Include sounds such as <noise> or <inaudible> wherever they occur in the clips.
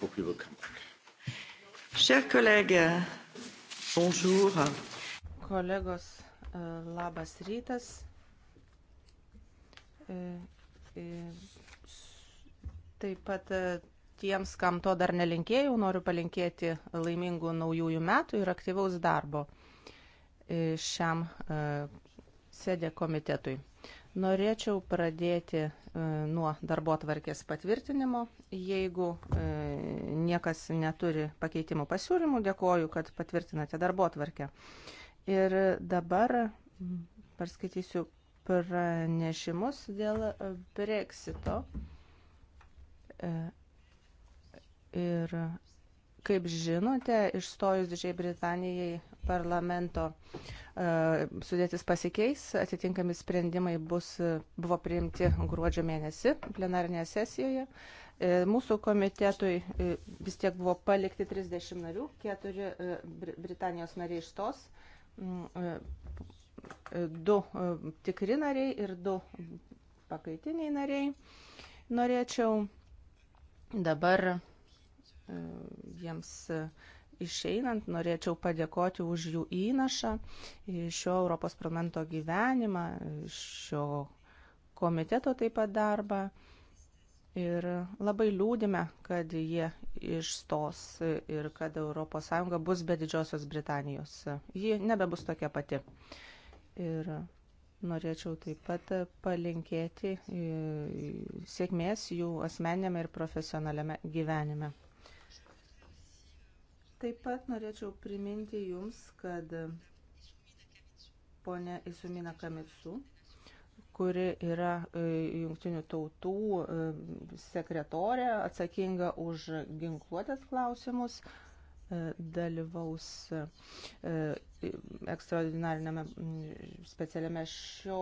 hope you will come back. Chers collègues, bonjour. Kolegos, e, labas rytas. E, e, taip pat tiems, kam to dar nelinkėjau, noriu palinkėti laimingų naujųjų metų ir aktyvaus darbo šiam sėdė komitetui. Norėčiau pradėti e, nuo darbo tvarkės patvirtinimo. Jeigu e, niekas neturi pakeitimų pasiūlymų, dėkoju, kad patvirtinate darbo tvarkę. Ir dabar perskaitysiu pranešimus dėl Brexito. E, ir kaip žinote, išstojus Didžiai Britanijai parlamento e, sudėtis pasikeis, atitinkami sprendimai bus, buvo priimti gruodžio mėnesį plenarinėje sesijoje. E, mūsų komitetui e, vis tiek buvo palikti 30 narių, 4 Britanijos nariai iš tos, 2 tikri nariai ir 2 pakaitiniai nariai. Norėčiau dabar jiems išeinant norėčiau padėkoti už jų įnašą šio Europos parlamento gyvenimą, šio komiteto taip pat darbą. Ir labai liūdime, kad jie išstos ir kad ES bus be Didžiosios Britanijos. Ji nebebus tokia pati. Ir norėčiau taip pat palinkėti e, sėkmės jų asmenėme ir profesionaliame gyvenime. Taip pat norėčiau priminti Jums, kad ponė Isumina Kamitsu kuri yra e, jungtinių tautų e, sekretorė atsakinga už ginkluotės klausimus, e, dalyvaus ekstraordinarinėme specialiame šio,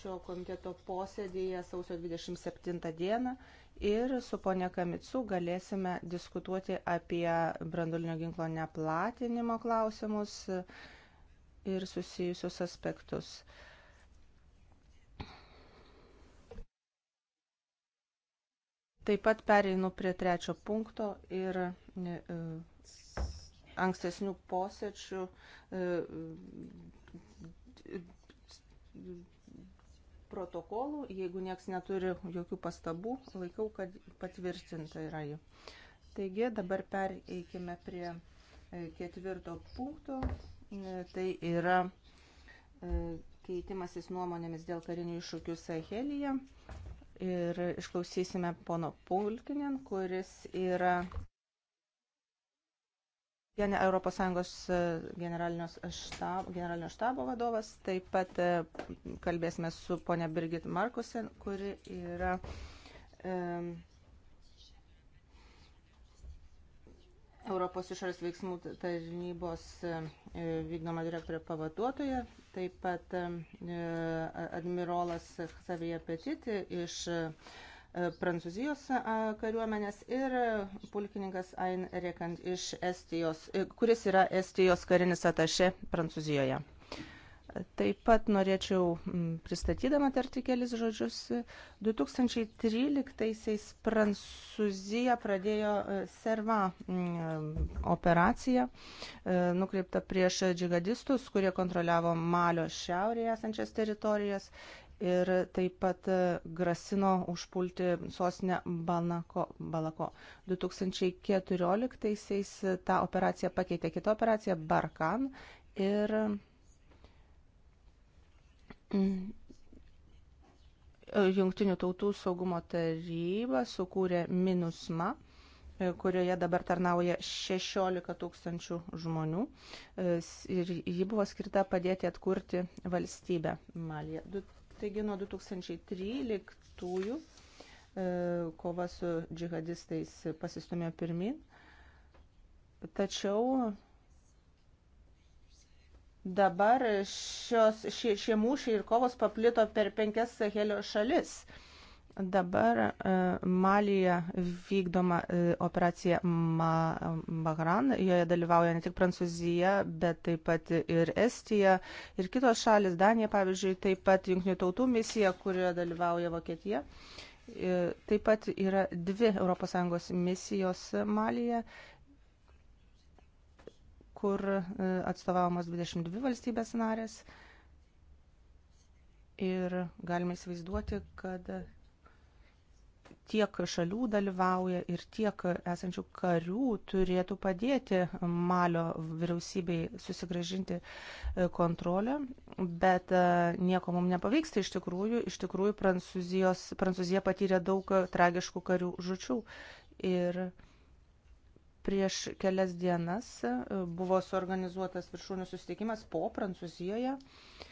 šio komiteto posėdėje sausio 27 dieną ir su ponia Kamicu galėsime diskutuoti apie brandulinio ginklo neplatinimo klausimus ir susijusius aspektus. Taip pat pereinu prie trečio punkto ir e, ankstesnių posėdžių e, protokolų, jeigu nieks neturi jokių pastabų, laikau, kad patvirtinta yra jų. Taigi dabar pereikime prie e, ketvirto punkto. E, tai yra e, keitimasis nuomonėmis dėl karinių iššūkių Sahelyje. Ir išklausysime pono Pulkinin, kuris yra ES e, generalinio štabo, generalinio štabo vadovas. Taip pat e, kalbėsime su ponia Birgit Markusen, kuri yra um, Europos išorės veiksmų tarnybos vykdoma direktorė pavaduotoja, taip pat um, admirolas Xavier Petit iš uh, E, prancūzijos e, kariuomenės ir pulkininkas Ain Rekant iš Estijos, e, kuris yra Estijos karinis atašė Prancūzijoje. Taip pat norėčiau, pristatydama tarti kelis žodžius, 2013-aisiais Prancūzija pradėjo Serva operaciją, nukreipta prieš džigadistus, kurie kontroliavo Malio šiaurėje esančias teritorijas ir taip pat e, grasino užpulti sostinę Balnako, Balako. 2014-aisiais e, tą operaciją pakeitė kita operacija Barkan ir mm, e, Jungtinių tautų saugumo taryba sukūrė MINUSMA kurioje dabar tarnauja 16 tūkstančių žmonių ir ji buvo skirta padėti atkurti valstybę Malyje. Taigi nuo 2013 e, kova su džihadistais pasistumėjo pirmin. Tačiau dabar šios, šie, šie mūšiai ir kovos paplito per penkias Sahelio šalis. Dabar e, Malija vykdoma e, operacija Bahran, joje dalyvauja ne tik Prancūzija, bet taip pat ir Estija ir kitos šalis, Danija pavyzdžiui, taip pat Junktinių tautų misija, kurioje dalyvauja Vokietija. E, taip pat yra dvi ES misijos Malija, kur atstovaujamos 22 valstybės narės. Ir galime įsivaizduoti, kad tiek šalių dalyvauja ir tiek esančių karių turėtų padėti Malio vyriausybei susigražinti e, kontrolę, bet e, nieko mums nepavyksta iš tikrųjų. Iš tikrųjų, Prancūzijos, Prancūzija patyrė daug tragiškų karių žučių. Ir prieš kelias dienas e, buvo suorganizuotas viršūnių susitikimas po Prancūzijoje. Uh,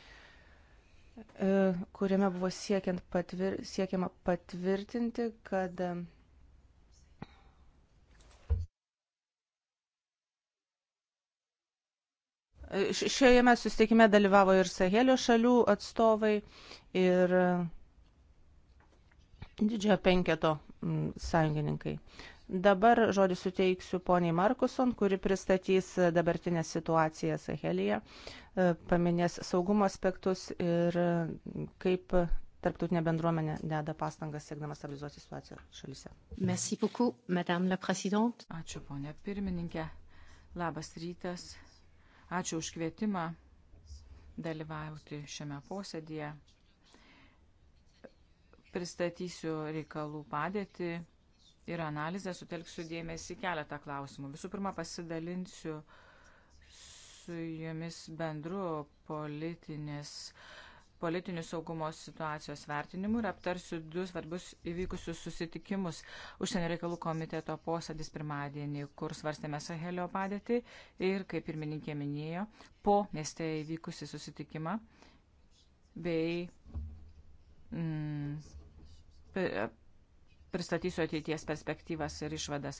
E, kuriame buvo patvir, siekiama patvirtinti, kad e, Šioje susitikime dalyvavo ir Sahelio šalių atstovai, ir e, didžiojo penketo sąjungininkai. Dabar žodį suteiksiu poniai Markuson, kuri pristatys dabartinę situaciją Sahelėje, e, paminės saugumo aspektus ir kaip tarptautinė bendruomenė deda pastangas siekdama stabilizuoti situaciją šalyse. Merci beaucoup, madame la présidente. Ačiū, ponė pirmininkė. Labas rytas. Ačiū už kvietimą dalyvauti šiame posėdėje. Pristatysiu reikalų padėtį ir analizę sutelksiu dėmesį keletą klausimų. Visų pirma, pasidalinsiu su jumis bendru politinės politinių saugumo situacijos vertinimu ir aptarsiu du svarbius įvykusius susitikimus. Užsienio reikalų komiteto posėdis pirmadienį, kur svarstėme Sahelio padėtį ir, kaip pirmininkė minėjo, po mieste įvykusi susitikimą bei mm, pristatysiu ateities perspektyvas ir išvadas.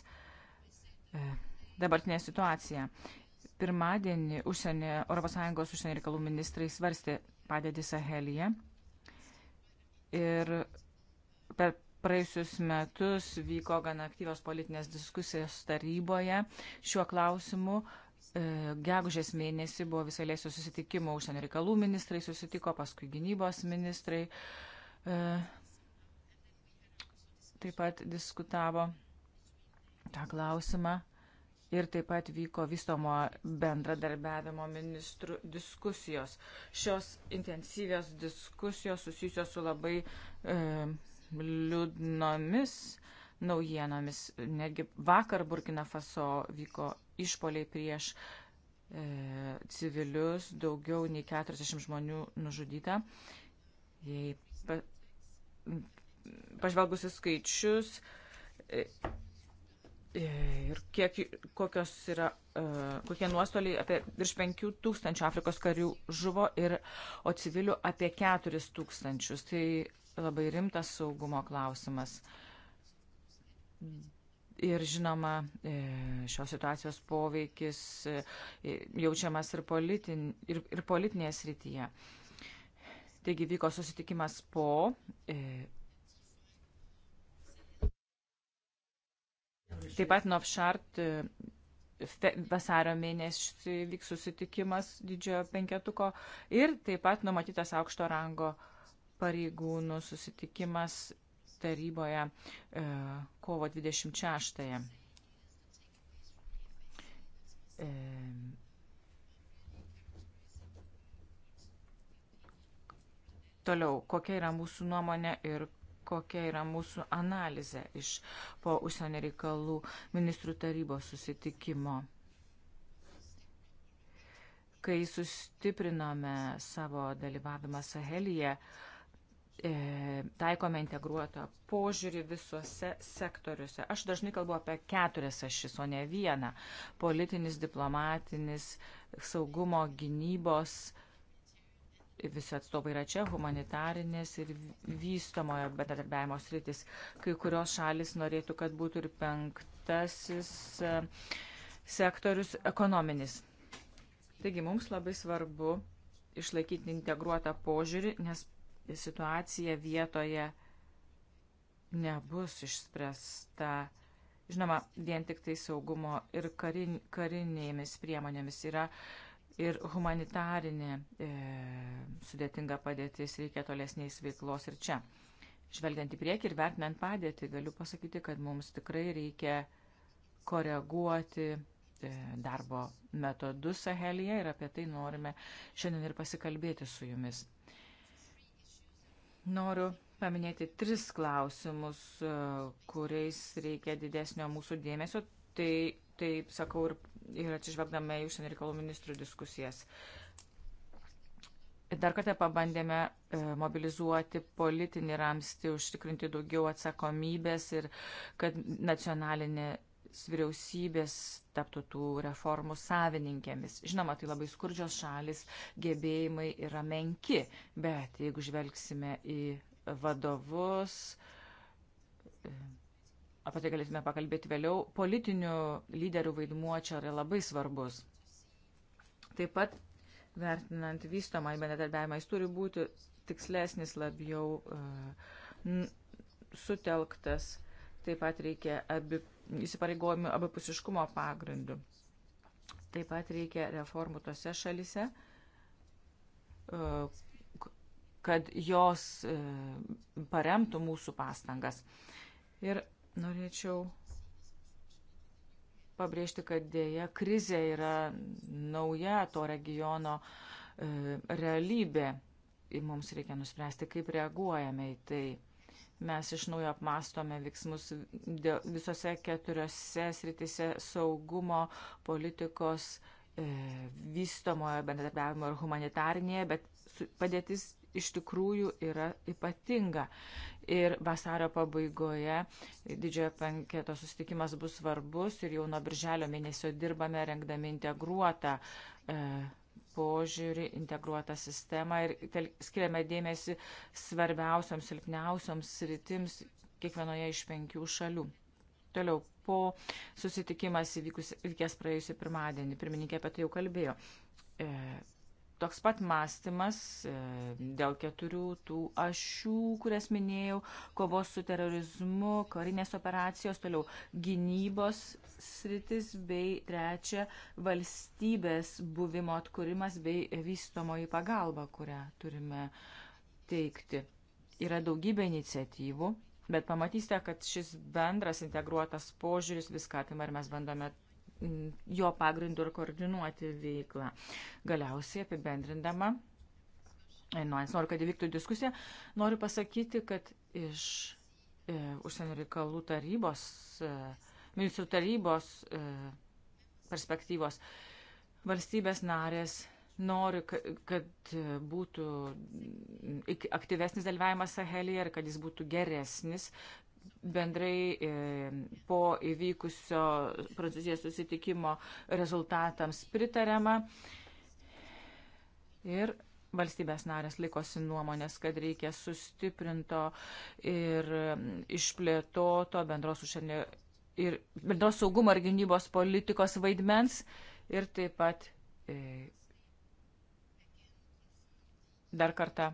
E, dabartinė situacija. Pirmadienį užsienio, ES užsienio reikalų ministrai svarstė padėtį Sahelyje ir per praėjusius metus vyko gana aktyvios politinės diskusijos taryboje šiuo klausimu. E, gegužės mėnesį buvo visai lėsių susitikimų, užsienio reikalų ministrai susitiko, paskui gynybos ministrai e, taip pat diskutavo tą klausimą ir taip pat vyko vystomo bendradarbiavimo ministrų diskusijos. Šios intensyvios diskusijos susijusios su labai e, liūdnomis naujienomis. Netgi vakar Burkina Faso vyko išpoliai prieš e, civilius, daugiau nei 40 žmonių nužudyta. Jei pa, pažvelgusi skaičius e, e, ir kiek, kokios yra, e, kokie nuostoliai apie virš 5 tūkstančių Afrikos karių žuvo, ir, o civilių apie 4 tūkstančius. Tai labai rimtas saugumo klausimas. Ir žinoma, šios situacijos poveikis jaučiamas ir, politin, ir, ir politinėje srityje. Taigi vyko susitikimas po Taip pat Novšart e, vasario mėnesį vyks susitikimas didžiojo penketuko ir taip pat numatytas aukšto rango pareigūnų susitikimas taryboje e, kovo 26. -ąją. E, toliau, kokia yra mūsų nuomonė ir kokia yra mūsų analizė iš po užsienio reikalų ministrų tarybos susitikimo. Kai sustiprinome savo dalyvavimą Sahelyje, e, taikome integruotą požiūrį visuose sektoriuose. Aš dažnai kalbu apie keturias ašis, o ne vieną - politinis, diplomatinis, saugumo, gynybos, visi atstovai yra čia, humanitarinės ir vystomojo bendradarbiavimo sritis. Kai kurios šalis norėtų, kad būtų ir penktasis e, sektorius ekonominis. Taigi mums labai svarbu išlaikyti integruotą požiūrį, nes situacija vietoje nebus išspręsta. Žinoma, vien tik tai saugumo ir karin, karinėmis priemonėmis yra uh, ir humanitarinė e, sudėtinga padėtis reikia tolesniais veiklos ir čia. Žvelgiant į priekį ir vertinant padėtį, galiu pasakyti, kad mums tikrai reikia koreguoti e, darbo metodus Sahelėje ir apie tai norime šiandien ir pasikalbėti su jumis. Noriu paminėti tris klausimus, e, kuriais reikia didesnio mūsų dėmesio. Tai, taip sakau ir ir atsižvelgdame į užsienio reikalų ministrų diskusijas. Dar kartą pabandėme e, mobilizuoti politinį ramstį, užtikrinti daugiau atsakomybės ir kad nacionalinė vyriausybės taptų tų reformų savininkėmis. Žinoma, tai labai skurdžios šalis, gebėjimai yra menki, bet jeigu žvelgsime į vadovus, e, apie tai galėsime pakalbėti vėliau, politinių lyderių vaidmuo čia yra labai svarbus. Taip pat, vertinant vystomą į bendradarbiavimą, jis turi būti tikslesnis, labiau uh, sutelktas. Taip pat reikia abi, įsipareigojimų abipusiškumo pagrindų. Taip pat reikia reformų tose šalise, uh, e, kad jos e, paremtų mūsų pastangas. Ir Norėčiau pabrėžti, kad dėja krizė yra nauja to regiono e, realybė. Ir mums reikia nuspręsti, kaip reaguojame į tai. Mes iš naujo apmastome veiksmus visose keturiose sritise saugumo, politikos, e, vystomojo bendradarbiavimo ir humanitarnėje, bet padėtis iš tikrųjų yra ypatinga. Ir vasario pabaigoje didžiojo penketo susitikimas bus svarbus ir jau nuo birželio mėnesio dirbame rengdami integruotą e, požiūrį, integruotą sistemą ir tel, skiriame dėmesį svarbiausioms, silpniausioms sritims kiekvienoje iš penkių šalių. Toliau po susitikimas įvykus, įvykęs praėjusį pirmadienį, pirmininkė apie tai jau kalbėjo. E, toks pat mąstymas e, dėl keturių tų ašių, kurias minėjau, kovos su terorizmu, karinės operacijos, toliau gynybos sritis bei trečia valstybės buvimo atkūrimas bei vystomoji pagalba, kurią turime teikti. Yra daugybė iniciatyvų, bet pamatysite, kad šis bendras integruotas požiūris viską apima ir mes bandome jo pagrindu ir koordinuoti veiklą. Galiausiai apibendrindama, e, nors nu, noriu, kad įvyktų diskusija, noriu pasakyti, kad iš e, užsienio reikalų tarybos, e, ministrų tarybos e, perspektyvos valstybės narės nori, kad būtų aktyvesnis dalyvavimas Sahelėje ir kad jis būtų geresnis, bendrai e, po įvykusio Prancūzijos susitikimo rezultatams pritariama. Ir valstybės narės likosi nuomonės, kad reikia sustiprinto ir išplėtoto bendros užsienio ir bendros saugumo ir gynybos politikos vaidmens ir taip pat e, dar kartą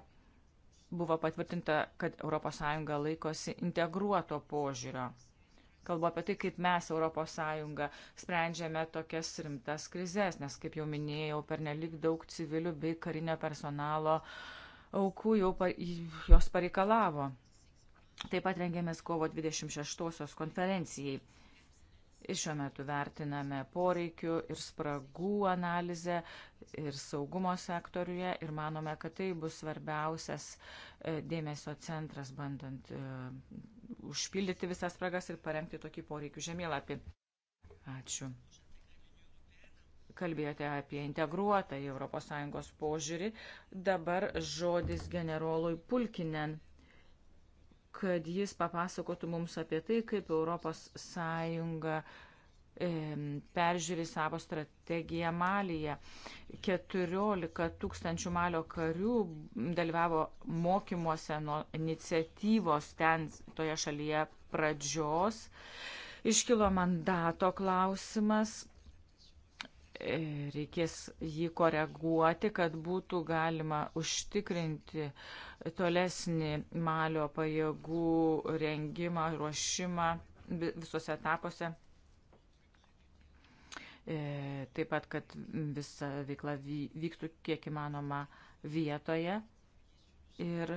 buvo patvirtinta, kad ES laikosi integruoto požiūrio. Kalbu apie tai, kaip mes ES sprendžiame tokias rimtas krizės, nes, kaip jau minėjau, pernelik daug civilių bei karinio personalo aukų jau pa, jos pareikalavo. Taip pat rengėmės kovo 26-osios konferencijai. Šiuo metu vertiname poreikių ir spragų analizę ir saugumo sektoriuje ir manome, kad tai bus svarbiausias e, dėmesio centras, bandant e, užpildyti visas spragas ir parengti tokį poreikių žemėlapį. Ačiū. Kalbėjote apie integruotą į ES požiūrį. Dabar žodis generolui Pulkinen kad jis papasakotų mums apie tai, kaip Europos Sąjunga peržiūri savo strategiją Malyje. 14 tūkstančių Malio karių dalyvavo mokymuose nuo iniciatyvos ten toje šalyje pradžios. Iškilo mandato klausimas, reikės jį koreguoti, kad būtų galima užtikrinti tolesnį malio pajėgų rengimą, ruošimą visose etapuose. E, taip pat, kad visa veikla vyktų kiek įmanoma vietoje ir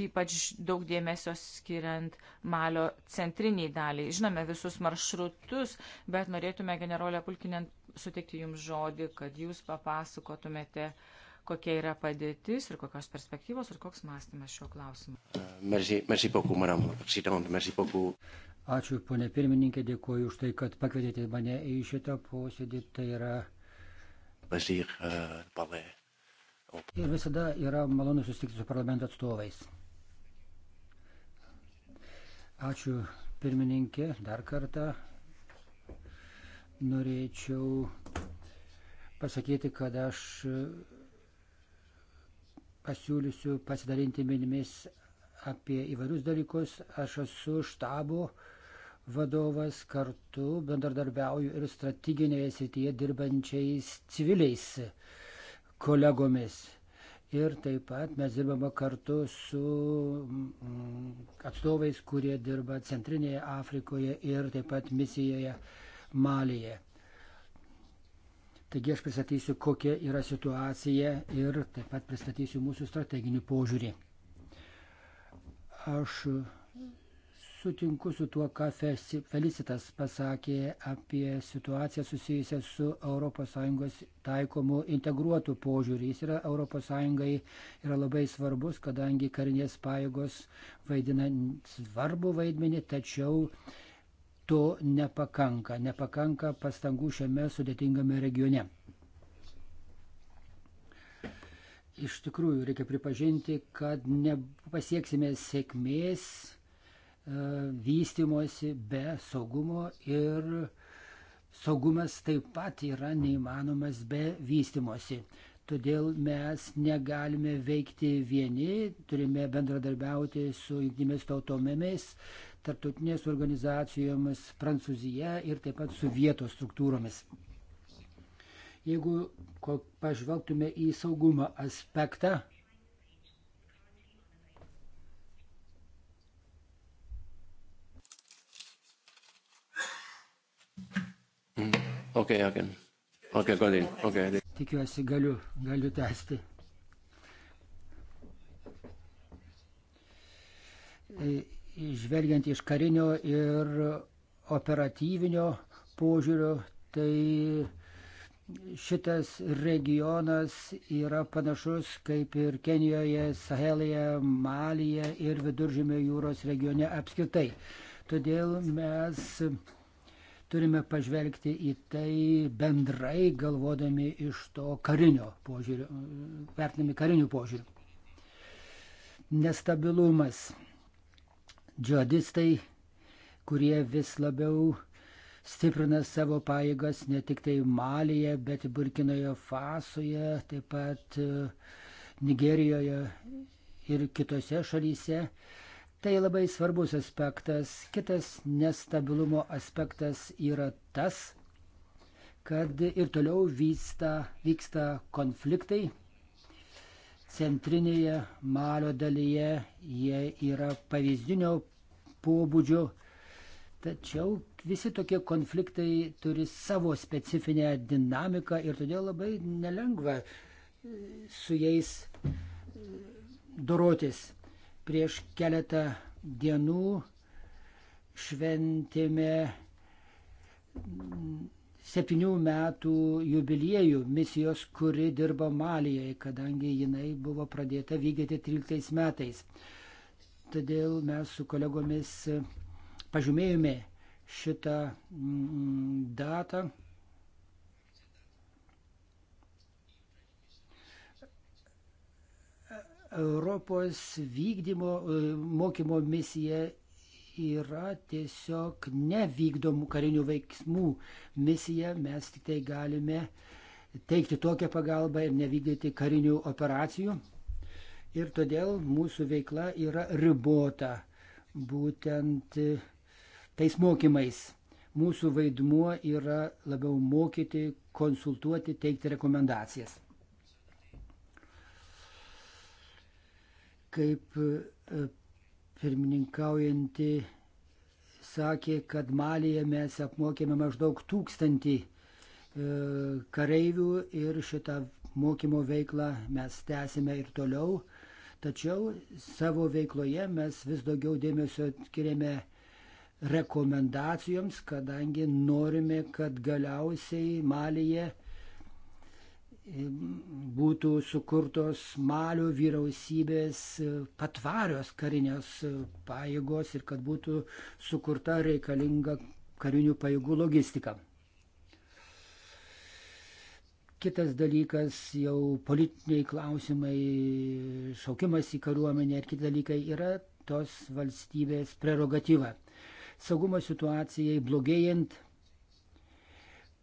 ypač daug dėmesio skiriant Malio centriniai daliai. Žinome visus maršrutus, bet norėtume generolę Pulkinant suteikti jums žodį, kad jūs papasakotumėte, kokia yra padėtis ir kokios perspektyvos ir koks mąstymas šiuo klausimu. Uh, merci, merci beaucoup, madame la présidente, merci beaucoup. Ačiū, ponė pirmininkė, dėkuoju už tai, kad pakvietėte mane į šitą posėdį. Tai yra. Plaisir, uh, Ir visada yra malonu susitikti su parlamento atstovais. Ačiū, pirmininkė, dar kartą norėčiau pasakyti, kad aš pasiūlysiu pasidalinti minimis apie įvairius dalykus. Aš esu štabo vadovas kartu, bendradarbiauju ir strateginėje srityje dirbančiais civiliais kolegomis. Ir taip pat mes dirbame kartu su mm, atstovais, kurie dirba Centrinėje Afrikoje ir taip pat misijoje Malyje. Taigi aš pristatysiu, kokia yra situacija ir taip pat pristatysiu mūsų strateginį požiūrį. Aš sutinku su tuo, ką Felicitas pasakė apie situaciją susijusią su ES taikomu integruotu požiūriu. Jis yra ES yra labai svarbus, kadangi karinės pajėgos vaidina svarbu vaidmenį, tačiau uh, to nepakanka, nepakanka pastangų šiame sudėtingame regione. Iš tikrųjų, reikia pripažinti, kad nepasieksime sėkmės e, vystimosi be saugumo ir saugumas taip pat yra neįmanomas be vystimosi. Todėl mes negalime veikti vieni, turime bendradarbiauti su jungtinėmis tautomėmis, tarptautinės organizacijomis Prancūzija ir taip pat su vietos struktūromis. Jeigu pažvelgtume į saugumo aspektą, Okay, I can. Okay, got it. Okay. Tikiuosi, galiu, galiu tęsti. E, žvelgiant iš karinio ir operatyvinio požiūrio, tai šitas regionas yra panašus kaip ir Kenijoje, Sahelėje, Malyje ir Viduržėmio jūros regione apskritai. Todėl mes turime pažvelgti į tai bendrai, galvodami iš to karinio požiūrio, vertinami karinių požiūrių. Nestabilumas džihadistai, kurie vis labiau stiprina savo pajėgas ne tik tai Malyje, bet ir Burkinoje Fasoje, taip pat e, Nigerijoje ir kitose šalyse. Tai labai svarbus aspektas. Kitas nestabilumo aspektas yra tas, kad ir toliau vyksta, vyksta konfliktai Centrinėje Malio dalyje jie yra pavyzdinio pobūdžio, tačiau visi tokie konfliktai turi savo specifinę dinamiką ir todėl labai nelengva e, su jais e, dorotis. Prieš keletą dienų šventėme septynių metų jubiliejų misijos, kuri dirba Malijoje, kadangi jinai buvo pradėta vykdyti 13 metais. Todėl mes su kolegomis pažymėjome šitą mm, datą. Europos vykdymo e, mokymo misija yra tiesiog nevykdomų karinių veiksmų misija. Mes tik tai galime teikti tokią pagalbą ir nevykdyti karinių operacijų. Ir todėl mūsų veikla yra ribota būtent e, tais mokymais. Mūsų vaidmuo yra labiau mokyti, konsultuoti, teikti rekomendacijas. Kaip e, pirmininkaujanti sakė, kad Malyje mes apmokėme maždaug tūkstantį e, kareivių ir šitą mokymo veiklą mes tęsime ir toliau. Tačiau savo veikloje mes vis daugiau dėmesio skiriame rekomendacijoms, kadangi norime, kad galiausiai Malyje būtų sukurtos Malio vyriausybės patvarios karinės pajėgos ir kad būtų sukurta reikalinga karinių pajėgų logistika. Kitas dalykas jau politiniai klausimai, šaukimas į kariuomenę ir kiti dalykai yra tos valstybės prerogatyva. Saugumo situacijai blogėjant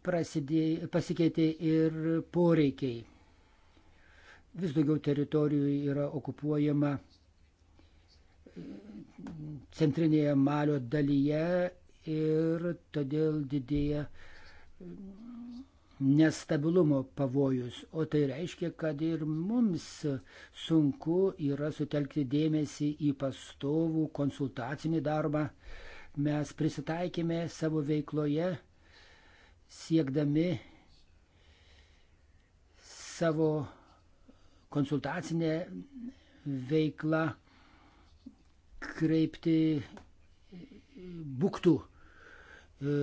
prasidė, pasikeitė ir poreikiai. Vis daugiau teritorijų yra okupuojama centrinėje Malio dalyje ir todėl didėja nestabilumo pavojus. O tai reiškia, kad ir mums sunku yra sutelkti dėmesį į pastovų konsultacinį darbą. Mes prisitaikėme savo veikloje siekdami savo konsultacinę veiklą kreipti buktų e,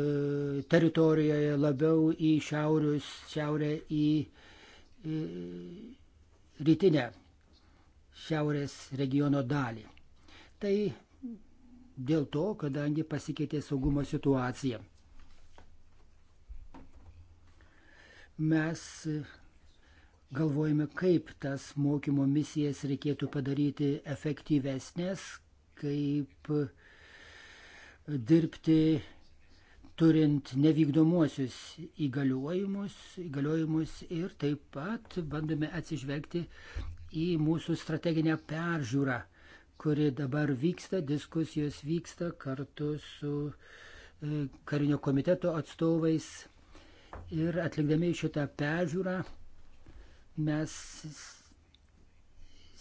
teritorijoje labiau į šiaurius, šiaurę į e, rytinę šiaurės regiono dalį. Tai dėl to, kadangi pasikeitė saugumo situacija. mes galvojame, kaip tas mokymo misijas reikėtų padaryti efektyvesnės, kaip dirbti turint nevykdomuosius įgaliojimus, įgaliojimus ir taip pat bandome atsižvelgti į mūsų strateginę peržiūrą, kuri dabar vyksta, diskusijos vyksta kartu su e, karinio komiteto atstovais Ir atlikdami šitą peržiūrą mes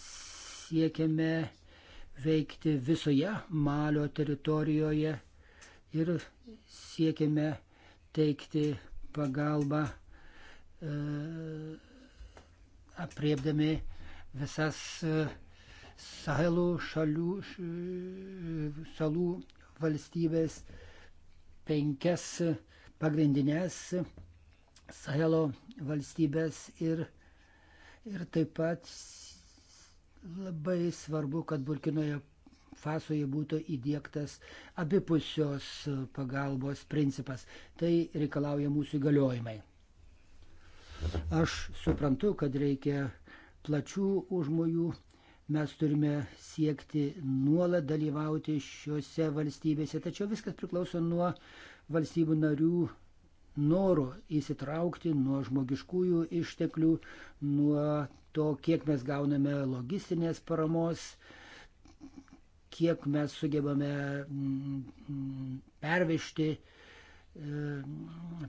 siekiame veikti visoje Malio teritorijoje ir siekiame teikti pagalbą e, apriepdami visas e, Sahelų šalių, š, e, salų valstybės penkias e, pagrindinės Sahelo valstybės ir, ir taip pat labai svarbu, kad Burkinoje Fasoje būtų įdėktas abipusios pagalbos principas. Tai reikalauja mūsų įgaliojimai. Aš suprantu, kad reikia plačių užmojų. Mes turime siekti nuolat dalyvauti šiuose valstybėse, tačiau viskas priklauso nuo uh, valstybių narių noro įsitraukti nuo žmogiškųjų išteklių, nuo to, kiek mes gauname logistinės paramos, kiek mes sugebame mm, pervežti e,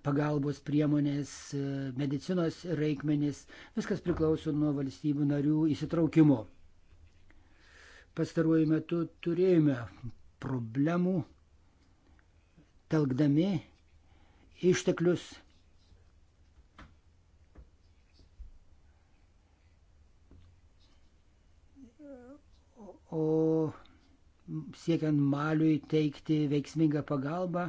pagalbos priemonės, e, medicinos reikmenis. Viskas priklauso nuo valstybių narių įsitraukimo. Pastaruoju metu turėjome problemų telkdami išteklius. O siekiant Maliui teikti veiksmingą pagalbą,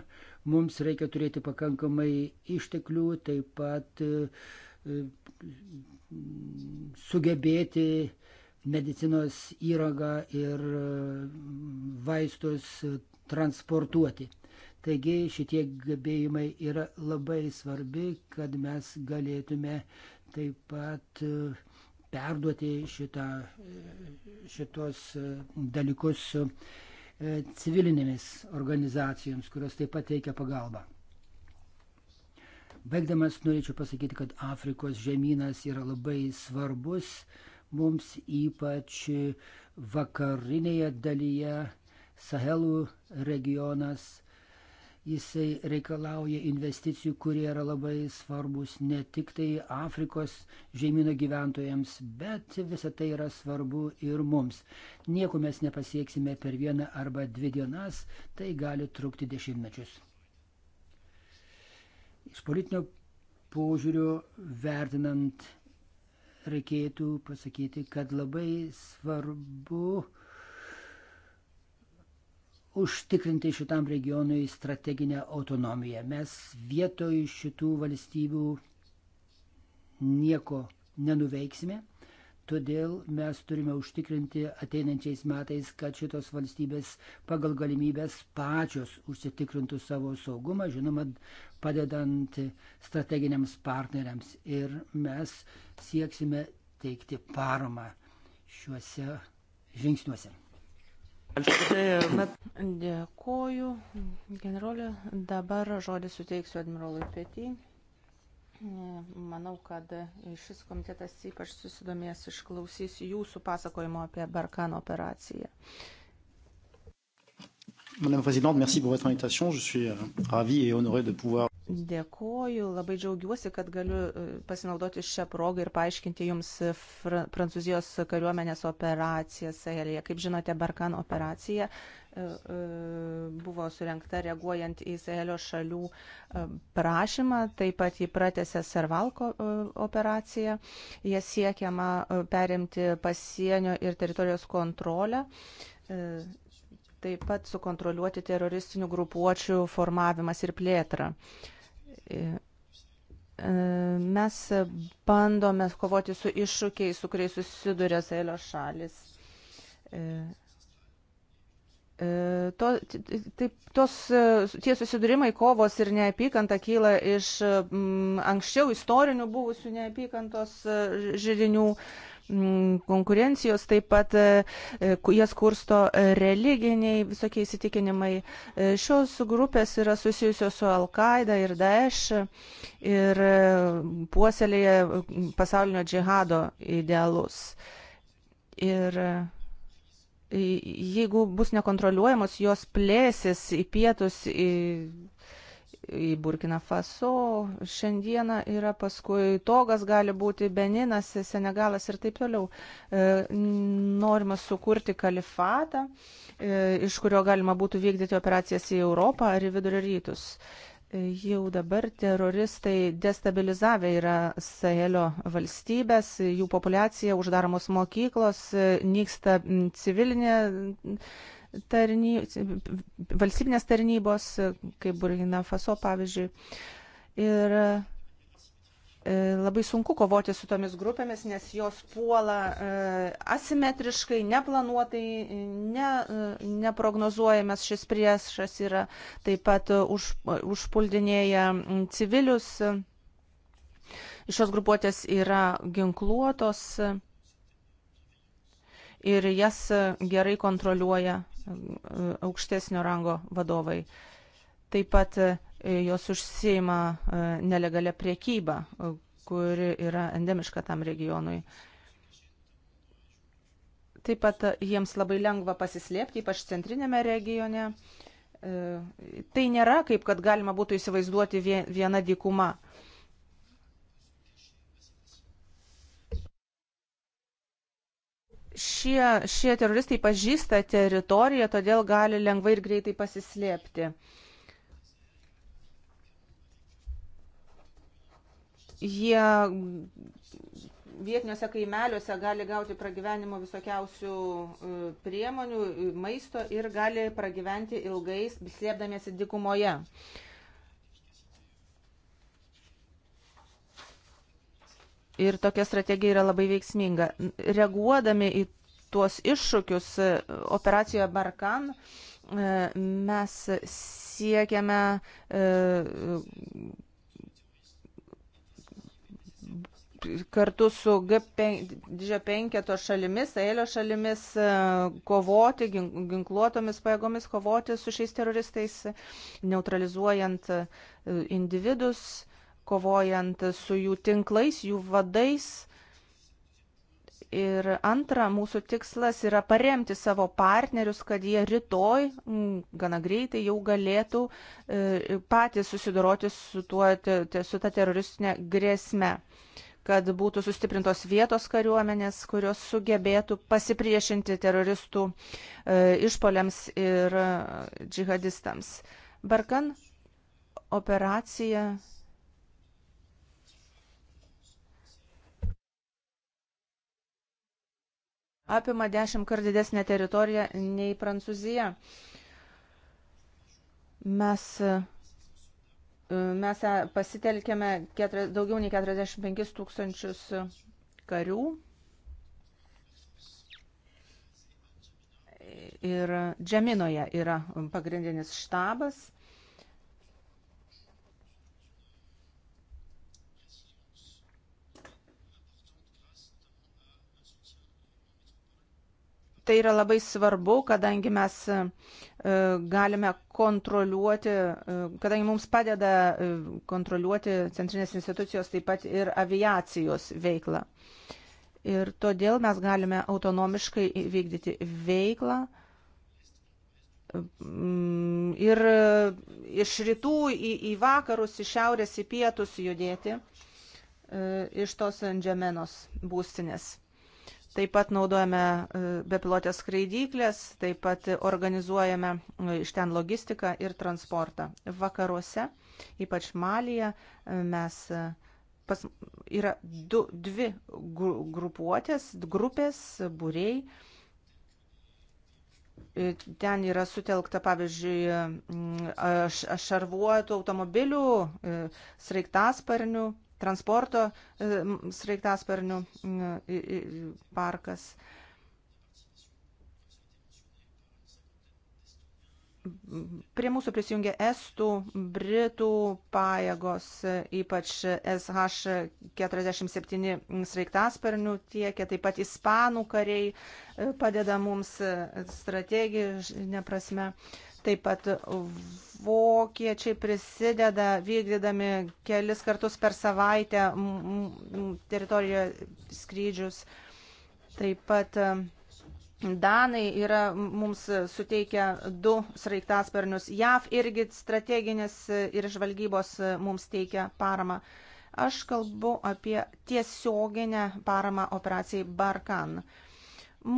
mums reikia turėti pakankamai išteklių, taip pat e, sugebėti medicinos įrangą ir e, vaistus transportuoti. Taigi šitie gebėjimai yra labai svarbi, kad mes galėtume taip pat e, perduoti šitą, e, šitos e, dalykus civilinėmis organizacijoms, kurios taip pat teikia pagalbą. Baigdamas norėčiau pasakyti, kad Afrikos žemynas yra labai svarbus mums ypač vakarinėje dalyje Sahelų regionas Jisai reikalauja investicijų, kurie yra labai svarbus ne tik tai Afrikos žemynų gyventojams, bet visa tai yra svarbu ir mums. Nieko mes nepasieksime per vieną arba dvi dienas, tai gali trukti dešimtmečius. Iš politinio požiūrio vertinant reikėtų pasakyti, kad labai svarbu užtikrinti šitam regionui strateginę autonomiją. Mes vietoj šitų valstybių nieko nenuveiksime, todėl mes turime užtikrinti ateinančiais metais, kad šitos valstybės pagal galimybės pačios užsitikrintų savo saugumą, žinoma, padedant strateginiams partneriams. Ir mes sieksime teikti paramą šiuose žingsniuose. Dėkoju, generolė. Dabar žodį suteiksiu admirolui Petį. Manau, kad šis komitetas ypač susidomės išklausys jūsų pasakojimo apie Barkano operaciją. Madame la Présidente, merci pour votre invitation. Je suis euh, ravi et honoré de pouvoir. Dėkoju, labai džiaugiuosi, kad galiu e, pasinaudoti šią progą ir paaiškinti Jums fr Prancūzijos kariuomenės operaciją Sahelėje. Kaip žinote, Barkan operacija e, e, buvo surenkta reaguojant į Sahelio šalių prašymą, taip pat jį pratėse Servalko operaciją. Jie siekiama perimti pasienio ir teritorijos kontrolę taip pat sukontroliuoti teroristinių grupuočių formavimas ir plėtrą. Uh, Mes bandome kovoti su iššūkiais, su kuriais susiduria Sahelio šalis. E, e, to, taip, tos, tie susidūrimai kovos ir neapykanta kyla iš m, anksčiau istorinių buvusių neapykantos e, žydinių. M, Mm, konkurencijos, taip pat e, e, jas kursto e, religiniai visokie įsitikinimai. Šios grupės yra susijusios su Al-Qaeda ir Daesh ir puoselėje pasaulinio džihado idealus. Ir jeigu bus nekontroliuojamos, jos plėsis į pietus, į į Burkina Faso šiandieną yra, paskui Togas gali būti, Beninas, Senegalas ir taip toliau. E, norima sukurti kalifatą, e, iš kurio galima būtų vykdyti operacijas į Europą ar į vidurio rytus. E, jau dabar teroristai destabilizavę yra Sahelio valstybės, jų populiacija, uždaromos mokyklos, nyksta civilinė tarny, valstybinės tarnybos, kaip Burkina Faso pavyzdžiui. Ir e, labai sunku kovoti su tomis grupėmis, nes jos puola e, asimetriškai, neplanuotai, ne, e, neprognozuojamas šis priešas yra, taip pat už, užpuldinėja civilius. Šios grupuotės yra ginkluotos ir jas gerai kontroliuoja e, aukštesnio rango vadovai. Taip pat e, jos užsieima e, nelegalia priekyba, kuri yra endemiška tam regionui. Taip pat jiems labai lengva pasislėpti, ypač centrinėme regione. Tai nėra kaip, kad galima būtų įsivaizduoti viena dykuma. šie, šie teroristai pažįsta teritoriją, todėl gali lengvai ir greitai pasislėpti. Jie vietiniuose kaimeliuose gali gauti pragyvenimo visokiausių e, priemonių, maisto ir gali pragyventi ilgais, slėpdamiesi dikumoje. Ir tokia strategija yra labai veiksminga. Reaguodami į tuos iššūkius e, operacijoje Barkan, e, mes siekiame e, kartu su G5 šalimis, Eilio šalimis kovoti, ginkluotomis pajėgomis kovoti su šiais teroristais, neutralizuojant individus kovojant su jų tinklais, jų vadais. Ir antra, mūsų tikslas yra paremti savo partnerius, kad jie rytoj, gana greitai jau galėtų e, patys susidoroti su, tuo, su ta teroristinė grėsme kad būtų sustiprintos vietos kariuomenės, kurios sugebėtų pasipriešinti teroristų e, išpoliams ir e, džihadistams. Barkan operacija apima dešimt kart didesnę teritoriją nei Prancūzija. Mes, e, mes e, pasitelkėme ketur, daugiau nei 45 tūkstančius karių. Ir Džeminoje yra pagrindinis štabas tai yra labai svarbu, kadangi mes e, galime kontroliuoti, e, kadangi mums padeda e, kontroliuoti centrinės institucijos taip pat ir aviacijos veiklą. Ir todėl mes galime autonomiškai vykdyti veiklą ir iš rytų į, į vakarus, iš šiaurės į pietus judėti iš tos Andžemenos būstinės. Taip pat naudojame e, bepilotės skraidyklės, taip pat organizuojame e, iš ten logistiką ir transportą. Vakaruose, ypač Malyje, e, mes pas, yra du, dvi grupuotės, grupės, būrei. Ten yra sutelkta, pavyzdžiui, šarvuotų automobilių, sraigtasparnių transporto e, sraigtasparnių parkas. Prie mūsų prisijungia estų, britų pajėgos, ypač SH-47 sraigtasparnių tiekia, taip pat ispanų kariai e, padeda mums e, strateginė prasme. Uh, Taip pat vokiečiai prisideda vykdydami kelis kartus per savaitę teritorijoje skrydžius. Taip pat e, Danai yra mums suteikę du sraigtasparnius. JAV irgi strateginės e, ir žvalgybos e, mums teikia paramą. Aš kalbu apie tiesioginę paramą operacijai Barkan.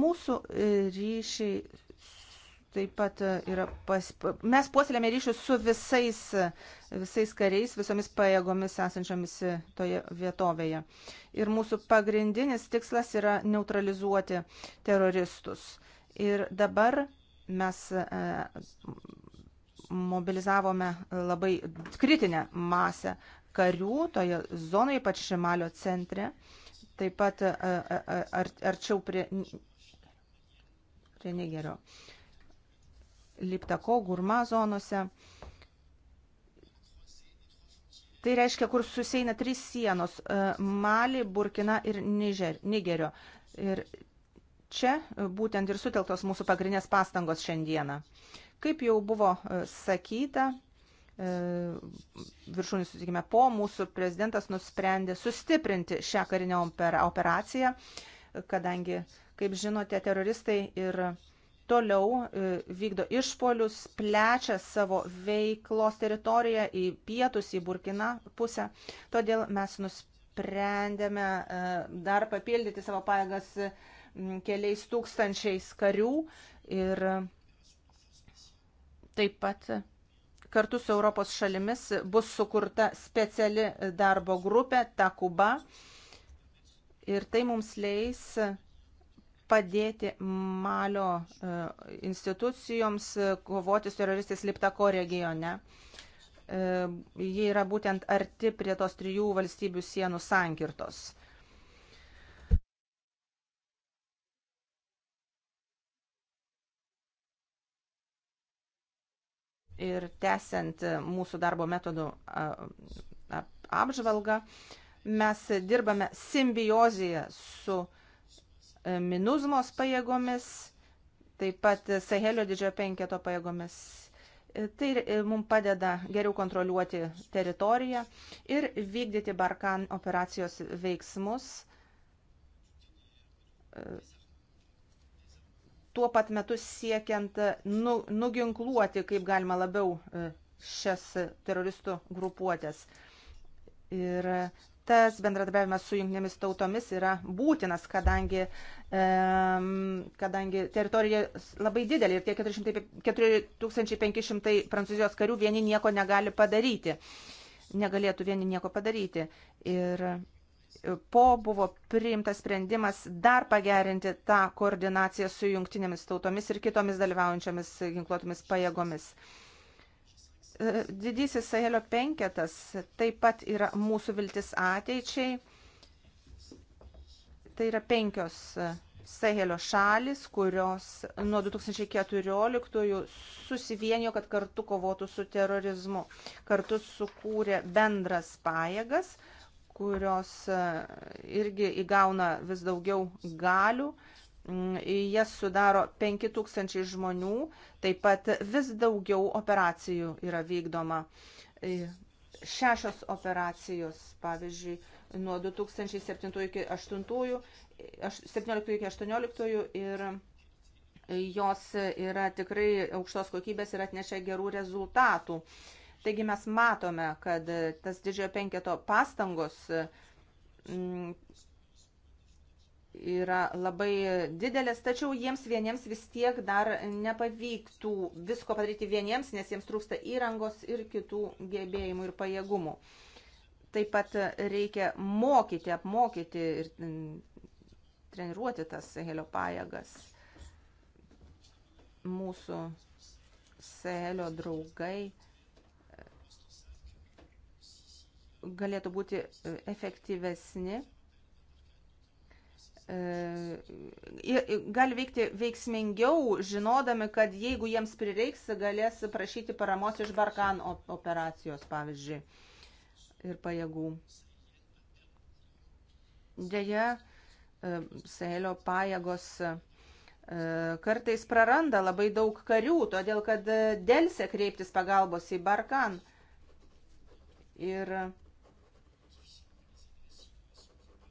Mūsų ryšiai taip pat e, yra pas... Mes puoselėme ryšius su visais, e, visais kariais, visomis pajėgomis esančiomis e, toje vietovėje. Ir mūsų pagrindinis tikslas yra neutralizuoti teroristus. Ir dabar mes mobilizavome labai kritinę masę karių toje zonoje, ypač Šimalio centre, taip pat arčiau prie, prie Nigerio. Ar, Liptako, Gurma zonose. Tai reiškia, kur susieina trys sienos e, - Mali, Burkina ir Niger, Nigerio. Ir čia e, būtent ir sutelktos mūsų pagrindinės pastangos šiandieną. Kaip jau buvo e, sakyta, viršūnį susitikime po mūsų prezidentas nusprendė sustiprinti šią karinę operaciją, kadangi, kaip žinote, teroristai ir toliau e, vykdo išpolius, plečia savo veiklos teritoriją į pietus, į Burkina pusę. Todėl mes nusprendėme e, dar papildyti savo pajėgas keliais tūkstančiais karių ir taip pat kartu su Europos šalimis bus sukurta speciali darbo grupė Takuba ir tai mums leis padėti Malio e, institucijoms e, kovoti su teroristais Liptako regione. E, jie yra būtent arti prie tos trijų valstybių sienų sankirtos. Ir tęsiant mūsų darbo metodų apžvalgą, mes dirbame simbiozėje su uh, Minuzmos pajėgomis, taip pat Sahelio didžiojo penketo pajėgomis. E, tai e, mums padeda geriau kontroliuoti teritoriją ir vykdyti Barkan operacijos veiksmus. E, tuo pat metu siekiant nu, nuginkluoti, kaip galima labiau šias teroristų grupuotės. Ir tas bendradarbiavimas su jungtinėmis tautomis yra būtinas, kadangi, e, kadangi teritorija labai didelė ir tie 400, 4500 prancūzijos karių vieni nieko negali padaryti. Negalėtų vieni nieko padaryti. Ir e, po buvo priimtas sprendimas dar pagerinti tą koordinaciją su jungtinėmis tautomis ir kitomis dalyvaujančiomis ginkluotomis pajėgomis. E, Didysis Sahelio penketas taip pat yra mūsų viltis ateičiai. Tai yra penkios Sahelio šalis, kurios nuo 2014 susivienijo, kad kartu kovotų su terorizmu. Kartu sukūrė bendras pajėgas, kurios irgi įgauna vis daugiau galių Mm, Jas sudaro 5000 žmonių, taip pat vis daugiau operacijų yra vykdoma. Šešios operacijos, pavyzdžiui, nuo 2007 iki 2018, 17 iki 2018 ir jos yra tikrai aukštos kokybės ir atnešia gerų rezultatų. Taigi mes matome, kad tas didžiojo penketo pastangos mm, yra labai didelės, tačiau jiems vieniems vis tiek dar nepavyktų visko padaryti vieniems, nes jiems trūksta įrangos ir kitų gebėjimų ir pajėgumų. Taip pat reikia mokyti, apmokyti ir mm, treniruoti tas helio pajėgas. Mūsų helio draugai e, galėtų būti e, efektyvesni E, gali veikti veiksmingiau, žinodami, kad jeigu jiems prireiks, galės prašyti paramos iš Barkan operacijos, pavyzdžiui, ir pajėgų. Deja, e, Sahelio pajėgos e, kartais praranda labai daug karių, todėl kad dėlse kreiptis pagalbos į Barkan. Ir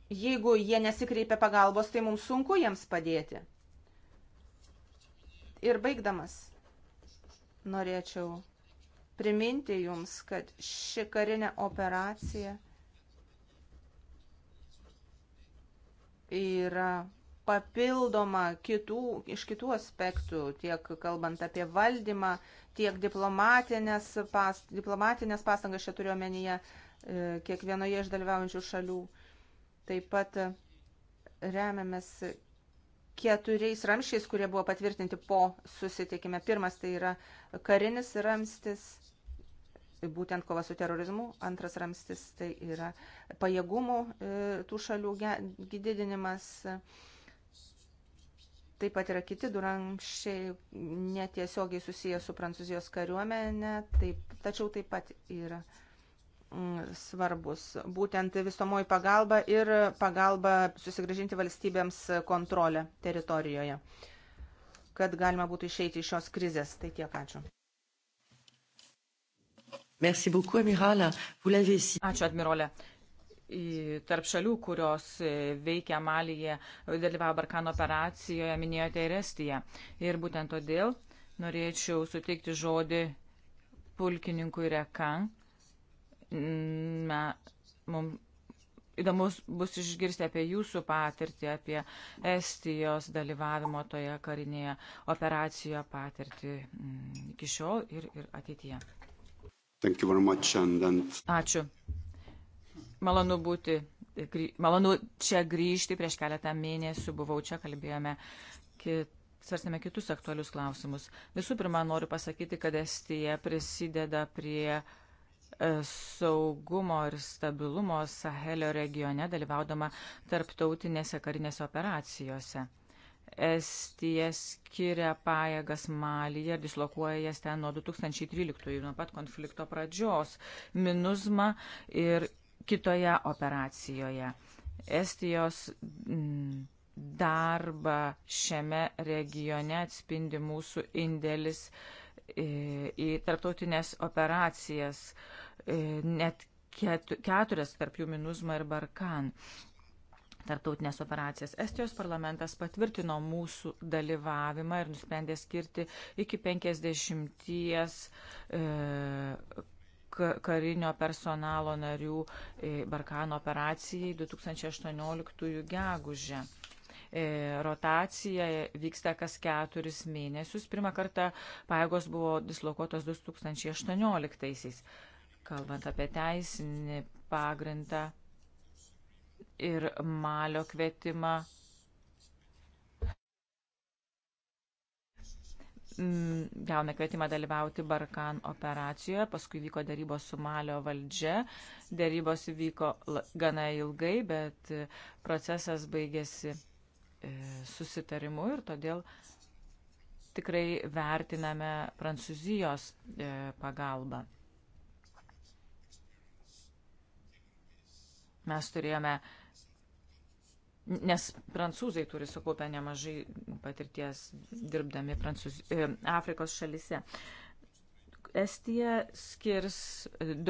Jeigu jie nesikreipia pagalbos, tai mums sunku jiems padėti. Ir baigdamas, norėčiau priminti jums, kad ši karinė operacija yra papildoma kitų, iš kitų aspektų, tiek kalbant apie valdymą, tiek diplomatinės, pas, diplomatinės pastangas, čia turiu omenyje, e, kiekvienoje iš dalyvaujančių šalių. Taip pat e, remiamės keturiais ramšiais, kurie buvo patvirtinti po susitikime. Pirmas tai yra karinis ramstis, būtent kova su terorizmu. Antras ramstis tai yra pajėgumų e, tų šalių didinimas. Taip pat yra kiti du ramščiai netiesiogiai susiję su Prancūzijos kariuomenė, taip, tačiau taip pat yra Mm, svarbus. Būtent visomoji pagalba ir pagalba susigražinti valstybėms kontrolę teritorijoje, kad galima būtų išeiti iš šios krizės. Tai tiek ačiū. Merci beaucoup, Amirala. Vous l'avez si... Ačiū, Admirolė. Tarp šalių, kurios veikia Malyje, dalyvavo Barkano operacijoje, minėjote ir Estiją. Ir būtent todėl norėčiau suteikti žodį pulkininkui Rekan, Mm, mums įdomus bus išgirsti apie jūsų patirtį, apie Estijos dalyvavimo toje karinėje operacijoje patirtį mm, iki šiol ir, ir ateityje. Ačiū. Malonu būti, malonu čia grįžti. Prieš keletą mėnesių buvau čia, kalbėjome kit, svarstėme kitus aktualius klausimus. Visų pirma, noriu pasakyti, kad Estija prisideda prie uh, saugumo ir stabilumo Sahelio regione, dalyvaudama tarptautinėse karinėse operacijose. Estija skiria pajėgas Malyje ir dislokuoja jas ten nuo 2013, nuo pat konflikto pradžios, minusma ir kitoje operacijoje. Estijos mm, darbą šiame regione atspindi mūsų indėlis e, į tarptautinės operacijas, net keturias tarp jų Minuzma ir Barkan. Tartautinės operacijas. Estijos parlamentas patvirtino mūsų dalyvavimą ir nusprendė skirti iki 50 e, karinio personalo narių e, Barkano operacijai 2018 gegužę. E, rotacija vyksta kas keturis mėnesius. Pirmą kartą paėgos buvo dislokuotos 2018. -aisiais kalbant apie teisinį pagrindą ir malio kvietimą. Mm, gauna kvietimą dalyvauti Barkan operacijoje, paskui vyko darybos su Malio valdžia. Darybos vyko gana ilgai, bet e, procesas baigėsi e, susitarimu ir todėl tikrai vertiname Prancūzijos e, pagalbą. Mes turėjome, nes prancūzai turi sukaupę nemažai patirties dirbdami Prancūz... E, Afrikos šalise. Estija skirs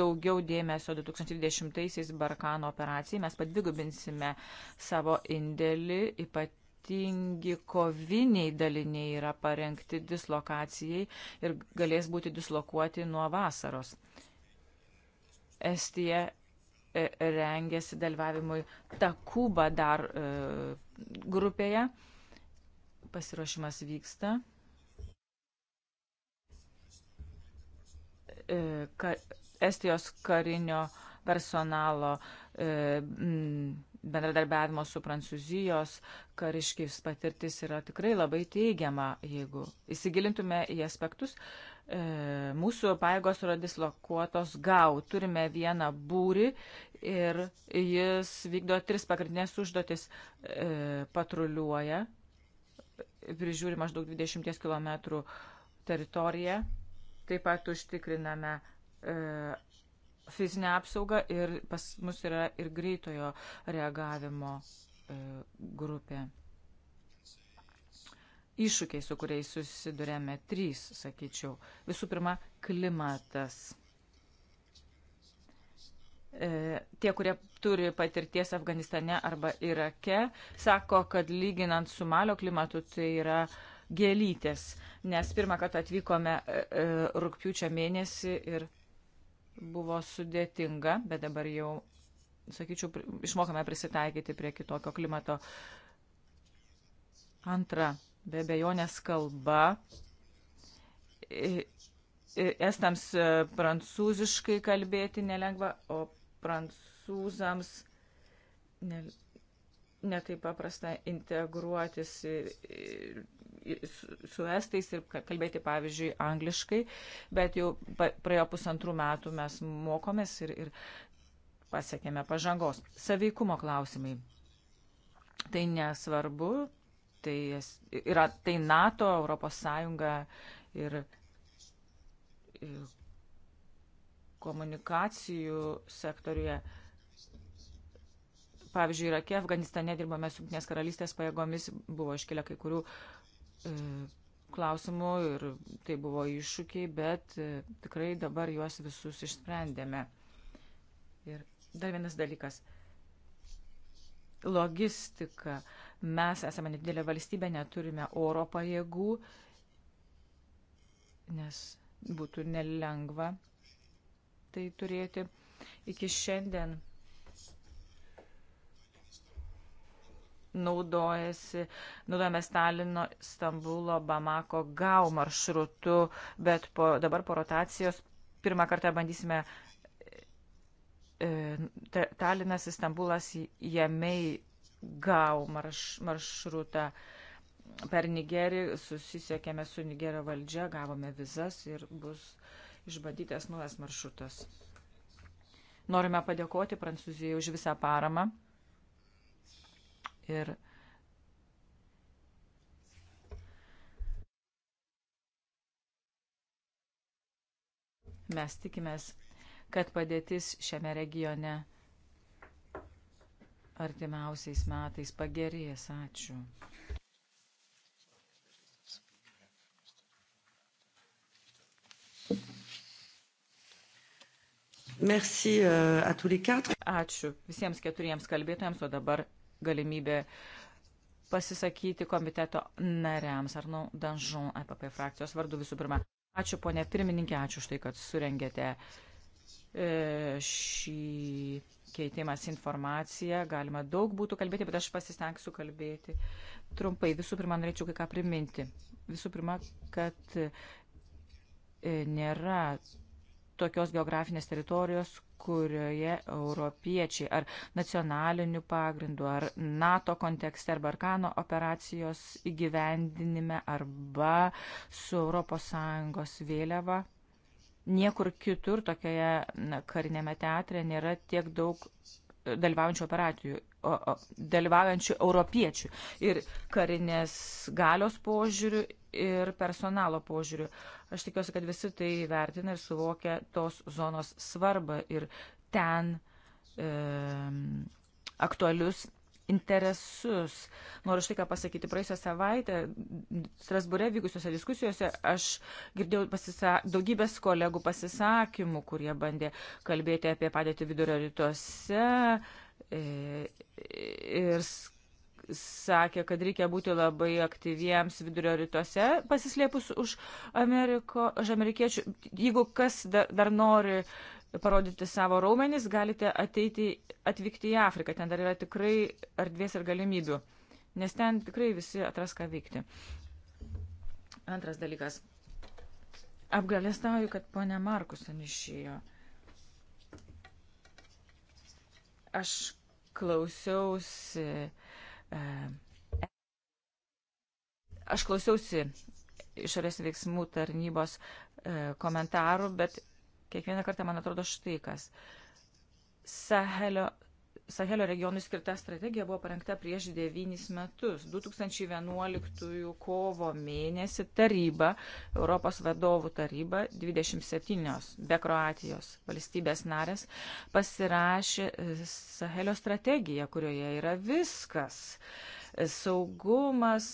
daugiau dėmesio 2020-aisiais Barkano operacijai. Mes padvigubinsime savo indėlį, ypatingi koviniai daliniai yra parengti dislokacijai ir galės būti dislokuoti nuo vasaros. Estija E, rengėsi dalyvavimui Takuba dar e, grupėje. Pasiruošimas vyksta. E, ka, Estijos karinio personalo bendradarbiavimo su Prancūzijos kariškiais patirtis yra tikrai labai teigiama, jeigu įsigilintume į aspektus. Mūsų paėgos yra dislokuotos gau, turime vieną būrį ir jis vykdo tris pagrindinės užduotis e, - patruliuoja, prižiūri maždaug 20 km teritoriją, taip pat užtikriname e, fizinę apsaugą ir pas mus yra ir greitojo reagavimo e, grupė. Iššūkiai, su kuriais susidurėme, trys, sakyčiau. Visų pirma, klimatas E, tie, kurie turi patirties Afganistane arba Irake, sako, kad lyginant su Malio klimatu tai yra gėlytės, nes pirmą kartą atvykome e, e, rūpiučio mėnesį ir buvo sudėtinga, bet dabar jau, sakyčiau, išmokame prisitaikyti prie kitokio klimato. Antra, be bejonės kalba estams prancūziškai kalbėti nelengva, o prancūzams netai ne paprasta integruotis su estais ir kalbėti, pavyzdžiui, angliškai, bet jau praėjo pusantrų metų mes mokomės ir, ir pasiekėme pažangos. Saveikumo klausimai. Tai nesvarbu, tai yra tai NATO, Europos Sąjunga ir, ir komunikacijų sektoriuje. Pavyzdžiui, Irake, Afganistane dirbame su Junktinės karalystės pajėgomis, buvo iškilę kai kurių e, klausimų ir tai buvo iššūkiai, bet e, tikrai dabar juos visus išsprendėme. Ir dar vienas dalykas. Logistika. Mes esame nedidelė valstybė, neturime oro pajėgų, nes būtų nelengva tai turėti iki šiandien. naudojasi, naudojame Stalino, Stambulo, Bamako, Gau maršrutu, bet po, dabar po rotacijos pirmą kartą bandysime e, Talinas, Stambulas, Jemei, Gau marš, maršrutą. Per Nigerį susisiekėme su Nigerio valdžia, gavome vizas ir bus uh, išbandytas naujas maršrutas. Norime padėkoti Prancūzijai už visą paramą ir mes tikimės, kad padėtis šiame regione artimiausiais metais pagerės. Ačiū. Merci euh, à tous les quatre. Ačiū visiems keturiems kalbėtojams, o dabar galimybė pasisakyti komiteto nariams Arnau Danžon EPP frakcijos vardu visų pirma. Ačiū ponė pirmininkė, ačiū už tai, kad surengėte e, šį keitimas informacija, galima daug būtų kalbėti, bet aš pasistengsiu kalbėti trumpai. Visų pirma, norėčiau kai ką priminti. Visų pirma, kad e, nėra tokios geografinės teritorijos, kurioje europiečiai ar nacionaliniu pagrindu, ar NATO kontekste, ar Barkano operacijos įgyvendinime, arba su ES vėliava. Niekur kitur tokioje na, karinėme teatre nėra tiek daug e, dalyvaujančių operacijų, o, o, dalyvaujančių europiečių ir karinės galios požiūrių ir personalo požiūriu. Aš tikiuosi, kad visi tai vertina ir suvokia tos zonos svarbą ir ten e, aktualius interesus. Noriu štai ką pasakyti. Praėjusią savaitę Strasbūre vykusiuose diskusijose aš girdėjau pasisa daugybės kolegų pasisakymų, kurie bandė kalbėti apie padėtį vidurio rytuose. E, ir sakė, kad reikia būti labai aktyviems vidurio rytuose, pasislėpus už, Ameriko, už amerikiečių. Jeigu kas dar, dar nori parodyti savo raumenis, galite ateiti, atvykti į Afriką. Ten dar yra tikrai erdvės ir galimybių, nes ten tikrai visi atras ką veikti. Antras dalykas. Apgalėstauju, kad ponia Markusen išėjo. Aš klausiausi E, aš klausiausi išorės veiksmų tarnybos e, komentarų, bet kiekvieną kartą man atrodo štai kas. Sahelio Sahelio regionui skirta strategija buvo parengta prieš devynis metus. 2011 kovo mėnesį taryba, Europos vadovų taryba, 27 be Kroatijos valstybės narės, pasirašė Sahelio strategiją, kurioje yra viskas. Saugumas,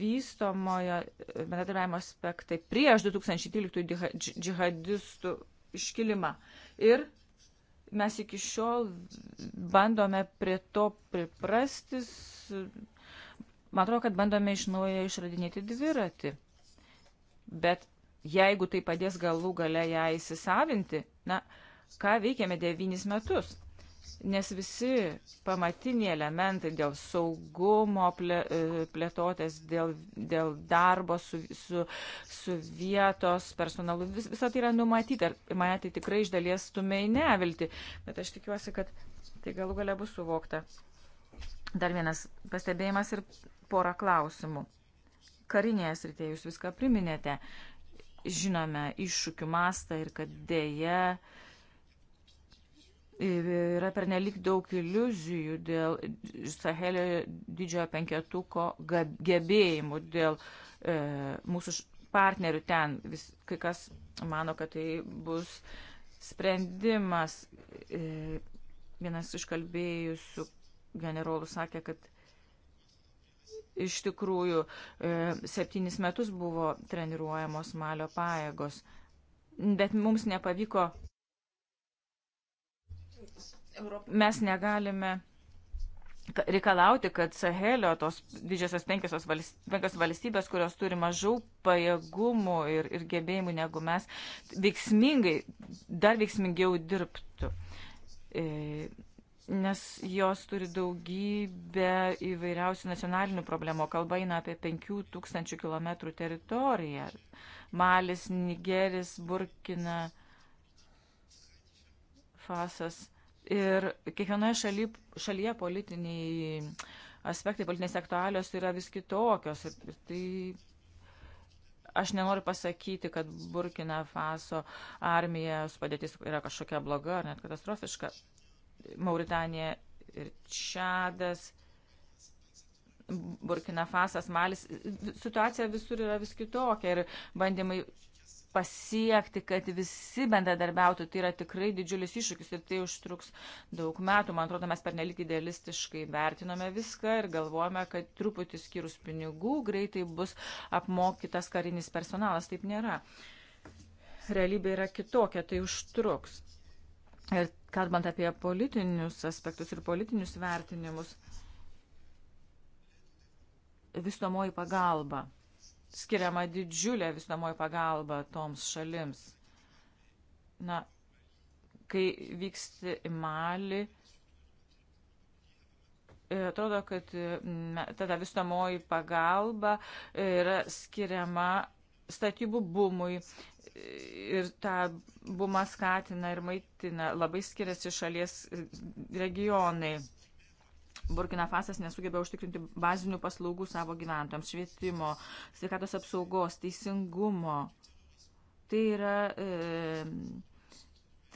vystomojo bendradarbiavimo aspektai prieš 2013 džihadistų iškilimą. Ir mes iki šiol bandome prie to priprastis. Man atrodo, kad bandome iš naujo išradinėti dviratį. Bet jeigu tai padės galų gale ją įsisavinti, na, ką veikėme devynis metus? nes visi pamatiniai elementai dėl saugumo e, plėtotės, dėl, dėl darbo su, su, su vietos personalu, vis, visą tai yra numatyta. Ir mane tai tikrai iš dalies stumiai nevilti, bet aš tikiuosi, kad tai galų gale bus suvokta. Dar vienas pastebėjimas ir pora klausimų. Karinėje srityje jūs viską priminėte. Žinome iššūkių mastą ir kad dėje uh, yra pernelik daug iliuzijų dėl Sahelio didžiojo penketuko gebėjimų, dėl e, mūsų partnerių ten. Vis, kai kas mano, kad tai bus sprendimas. E, vienas iš kalbėjusių generolų sakė, kad iš tikrųjų e, septynis metus buvo treniruojamos malio pajėgos, bet mums nepavyko mes negalime reikalauti, kad Sahelio tos didžiosios penkios valstybės, kurios turi mažiau pajėgumų ir, ir gebėjimų negu mes, veiksmingai, dar veiksmingiau dirbtų. E, nes jos turi daugybę įvairiausių nacionalinių problemų. Kalba eina apie 5000 km teritoriją. Malis, Nigeris, Burkina, Fasas Ir kiekvienoje šaly, šalyje politiniai aspektai, politinės aktualios yra vis kitokios. Ir tai aš nenoriu pasakyti, kad Burkina Faso armijos padėtis yra kažkokia bloga ar net katastrofiška. Mauritanija ir Čadas. Burkina Fasas, Malis, situacija visur yra vis kitokia ir bandymai pasiekti, kad visi bendradarbiautų, tai yra tikrai didžiulis iššūkis ir tai užtruks daug metų. Man atrodo, mes pernelik idealistiškai vertinome viską ir galvojame, kad truputį skirus pinigų greitai bus apmokytas karinis personalas. Taip nėra. Realybė yra kitokia, tai užtruks. Ir kalbant apie politinius aspektus ir politinius vertinimus, visuomoji pagalba skiriama didžiulė visnamoji pagalba toms šalims. Na, kai vyksti į Mali, e, atrodo, kad e, tada visnamoji pagalba e, yra skiriama statybų bumui ir tą bumą skatina ir maitina. Labai skiriasi šalies regionai. Burkina Fasas nesugeba užtikrinti bazinių paslaugų savo gyventojams, švietimo, sveikatos apsaugos, teisingumo. Tai yra e,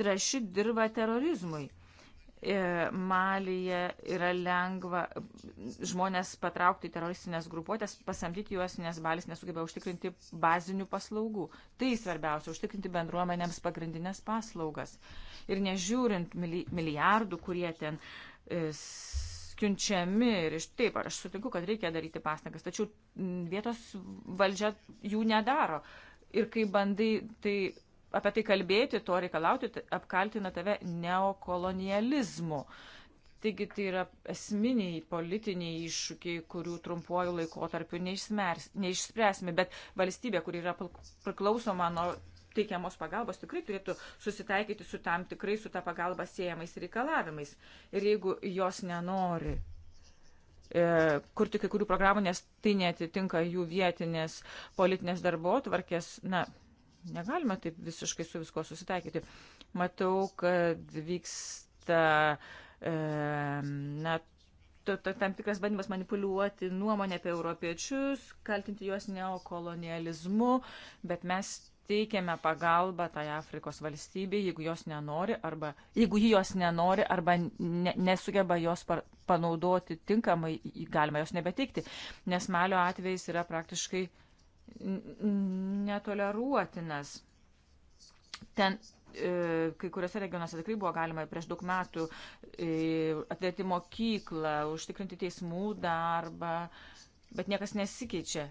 traši dirba terorizmui. E, Malyje yra lengva žmonės patraukti teroristinės grupuotės, pasamdyti juos, nes balis nesugeba užtikrinti bazinių paslaugų. Tai svarbiausia - užtikrinti bendruomenėms pagrindinės paslaugas. Ir nežiūrint milijardų, kurie ten e, siunčiami ir iš taip, aš sutinku, kad reikia daryti pastangas, tačiau vietos valdžia jų nedaro. Ir kai bandai tai, apie tai kalbėti, to reikalauti, tai apkaltina tave neokolonializmu. Taigi tai yra esminiai politiniai iššūkiai, kurių trumpuoju laikotarpiu neišspręsime, bet valstybė, kur yra priklausoma nuo teikiamos pagalbos tikrai turėtų susitaikyti su tam tikrai su tą pagalbą siejamais reikalavimais. Ir jeigu jos nenori e, kurti kai kurių programų, nes tai netitinka jų vietinės politinės darbo tvarkės, na, negalime taip visiškai su visko susitaikyti. Matau, kad vyksta, e, na, tam tikras bandymas manipuliuoti nuomonę apie europiečius, kaltinti juos neokolonializmu, bet mes teikiame pagalbą tai Afrikos valstybei, jeigu jos nenori arba jeigu ji jos nenori arba ne, nesugeba jos par, panaudoti tinkamai, galima jos nebeteikti, nes malio atvejs yra praktiškai netoleruotinas. Ten e, kai kuriuose regionuose tikrai buvo galima prieš daug metų e, atdėti mokyklą, užtikrinti teismų darbą, bet niekas nesikeičia.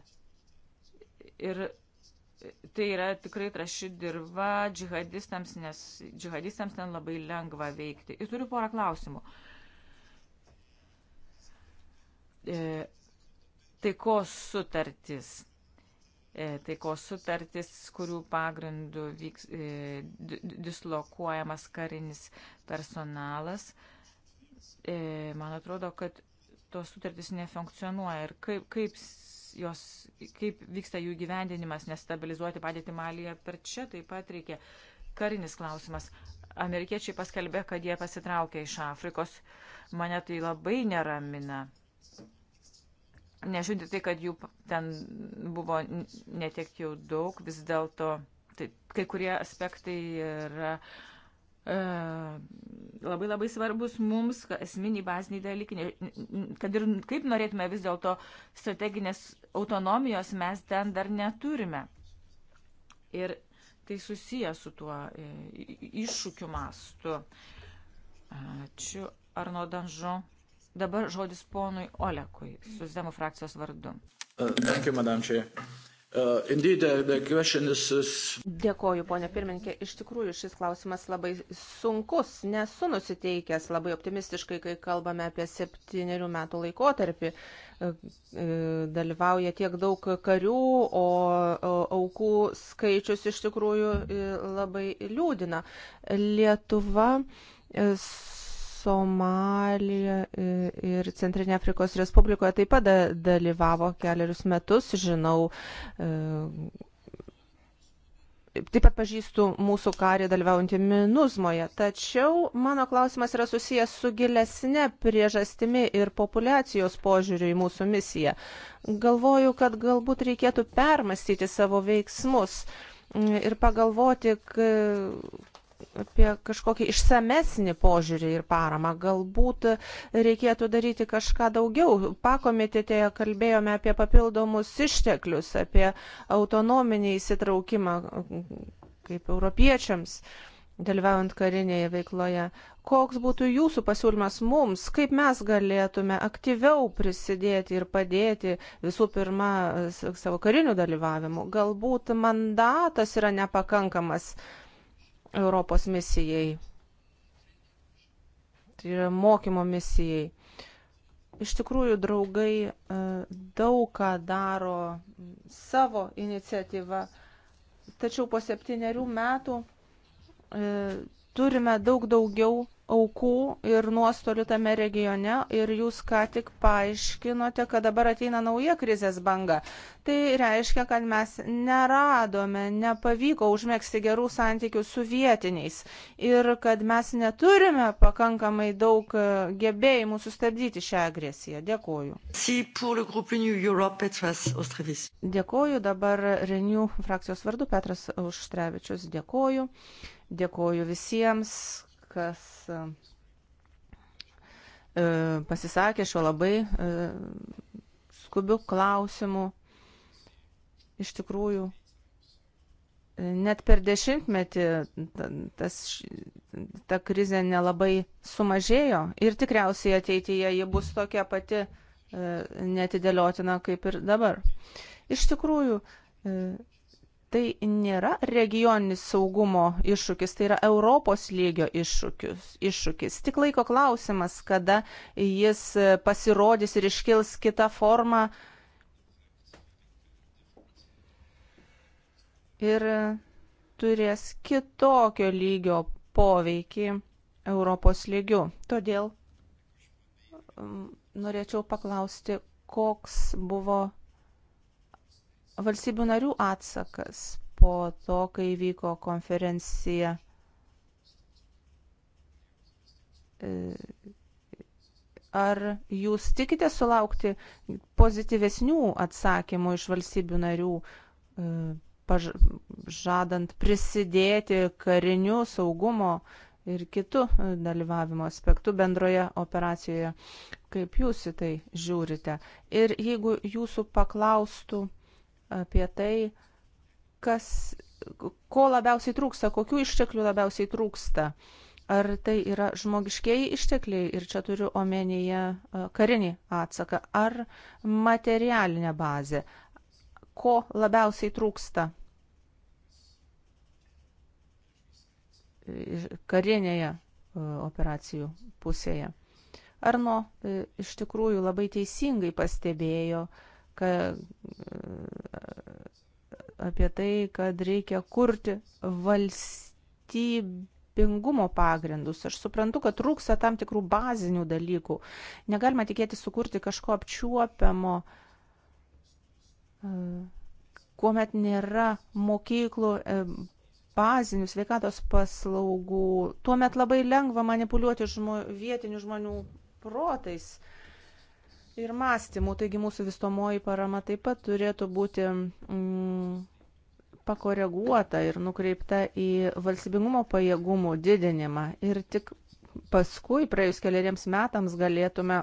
Ir tai yra tikrai traši dirba džihadistams, nes džihadistams ten labai lengva veikti. Ir turiu porą klausimų. E, taikos sutartis. E, taikos sutartis, kurių pagrindų vyks e, dislokuojamas karinis personalas. E, man atrodo, kad tos sutartys nefunkcionuoja ir kaip, kaip jos, kaip vyksta jų gyvendinimas, nes stabilizuoti padėti Malyje per čia taip pat reikia. Karinis klausimas. Amerikiečiai paskelbė, kad jie pasitraukė iš Afrikos. Mane tai labai neramina. Nežiūrint tai, kad jų ten buvo netiek jau daug, vis dėlto tai, kai kurie aspektai yra e, labai labai svarbus mums, esminiai baziniai dalykai, kad ir kaip norėtume vis dėlto strateginės autonomijos mes ten dar neturime. Ir tai susiję su tuo e, iššūkiu mastu. Ačiū, Arno Danžo. Dabar žodis ponui Olekui, Suzdemų frakcijos vardu. Dėkui, madam čia. Uh, indeed, the, the question is, is... Dėkoju, ponė pirmininkė. Iš tikrųjų, šis klausimas labai sunkus. Nesu nusiteikęs labai optimistiškai, kai kalbame apie septyniarių metų laikotarpį. Uh, uh, dalyvauja tiek daug karių, o aukų skaičius iš tikrųjų uh, labai liūdina. Lietuva Somalija e, ir Centrinė Afrikos Respublikoje taip pat dalyvavo keliarius metus, žinau. E, taip pat pažįstu mūsų karį dalyvaujantį Minuzmoje, tačiau mano klausimas yra susijęs su gilesne priežastimi ir populacijos požiūriu į mūsų misiją. Galvoju, kad galbūt reikėtų permastyti savo veiksmus ir pagalvoti, apie kažkokį išsamesnį požiūrį ir paramą. Galbūt reikėtų daryti kažką daugiau. Pakomitetėje kalbėjome apie papildomus išteklius, apie autonominį įsitraukimą kaip europiečiams dalyvaujant karinėje veikloje. Koks būtų jūsų pasiūlymas mums, kaip mes galėtume aktyviau prisidėti ir padėti visų pirma savo kariniu dalyvavimu? Galbūt mandatas yra nepakankamas Europos misijai. Tai yra mokymo misijai. Iš tikrųjų, draugai e, daug ką daro savo iniciatyvą, tačiau po septyniarių metų e, turime daug daugiau aukų ir nuostolių tame regione ir jūs ką tik paaiškinote, kad dabar ateina nauja krizės banga. Tai reiškia, kad mes neradome, nepavyko užmėgsti gerų santykių su vietiniais ir kad mes neturime pakankamai daug gebėjimų sustabdyti šią agresiją. Dėkuoju. Dėkuoju dabar Renew frakcijos vardu Petras Užtrevičius. Dėkuoju. Dėkuoju visiems kas e, pasisakė šio labai e, skubių klausimų. Iš tikrųjų, net per dešimtmetį tas, ta krizė nelabai sumažėjo ir tikriausiai ateityje ji bus tokia pati e, netidėliotina kaip ir dabar. Iš tikrųjų, tai nėra regioninis saugumo iššūkis, tai yra Europos lygio iššūkis. iššūkis. Tik laiko klausimas, kada jis pasirodys ir iškils kitą formą. Ir turės kitokio lygio poveikį Europos lygių. Todėl mm, norėčiau paklausti, koks buvo valstybių narių atsakas po to, kai vyko konferencija e, Ar jūs tikite sulaukti pozityvesnių atsakymų iš valstybių narių, e, žadant prisidėti kariniu saugumo ir kitų e, dalyvavimo aspektų bendroje operacijoje? Kaip jūs į tai žiūrite? Ir jeigu jūsų paklaustų apie tai, kas, ko labiausiai trūksta, kokių išteklių labiausiai trūksta. Ar tai yra žmogiškieji ištekliai, ir čia turiu omenyje e, karinį atsaką, ar materialinę bazę, ko labiausiai trūksta karinėje e, operacijų pusėje. Arno e, iš tikrųjų labai teisingai pastebėjo, ka, apie tai, kad reikia kurti valstybingumo pagrindus. Aš suprantu, kad trūksa tam tikrų bazinių dalykų. Negalima tikėti sukurti kažko apčiuopiamo, kuomet nėra mokyklų e, bazinių sveikatos paslaugų. Tuomet labai lengva manipuliuoti žmo, vietinių žmonių protais. Uh, ir mąstymų. Taigi mūsų vystomoji parama taip pat turėtų būti mm, pakoreguota ir nukreipta į valstybingumo pajėgumų didinimą. Ir tik paskui, praėjus keliariems metams, galėtume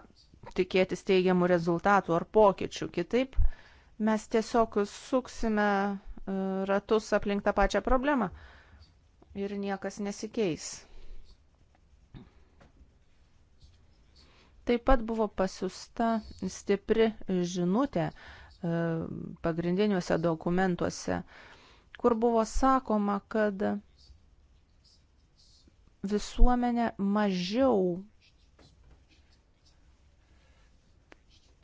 tikėtis teigiamų rezultatų ar pokyčių. Kitaip mes tiesiog suksime e, ratus aplink tą pačią problemą ir niekas nesikeis. Taip pat buvo pasiusta stipri žinutė e, pagrindiniuose dokumentuose, kur buvo sakoma, kad visuomenė mažiau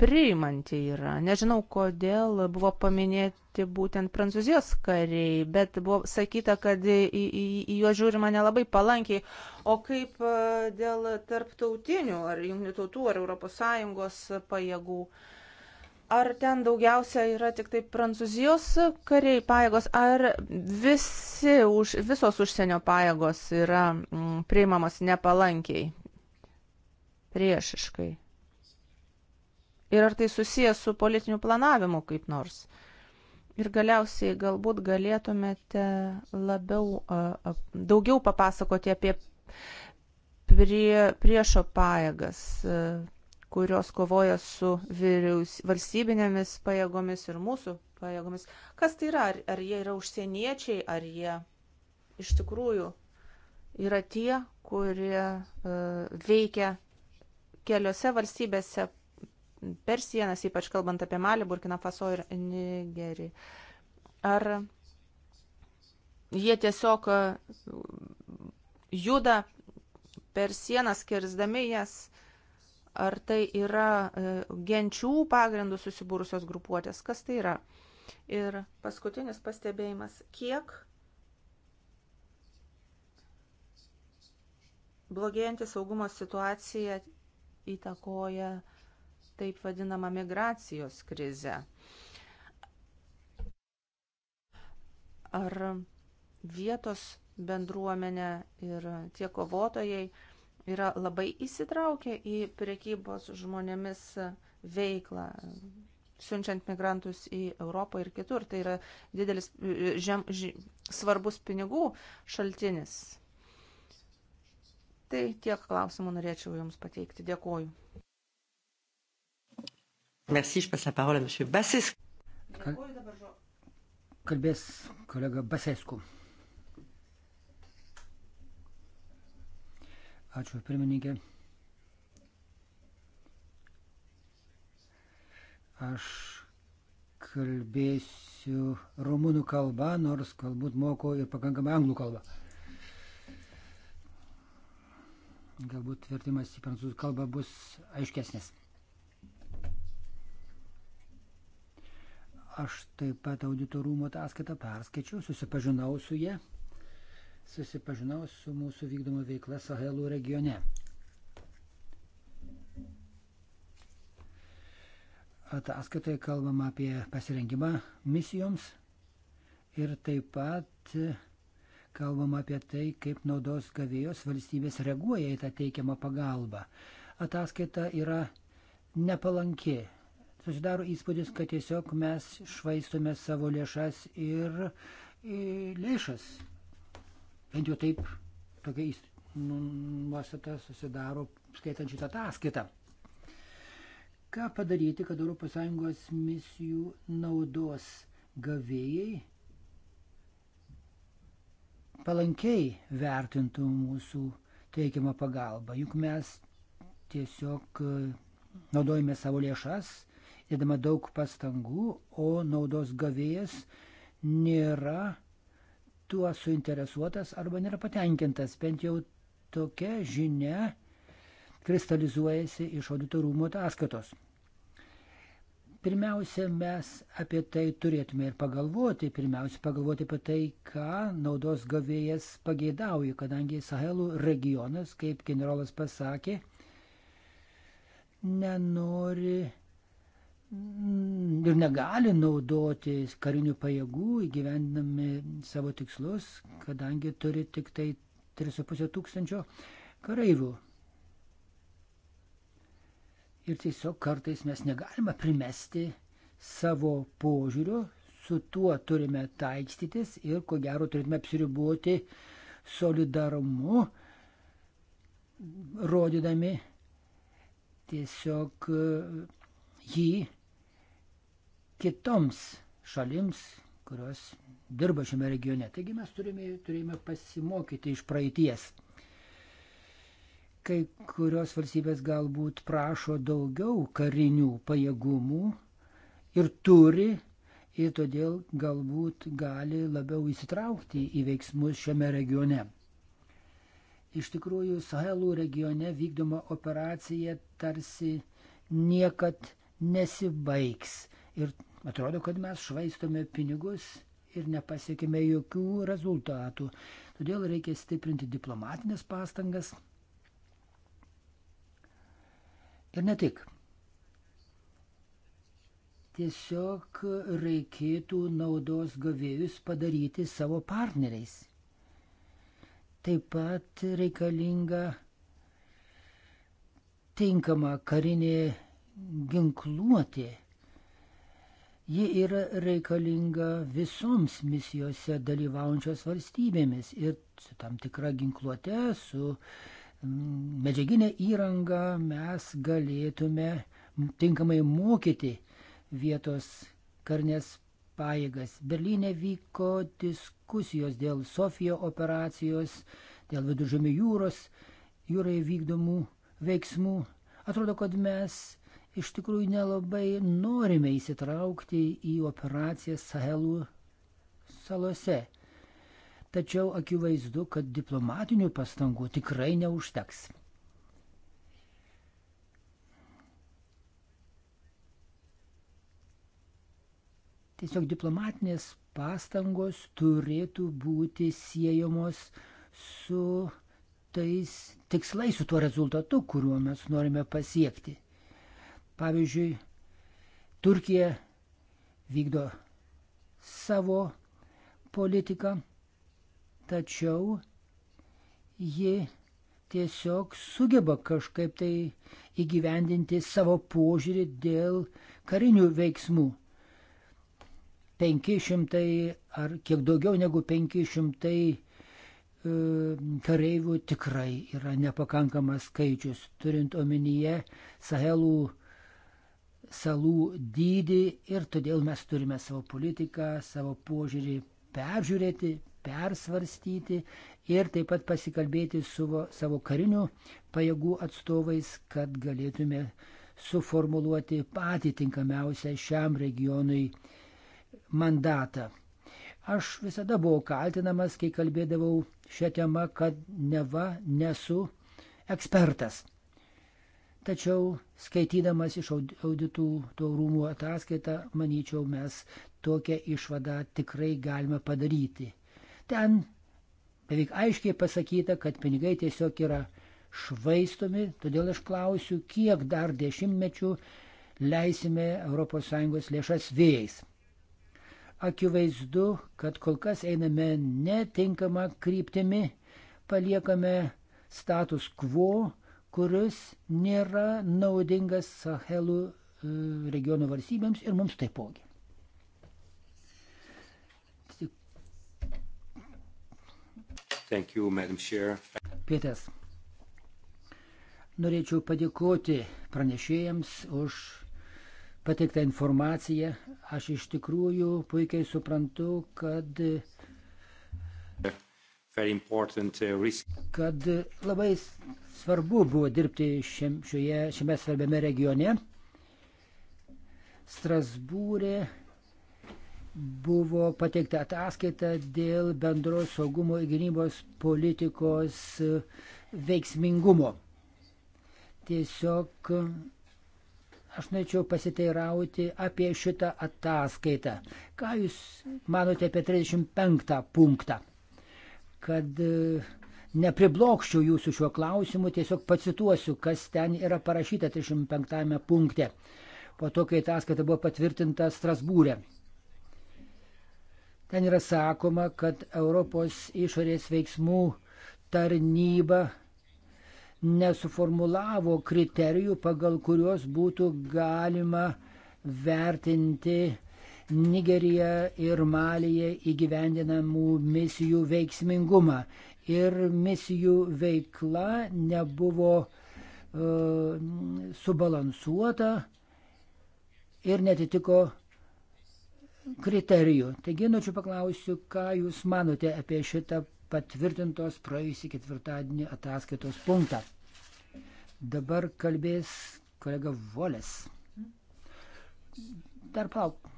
priimanti yra. Nežinau, kodėl buvo paminėti būtent prancūzijos kariai, bet buvo sakyta, kad į, į, į juos žiūrima nelabai palankiai. O kaip e, dėl tarptautinių ar jungtinių tautų ar ES pajėgų? Ar ten daugiausia yra tik tai prancūzijos kariai pajėgos, ar visi, už, visos užsienio pajėgos yra mm, priimamos nepalankiai, priešiškai? ir ar tai susijęs su politiniu planavimu kaip nors. Ir galiausiai galbūt galėtumėte labiau, daugiau papasakoti apie prie, priešo pajėgas, kurios kovoja su vyriaus, valstybinėmis pajėgomis ir mūsų pajėgomis. Kas tai yra? Ar, ar jie yra užsieniečiai, ar jie iš tikrųjų yra tie, kurie uh, veikia keliose valstybėse per sienas, ypač kalbant apie Malį, Burkina Faso ir Nigerį. Ar jie tiesiog e, juda per sienas, kirzdami jas, ar tai yra e, genčių pagrindų susibūrusios grupuotės, kas tai yra. Ir paskutinis pastebėjimas, kiek blogėjantį saugumo situaciją įtakoja uh, taip vadinamą migracijos krizę. Ar vietos bendruomenė ir tie kovotojai yra labai įsitraukę į priekybos žmonėmis veiklą, siunčiant migrantus į Europą ir kitur. Tai yra didelis, žem, ž, svarbus pinigų šaltinis. Tai tiek klausimų norėčiau Jums pateikti. Dėkuoju. Merci, je passe la parole à monsieur Basescu. Kal... Kalbės kolega Basescu. Ačiū, pirmininkė. Aš kalbėsiu rumunų kalbą, nors galbūt moku ir pakankamai anglų kalbą. Galbūt vertimas į prancūzų kalbą bus aiškesnis. Aš taip pat auditorumo ataskaitą perskaičiau, susipažinau su ją, susipažinau su mūsų vykdoma veikla Sahelų regione. Ataskaitoje kalbama apie pasirengimą misijoms ir taip pat kalbama apie tai, kaip naudos gavėjos valstybės reaguoja į tą teikiamą pagalbą. Ataskaita yra nepalanki susidaro įspūdis, kad tiesiog mes švaistome savo lėšas ir, ir lėšas. Bent jau taip tokia nu, nuostata susidaro skaitant šitą ataskaitą. Ką padaryti, kad ES misijų naudos gavėjai palankiai vertintų mūsų teikiamą pagalbą, juk mes tiesiog e, naudojame savo lėšas dėdama daug pastangų, o naudos gavėjas nėra tuo suinteresuotas arba nėra patenkintas. Bent jau tokia žinia kristalizuojasi iš audito rūmų ataskaitos. Pirmiausia, mes apie tai turėtume ir pagalvoti, pirmiausia, pagalvoti apie tai, ką naudos gavėjas pageidauja, kadangi Sahelų regionas, kaip generolas pasakė, nenori Mm, ir negali naudoti karinių pajėgų įgyvendinami savo tikslus, kadangi turi tik tai 3,5 tūkstančio kareivių. Ir tiesiog kartais mes negalime primesti savo požiūrių, su tuo turime taikstytis ir ko gero turėtume apsiribuoti solidarumu, rodydami tiesiog e, jį kitoms šalims, kurios dirba šiame regione. Taigi mes turime, turime pasimokyti iš praeities. Kai kurios valstybės galbūt prašo daugiau karinių pajėgumų ir turi, ir todėl galbūt gali labiau įsitraukti į veiksmus šiame regione. Iš tikrųjų, Sahelų regione vykdoma operacija tarsi niekad nesibaigs ir Atrodo, kad mes švaistome pinigus ir nepasiekime jokių rezultatų. Todėl reikia stiprinti diplomatinės pastangas. Ir ne tik. Tiesiog reikėtų naudos gavėjus padaryti savo partneriais. Taip pat reikalinga tinkama karinė ginkluotė Ji yra reikalinga visoms misijose dalyvaujančios valstybėmis ir su tam tikra ginkluote, su mm, medžiaginė įranga mes galėtume tinkamai mokyti vietos karnės pajėgas. Berlyne vyko diskusijos dėl Sofija operacijos, dėl viduržėmio jūros, jūrai vykdomų veiksmų. Atrodo, kad mes iš tikrųjų nelabai norime įsitraukti į operacijas Sahelų salose. Tačiau akivaizdu, kad diplomatinių pastangų tikrai neužteks. Tiesiog diplomatinės pastangos turėtų būti siejamos su tais tikslais, su tuo rezultatu, kuriuo mes norime pasiekti. Pavyzdžiui, Turkija vykdo savo politiką, tačiau ji tiesiog sugeba kažkaip tai įgyvendinti savo požiūrį dėl karinių veiksmų. 500 ar kiek daugiau negu 500 e, kareivių tikrai yra nepakankamas skaičius, turint omenyje Sahelų salų dydį ir todėl mes turime savo politiką, savo požiūrį peržiūrėti, persvarstyti ir taip pat pasikalbėti su savo karinių pajėgų atstovais, kad galėtume suformuluoti patį tinkamiausią šiam regionui mandatą. Aš visada buvau kaltinamas, kai kalbėdavau šią temą, kad neva nesu ekspertas. Tačiau skaitydamas iš auditų to rūmų ataskaitą, manyčiau, mes tokią išvadą tikrai galime padaryti. Ten beveik aiškiai pasakyta, kad pinigai tiesiog yra švaistomi, todėl aš klausiu, kiek dar dešimtmečių leisime ES lėšas vėjais. Akivaizdu, kad kol kas einame netinkama kryptimi, paliekame status quo kuris nėra naudingas Sahelų e, regiono valstybėms ir mums taipogi. Thank you, Madam Chair. Pietas. Norėčiau padėkoti pranešėjams už pateiktą informaciją. Aš iš tikrųjų puikiai suprantu, kad uh, Uh, kad uh, labai svarbu buvo dirbti šiam, šioje, šiame svarbiame regione. Strasbūrė buvo pateikta ataskaita dėl bendros saugumo ir gynybos politikos uh, veiksmingumo. Tiesiog aš norėčiau pasiteirauti apie šitą ataskaitą. Ką Jūs manote apie 35 punktą? kad e, nepriblokščiau jūsų šiuo klausimu, tiesiog pacituosiu, kas ten yra parašyta 35 punkte, po to, kai ataskaita buvo patvirtinta Strasbūrė. Ten yra sakoma, kad Europos išorės veiksmų tarnyba nesuformulavo kriterijų, pagal kuriuos būtų galima vertinti Nigerija ir Malija įgyvendinamų misijų veiksmingumą. Ir misijų veikla nebuvo uh, subalansuota ir netitiko kriterijų. Taigi, norėčiau paklausiu, ką Jūs manote apie šitą patvirtintos praėjusį ketvirtadienį ataskaitos punktą. Dabar kalbės kolega Volės. Dar palauk.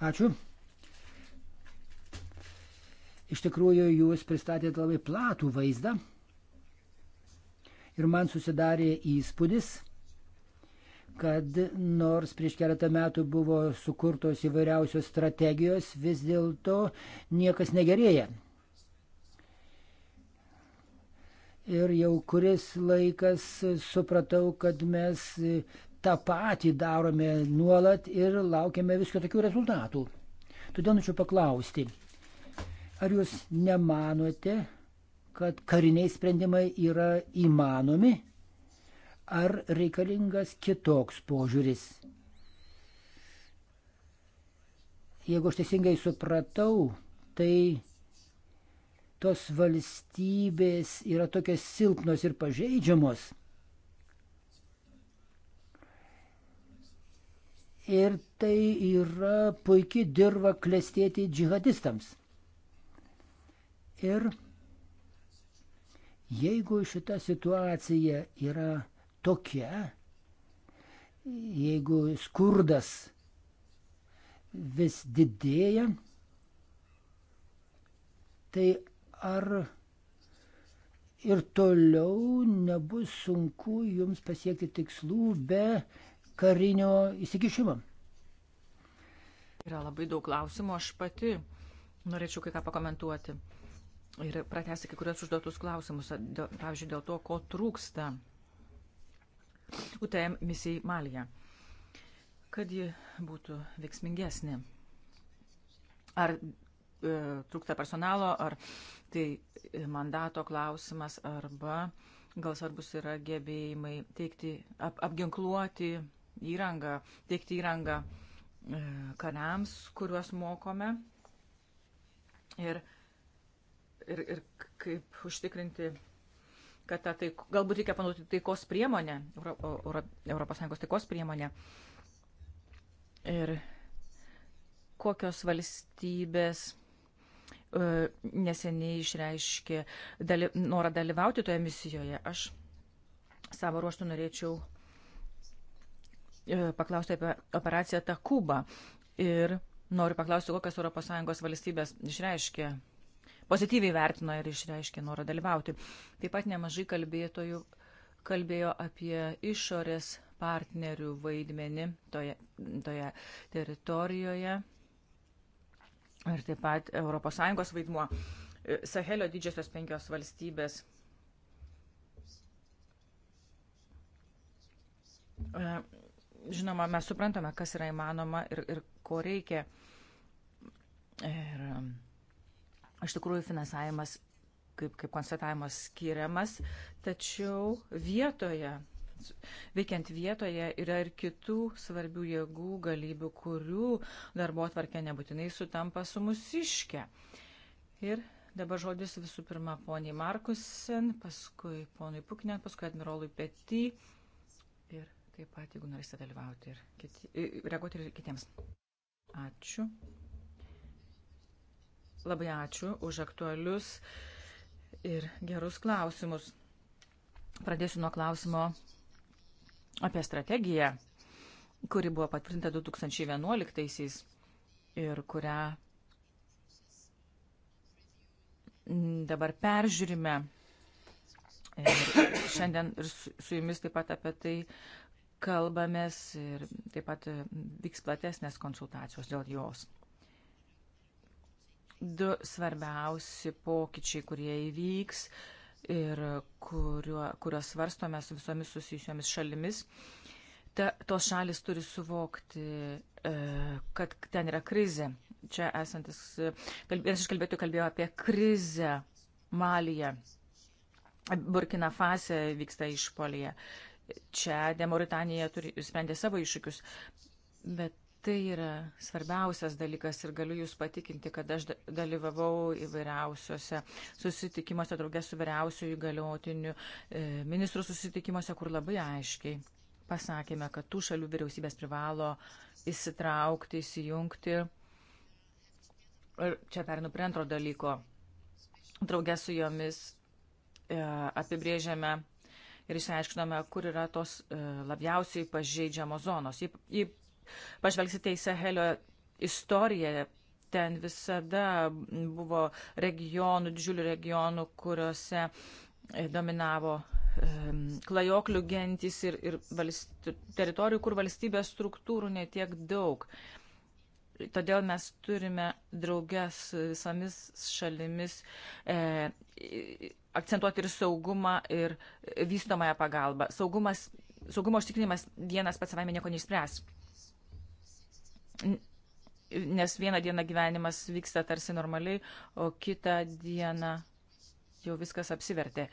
Ačiū. Iš tikrųjų, jūs pristatėte labai platų vaizdą ir man susidarė įspūdis, kad nors prieš keletą metų buvo sukurtos įvairiausios strategijos, vis dėlto niekas negerėja. Ir jau kuris laikas supratau, kad mes tą patį darome nuolat ir laukiame visko tokių rezultatų. Todėl norėčiau paklausti, ar jūs nemanote, kad kariniai sprendimai yra įmanomi, ar reikalingas kitoks požiūris? Jeigu aš teisingai supratau, tai tos valstybės yra tokios silpnos ir pažeidžiamos, ir tai yra puikiai dirba klestėti džihadistams. Ir jeigu šita situacija yra tokia, jeigu skurdas vis didėja, tai ar ir toliau nebus sunku jums pasiekti tikslų be karinio įsikišimo. Yra labai daug klausimų, aš pati norėčiau kai ką pakomentuoti ir pratesti kai kurias užduotus klausimus, pavyzdžiui, dėl to, ko trūksta UTM misijai Malija, kad ji būtų veiksmingesnė. Ar e, trūksta personalo, ar tai mandato klausimas, arba gal svarbus yra gebėjimai teikti, ap, apginkluoti įrangą, teikti įrangą e, kariams, kuriuos mokome. Ir, ir, ir kaip užtikrinti, kad ta taik, galbūt reikia panaudoti taikos priemonę, ES taikos priemonę. Ir kokios valstybės e, neseniai išreiškė dali, norą dalyvauti toje misijoje. Aš savo ruoštų norėčiau E, paklausti apie operaciją Takuba ir noriu paklausti, kokias ES valstybės išreiškė, pozityviai vertino ir išreiškė norą dalyvauti. Taip pat nemažai kalbėtojų kalbėjo apie išorės partnerių vaidmenį toje, toje teritorijoje ir taip pat ES vaidmuo. E, Sahelio didžiosios penkios valstybės e, žinoma, mes suprantame, kas yra įmanoma ir, ir ko reikia. Ir um, iš tikrųjų finansavimas, kaip, kaip konstatavimas, skiriamas, tačiau vietoje, veikiant vietoje yra ir kitų svarbių jėgų, galybių, kurių darbo atvarkė nebūtinai sutampa su musiškė. Ir dabar žodis visų pirma poniai Markusen, paskui poniai Pukne, paskui admirolui Pety ir Taip pat, jeigu norėsite dalyvauti ir kiti, reaguoti ir kitiems. Ačiū. Labai ačiū už aktualius ir gerus klausimus. Pradėsiu nuo klausimo apie strategiją, kuri buvo patvirtinta 2011-aisiais ir kurią dabar peržiūrime. Ir šiandien ir su jumis taip pat apie tai kalbamės ir taip pat e, vyks platesnės konsultacijos dėl jos. Du svarbiausi pokyčiai, kurie įvyks ir kurio, kurios svarstome su visomis susijusiomis šalimis, ta, tos šalis turi suvokti, e, kad ten yra krizė. Čia esantis, e, vienas iš kalbėtų kalbėjo apie krizę Malyje. Burkina Fase vyksta išpolyje čia Mauritanija turi, sprendė savo iššūkius, bet tai yra svarbiausias dalykas ir galiu Jūs patikinti, kad aš dalyvavau įvairiausiose susitikimuose, draugės su vyriausiųjų galiotinių e, ministrų susitikimuose, kur labai aiškiai pasakėme, kad tų šalių vyriausybės privalo įsitraukti, įsijungti. Ir čia pernu prie antro dalyko. Draugės su jomis e, apibrėžiame ir išsiaiškinome, kur yra tos e, labiausiai pažeidžiamos zonos. Jei pažvelgsite į Sahelio istoriją, ten visada buvo regionų, didžiulių regionų, kuriuose e, dominavo klajoklių gentys ir, ir valst, teritorijų, kur valstybės struktūrų netiek daug. Uh, Todėl mes turime draugę su visomis šalimis e, akcentuoti ir saugumą, ir vystomąją pagalbą. Saugumas, saugumo užtikrinimas vienas pats savame nieko neišspręs. Nes vieną dieną gyvenimas vyksta tarsi normaliai, o kitą dieną jau viskas apsivertė.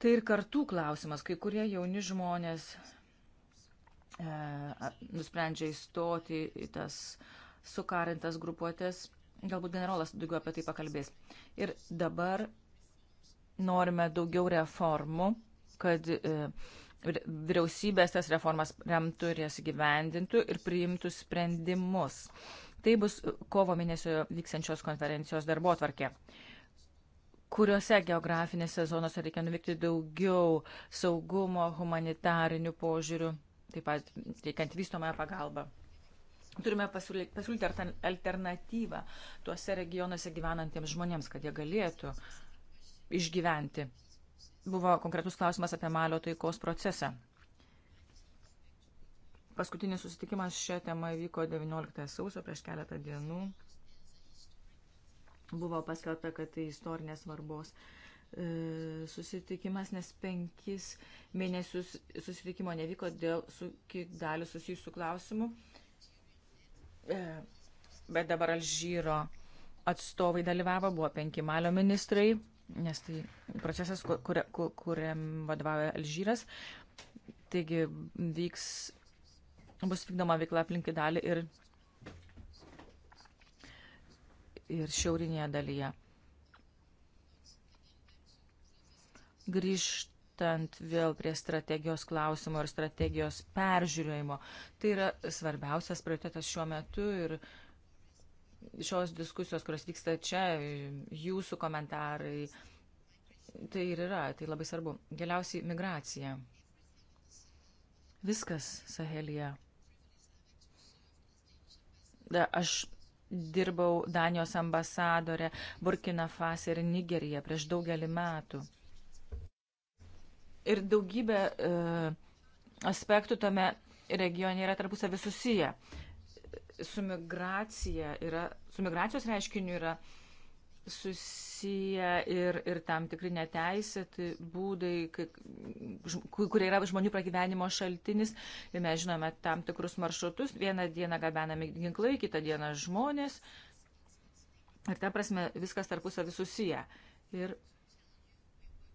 Tai ir kartų klausimas. Kai kurie jauni žmonės e, nusprendžia įstoti į tas e, sukarintas grupuotės, galbūt generolas daugiau apie tai pakalbės. Ir dabar norime daugiau reformų, kad e, vyriausybės tas reformas remtų ir jas gyvendintų ir priimtų sprendimus. Tai bus kovo mėnesio vyksiančios konferencijos darbo atvarkė kuriuose geografinėse zonose reikia nuvykti daugiau saugumo, humanitarinių požiūrių, taip pat teikiant vystomąją pagalbą. Turime pasiūlyti alternatyvą tuose regionuose gyvenantiems žmonėms, kad jie galėtų išgyventi. Buvo konkretus klausimas apie Malio taikos procesą. Paskutinis susitikimas šią temą vyko 19 sausio prieš keletą dienų. Buvo paskelbta, kad tai istorinės svarbos e, susitikimas, nes penkis mėnesius susitikimo nevyko dėl su kidaliu susijusių klausimų. E, bet dabar Alžyro atstovai dalyvavo, buvo penki malio ministrai, nes tai procesas, kur, kur, kuriam vadovauja Alžyras. Taigi vyks, bus vykdoma veikla aplink dalį ir, ir šiaurinėje dalyje. Grįžt grįžtant vėl prie strategijos klausimo ir strategijos peržiūrėjimo. Tai yra svarbiausias prioritetas šiuo metu ir šios diskusijos, kurios vyksta čia, jūsų komentarai, tai ir yra, tai labai svarbu. Galiausiai migracija. Viskas Sahelija. Da, aš dirbau Danijos ambasadorė Burkina Fase ir Nigerija prieš daugelį metų ir daugybė e, aspektų tame regione yra tarpusavį susiję. Su, yra, su migracijos reiškiniu yra susiję ir, ir tam tikri neteisėti būdai, kai, kurie yra žmonių pragyvenimo šaltinis. Ir mes žinome tam tikrus maršrutus. Vieną dieną gabenami ginklai, kitą dieną žmonės. Ir ta prasme viskas tarpusavį susiję. Ir,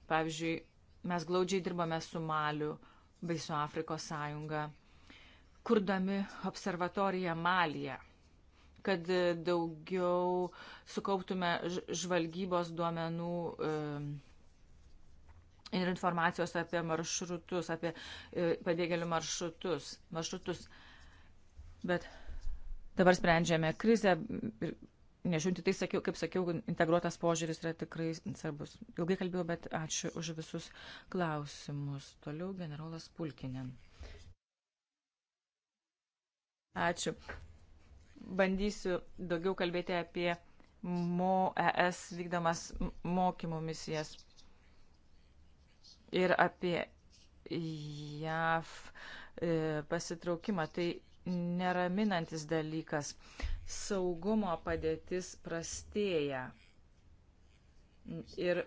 pavyzdžiui, Mes glaudžiai dirbame su Maliu bei su Afrikos sąjunga, kurdami observatoriją Malyje, kad e, daugiau sukauptume žvalgybos duomenų e, ir informacijos apie maršrutus, apie e, pabėgėlių maršrutus. maršrutus. Bet dabar sprendžiame krizę ir Nežiūrint tai, sakiau, kaip sakiau, integruotas požiūris yra tikrai svarbus. Ilgai kalbėjau, bet ačiū už visus klausimus. Toliau generolas Pulkinė. Ačiū. Bandysiu daugiau kalbėti apie mo ES vykdomas mokymų misijas ir apie JAV e, pasitraukimą. Tai neraminantis dalykas. Saugumo padėtis prastėja. Ir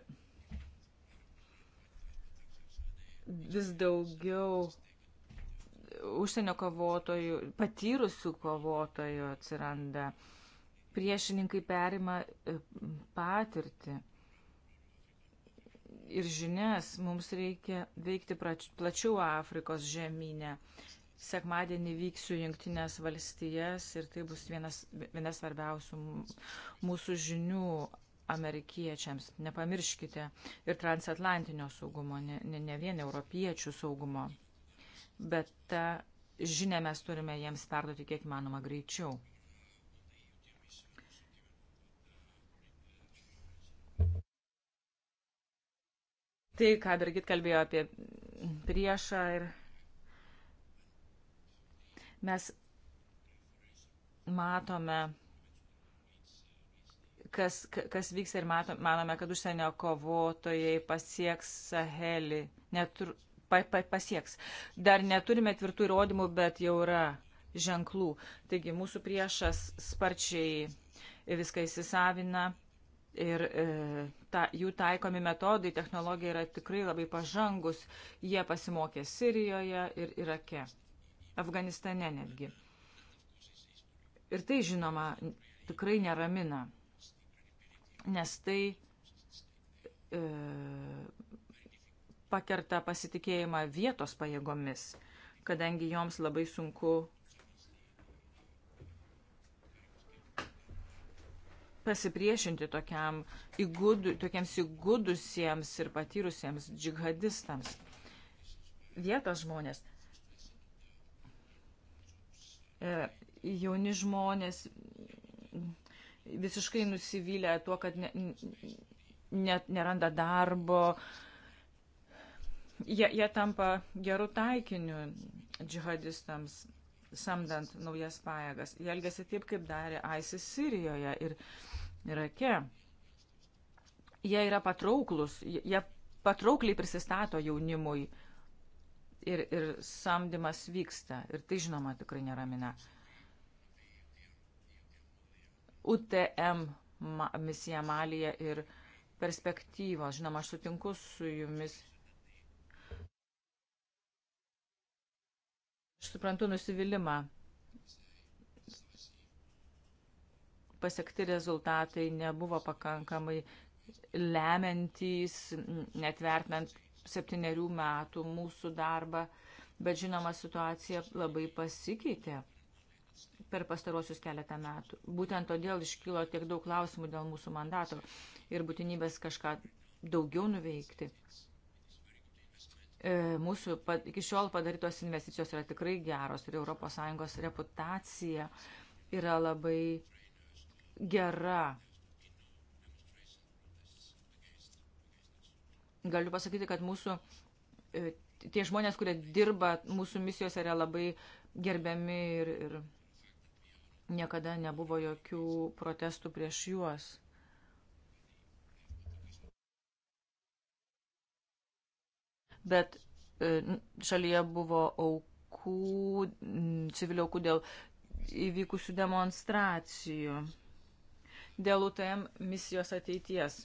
vis daugiau užsienio kovotojų, patyrusių kovotojų atsiranda. Priešininkai perima e, patirtį ir žinias. Mums reikia veikti plačiau Afrikos žemynę. Sekmadienį vyksiu Junktinės valstijas ir tai bus vienas, vienas svarbiausių mūsų žinių amerikiečiams. Nepamirškite ir transatlantinio saugumo, ne, ne, ne vien europiečių saugumo. Bet tą žinę mes turime jiems perduoti kiek manoma greičiau. Tai, ką Birgit kalbėjo apie priešą ir Mes matome, kas, kas vyks ir matom, manome, kad užsienio kovotojai pasieks Sahelį. Netru, pa, pa, pasieks. Dar neturime tvirtų įrodymų, bet jau yra ženklų. Taigi mūsų priešas sparčiai viską įsisavina ir e, ta, jų taikomi metodai, technologija yra tikrai labai pažangus. Jie pasimokė Sirijoje ir Irake. Ir Afganistane netgi. Ir tai, žinoma, tikrai neramina, nes tai e, pakerta pasitikėjimą vietos pajėgomis, kadangi joms labai sunku pasipriešinti tokiam įgudu, tokiems įgudusiems ir patyrusiems džihadistams. Vietos žmonės E, jauni žmonės visiškai nusivylę tuo, kad ne, ne, neranda darbo, jie, jie tampa gerų taikinių džihadistams, samdant naujas pajėgas. Jie elgesi taip, kaip darė ISIS Sirijoje ir Irake. Jie yra patrauklus, jie patraukliai prisistato jaunimui, ir, ir samdymas vyksta. Ir tai, žinoma, tikrai neramina. UTM misija Malija ir perspektyvos. Žinoma, aš sutinku su jumis. Aš suprantu nusivylimą. Pasiekti rezultatai nebuvo pakankamai lemiantys, netvertinant septyniarių metų mūsų darbą, bet žinoma situacija labai pasikeitė per pastarosius keletą metų. Būtent todėl iškilo tiek daug klausimų dėl mūsų mandato ir būtinybės kažką daugiau nuveikti. E, mūsų iki šiol padarytos investicijos yra tikrai geros ir ES reputacija yra labai gera galiu pasakyti, kad mūsų e, tie žmonės, kurie dirba mūsų misijose, yra labai gerbiami ir, ir niekada nebuvo jokių protestų prieš juos. Bet e, šalyje buvo aukų, civilių aukų dėl įvykusių demonstracijų, dėl UTM misijos ateities.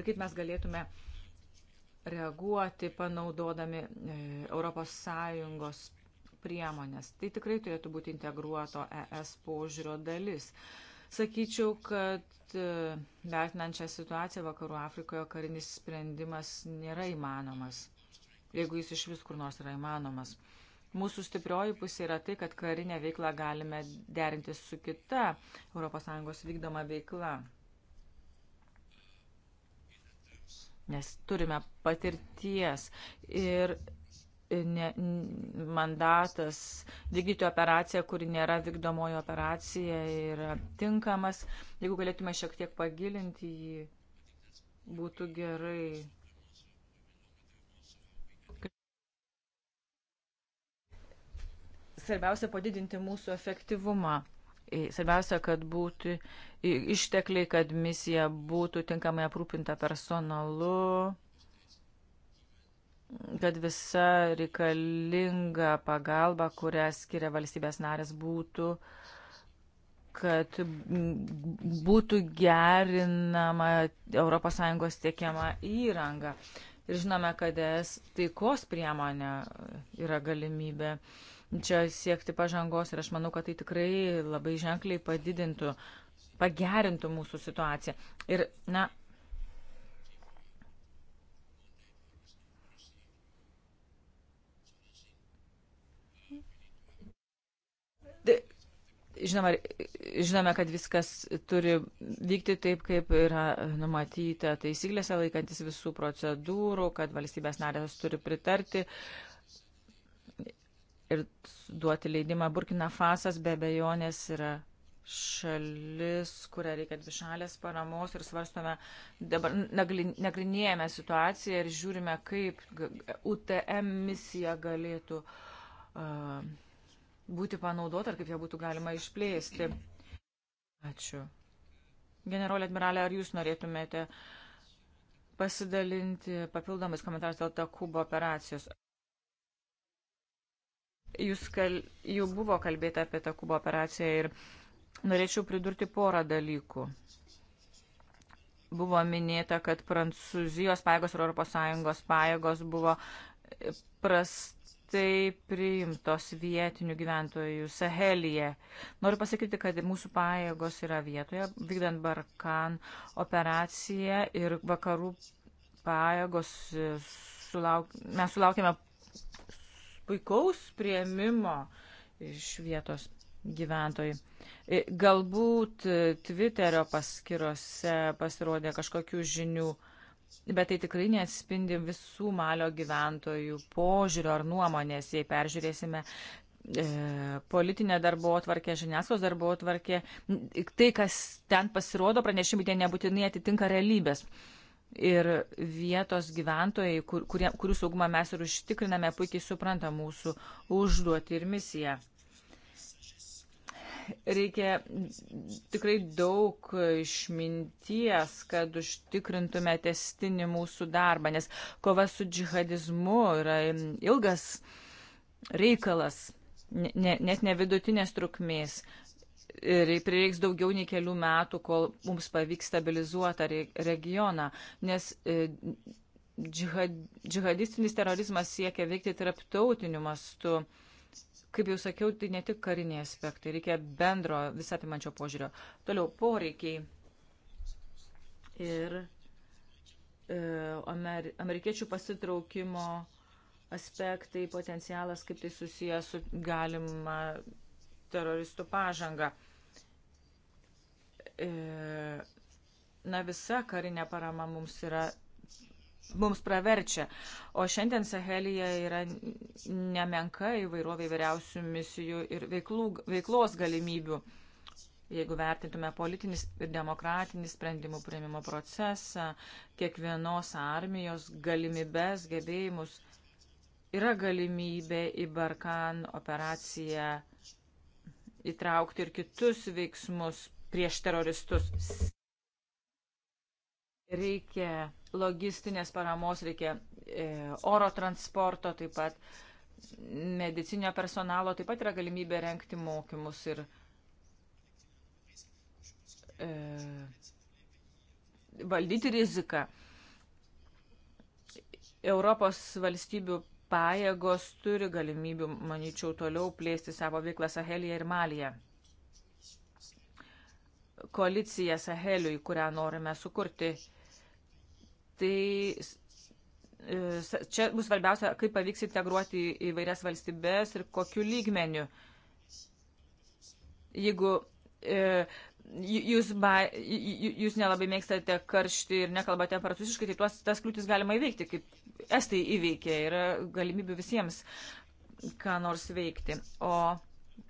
ir kaip mes galėtume reaguoti panaudodami ES priemonės. Tai tikrai turėtų būti integruoto ES požiūrio dalis. Sakyčiau, kad e, vertinant šią situaciją Vakarų Afrikoje karinis sprendimas nėra įmanomas, jeigu jis iš vis kur nors yra įmanomas. Mūsų stiprioji pusė yra tai, kad karinę veiklą galime derinti su kita ES vykdoma veikla. nes turime patirties ir ne, mandatas vykdyti operaciją, kuri nėra vykdomoji operacija, yra tinkamas. Jeigu galėtume šiek tiek pagilinti jį, būtų gerai. Svarbiausia padidinti mūsų efektyvumą. E, svarbiausia, kad būtų ištekliai, kad misija būtų tinkamai aprūpinta personalu, kad visa reikalinga pagalba, kurią skiria valstybės narės, būtų kad būtų gerinama ES tiekiama įranga. Ir žinome, kad es taikos priemonė yra galimybė uh, čia siekti pažangos ir aš manau, kad tai tikrai labai ženkliai padidintų, pagerintų mūsų situaciją. Ir, na, Žinoma, žinome, kad viskas turi vykti taip, kaip yra numatyta taisyklėse, laikantis visų procedūrų, kad valstybės narės turi pritarti ir duoti leidimą. Burkina Fasas be bejonės yra šalis, kuria reikia dvišalės paramos ir svarstome, dabar nagrinėjame situaciją ir žiūrime, kaip UTM misija galėtų uh, būti panaudota ir kaip ją būtų galima išplėsti. Ačiū. Generolė admiralė, ar jūs norėtumėte pasidalinti papildomais komentarais dėl Takubo operacijos? Jūs kal, jau buvo kalbėta apie tą Kubo operaciją ir norėčiau pridurti porą dalykų. Buvo minėta, kad Prancūzijos paėgos ir ES paėgos buvo e, prastai priimtos vietinių gyventojų Sahelyje. Noriu pasakyti, kad mūsų paėgos yra vietoje, vykdant Barkan operaciją ir vakarų paėgos e, sulauk, mes sulaukėme puikaus prieimimo iš vietos gyventojai. E, galbūt Twitterio paskirose pasirodė kažkokių žinių, bet tai tikrai neatspindi visų malio gyventojų požiūrio ar nuomonės, jei peržiūrėsime e, politinę darbo atvarkę, žiniasklaidos darbo atvarkę, tai, kas ten pasirodo, pranešimai tie nebūtinai atitinka realybės. E, ir vietos gyventojai, kur, kurie, kurių saugumą mes ir užtikriname, puikiai supranta mūsų užduotį ir misiją. Reikia tikrai daug išminties, kad užtikrintume testinį mūsų darbą, nes kova su džihadizmu yra ilgas reikalas, ne, net ne vidutinės trukmės ir prireiks daugiau nei kelių metų, kol mums pavyks stabilizuotą regioną, nes e, džihad, džihadistinis terorizmas siekia veikti tarptautiniu mastu. Kaip jau sakiau, tai ne tik kariniai aspektai, reikia bendro visapimančio požiūrio. Toliau poreikiai. Ir e, amer, amerikiečių pasitraukimo aspektai, potencialas, kaip tai susijęs su galima teroristų pažangą. E, na, visa karinė parama mums yra. Mums praverčia. O šiandien Sahelija yra nemenka įvairovė vyriausių misijų ir veiklų, veiklos galimybių. Jeigu vertintume politinį ir demokratinį sprendimų prieimimo procesą, kiekvienos armijos galimybės, gebėjimus, yra galimybė į Barkan operaciją įtraukti ir kitus veiksmus prieš teroristus. Reikia logistinės paramos, reikia e, oro transporto, taip pat medicinio personalo, taip pat yra galimybė renkti mokymus ir e, valdyti riziką. Europos valstybių pajėgos turi galimybių, manyčiau, toliau plėsti savo veiklą Sahelėje ir Malyje. Koalicija Saheliui, kurią norime sukurti, tai e, čia bus svarbiausia, kaip pavyks integruoti į vairias valstybės ir kokiu lygmeniu. Jeigu e, jūs, ba, jūs nelabai mėgstate karštį ir nekalbate prancūziškai, tai tuos, tas kliūtis galima įveikti, kaip estai įveikė, yra galimybių visiems ką nors veikti. O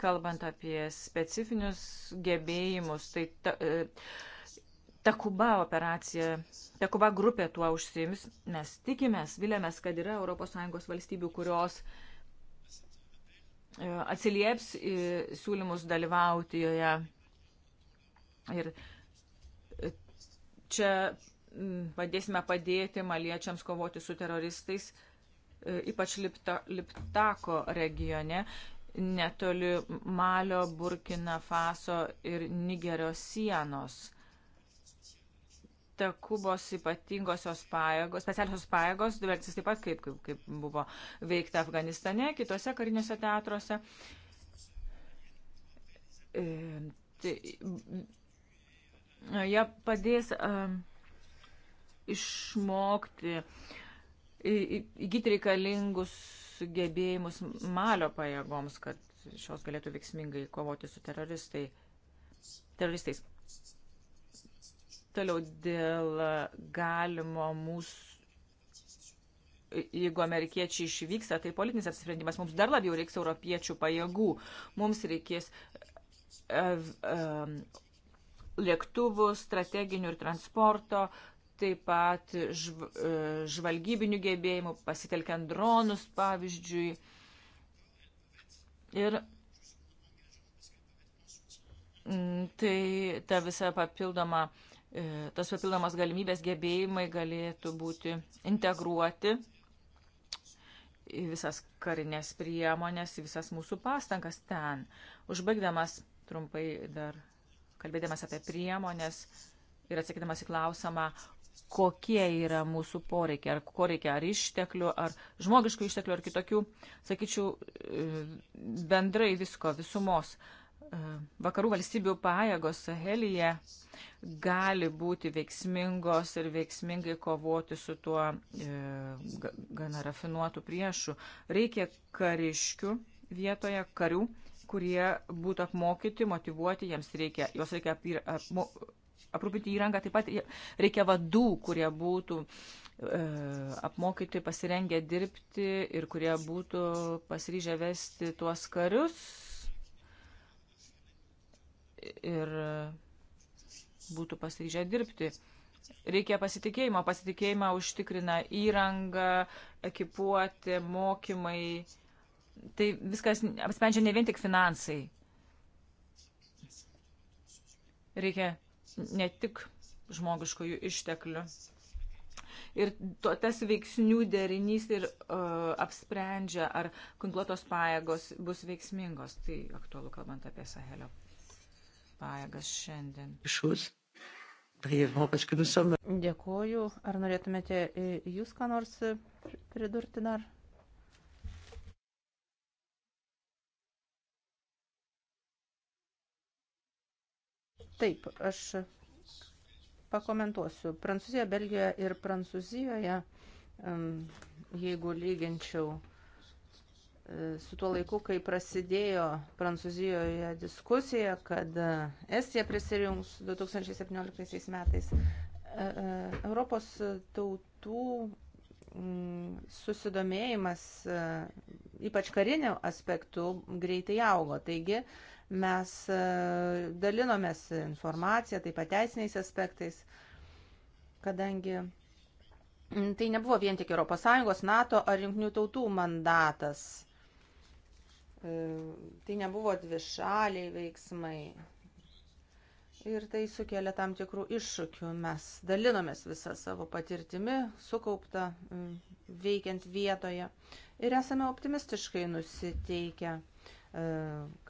kalbant apie specifinius gebėjimus, tai ta, e, ta Kuba operacija, ta Kuba grupė tuo užsiims, mes tikimės, vilėmės, kad yra ES valstybių, kurios e, atsilieps į siūlymus dalyvauti joje Ir e, čia padėsime padėti maliečiams kovoti su teroristais, e, ypač Lipta, Liptako regione, netoli Malio, Burkina Faso ir Nigerio sienos. Kubos ypatingosios pajėgos, specialiosios pajėgos, duvertis taip pat, kaip, kaip, kaip buvo veikta Afganistane, kitose kariniuose teatruose. E, tai, Jie padės išmokti, įgyti reikalingus gebėjimus malio pajėgoms, kad šios galėtų veiksmingai kovoti su teroristai, teroristais. Toliau dėl galimo mūsų jeigu amerikiečiai išvyksta, tai politinis apsisprendimas. Mums dar labiau reiks europiečių pajėgų. Mums reikės uh, uh, lėktuvų, strateginių ir transporto, taip pat žv, e, žvalgybinių gebėjimų, pasitelkiant dronus, pavyzdžiui. Ir mm, tai ta visa papildoma, e, tas papildomas galimybės gebėjimai galėtų būti integruoti į visas karinės priemonės, į visas mūsų pastangas ten. Užbaigdamas trumpai dar kalbėdamas apie priemonės ir atsakydamas į klausimą, kokie yra mūsų poreikiai, ar ko reikia, ar išteklių, ar žmogiškų išteklių, ar kitokių, sakyčiau, e, bendrai visko, visumos. E, vakarų valstybių pajėgos Sahelyje gali būti veiksmingos ir veiksmingai kovoti su tuo e, gana rafinuotu priešu. Reikia kariškių vietoje, karių kurie būtų apmokyti, motivuoti, jiems reikia, jos reikia apmo, aprūpinti įrangą, taip pat reikia vadų, kurie būtų e, apmokyti, pasirengę dirbti ir kurie būtų pasiryžę vesti tuos karius. Ir būtų pasiryžę dirbti. Reikia pasitikėjimo. Pasitikėjimą užtikrina įranga, ekipuoti, mokymai tai viskas apsprendžia ne vien tik finansai. Reikia ne tik žmogiškojų išteklių. Ir to, tas veiksnių derinys ir uh, apsprendžia, ar kunklotos pajėgos bus veiksmingos. Tai aktualu kalbant apie Sahelio pajėgas šiandien. Šus. Dėkuoju. Ar norėtumėte e, jūs ką nors e, pridurti dar? Taip, aš pakomentuosiu. Prancūzijoje, Belgijoje ir Prancūzijoje, jeigu lyginčiau e, su tuo laiku, kai prasidėjo Prancūzijoje diskusija, kad e, Estija prisijungs 2017 metais, e, Europos tautų susidomėjimas, ypač kariniu aspektu, greitai augo. Taigi Mes e, dalinomės informaciją, taip pat teisiniais aspektais, kadangi tai nebuvo vien tik ES, NATO ar jungtinių tautų mandatas. E, tai nebuvo dvišaliai veiksmai. Ir tai sukelia tam tikrų iššūkių. Mes dalinomės visą savo patirtimi, sukauptą veikiant vietoje. Ir esame optimistiškai nusiteikę E,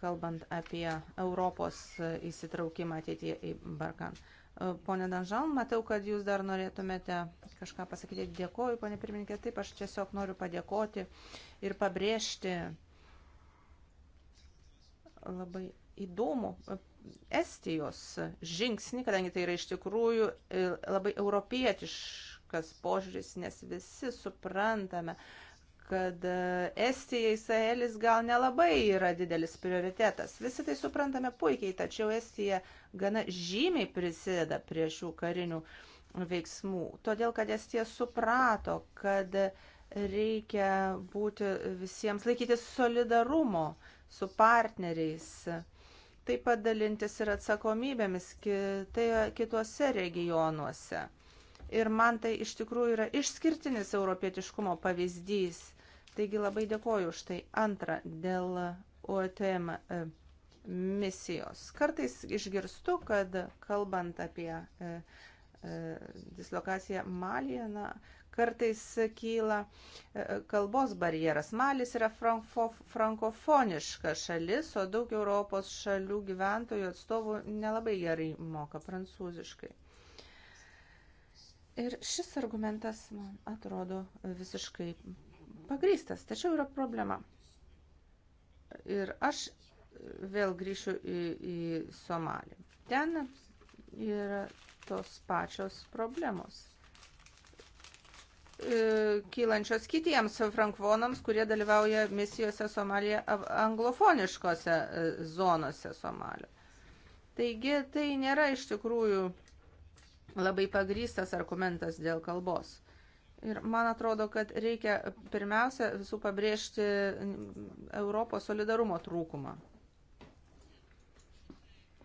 kalbant apie Europos įsitraukimą ateityje į Barkan. E, pone Danžal, matau, kad jūs dar norėtumėte kažką pasakyti. Dėkoju, pone pirmininkė. Taip, aš tiesiog noriu padėkoti ir pabrėžti labai įdomų Estijos žingsnį, kadangi tai yra iš tikrųjų labai europietiškas požiūris, nes visi suprantame, kad e, Estijai Sahelis gal nelabai yra didelis prioritetas. Visi tai suprantame puikiai, tačiau Estija gana žymiai prisideda prie šių karinių veiksmų. Todėl, kad Estija suprato, kad reikia būti visiems laikytis solidarumo su partneriais, taip pat dalintis ir atsakomybėmis kitai, kituose regionuose. Ir man tai iš tikrųjų yra išskirtinis europietiškumo pavyzdys. Taigi labai dėkoju už tai. Antra, dėl OTM e, misijos. Kartais išgirstu, kad kalbant apie e, e, dislokaciją Malyje, na, kartais kyla kalbos barjeras. Malis yra frankofoniška šalis, o daug Europos šalių gyventojų atstovų nelabai gerai moka prancūziškai. Ir šis argumentas man atrodo visiškai pagrystas, tačiau yra problema. Ir aš vėl grįšiu į, į Somalį. Ten yra tos pačios problemos e, kylančios kitiems frankvonams, kurie dalyvauja misijose Somalija anglofoniškose e, zonose Somalio. Taigi tai nėra iš tikrųjų labai pagrystas argumentas dėl kalbos. Ir man atrodo, kad reikia pirmiausia visų pabrėžti Europos solidarumo trūkumą.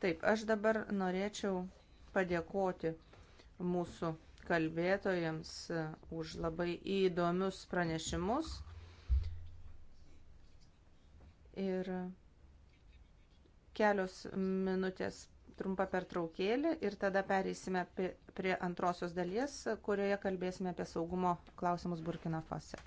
Taip, aš dabar norėčiau padėkoti mūsų kalbėtojams už labai įdomius pranešimus. Ir kelios minutės trumpa pertraukėlė ir tada pereisime prie, prie antrosios dalies, kurioje kalbėsime apie saugumo klausimus Burkina Fase.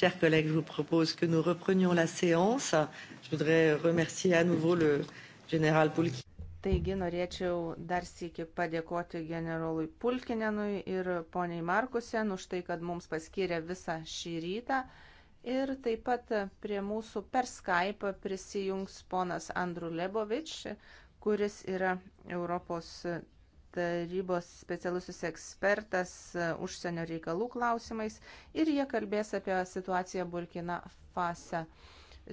Chers collègues, je vous propose que nous reprenions la séance. Je voudrais remercier à nouveau le général Poulkin. Taigi norėčiau dar sėki padėkoti generolui Pulkinenui ir poniai Markusen už tai, kad mums paskyrė visą šį rytą. Ir taip pat prie mūsų per Skype prisijungs ponas Andrew Lebovič, kuris yra Europos tarybos specialusis ekspertas e, užsienio reikalų klausimais ir jie kalbės apie situaciją Burkina Fase.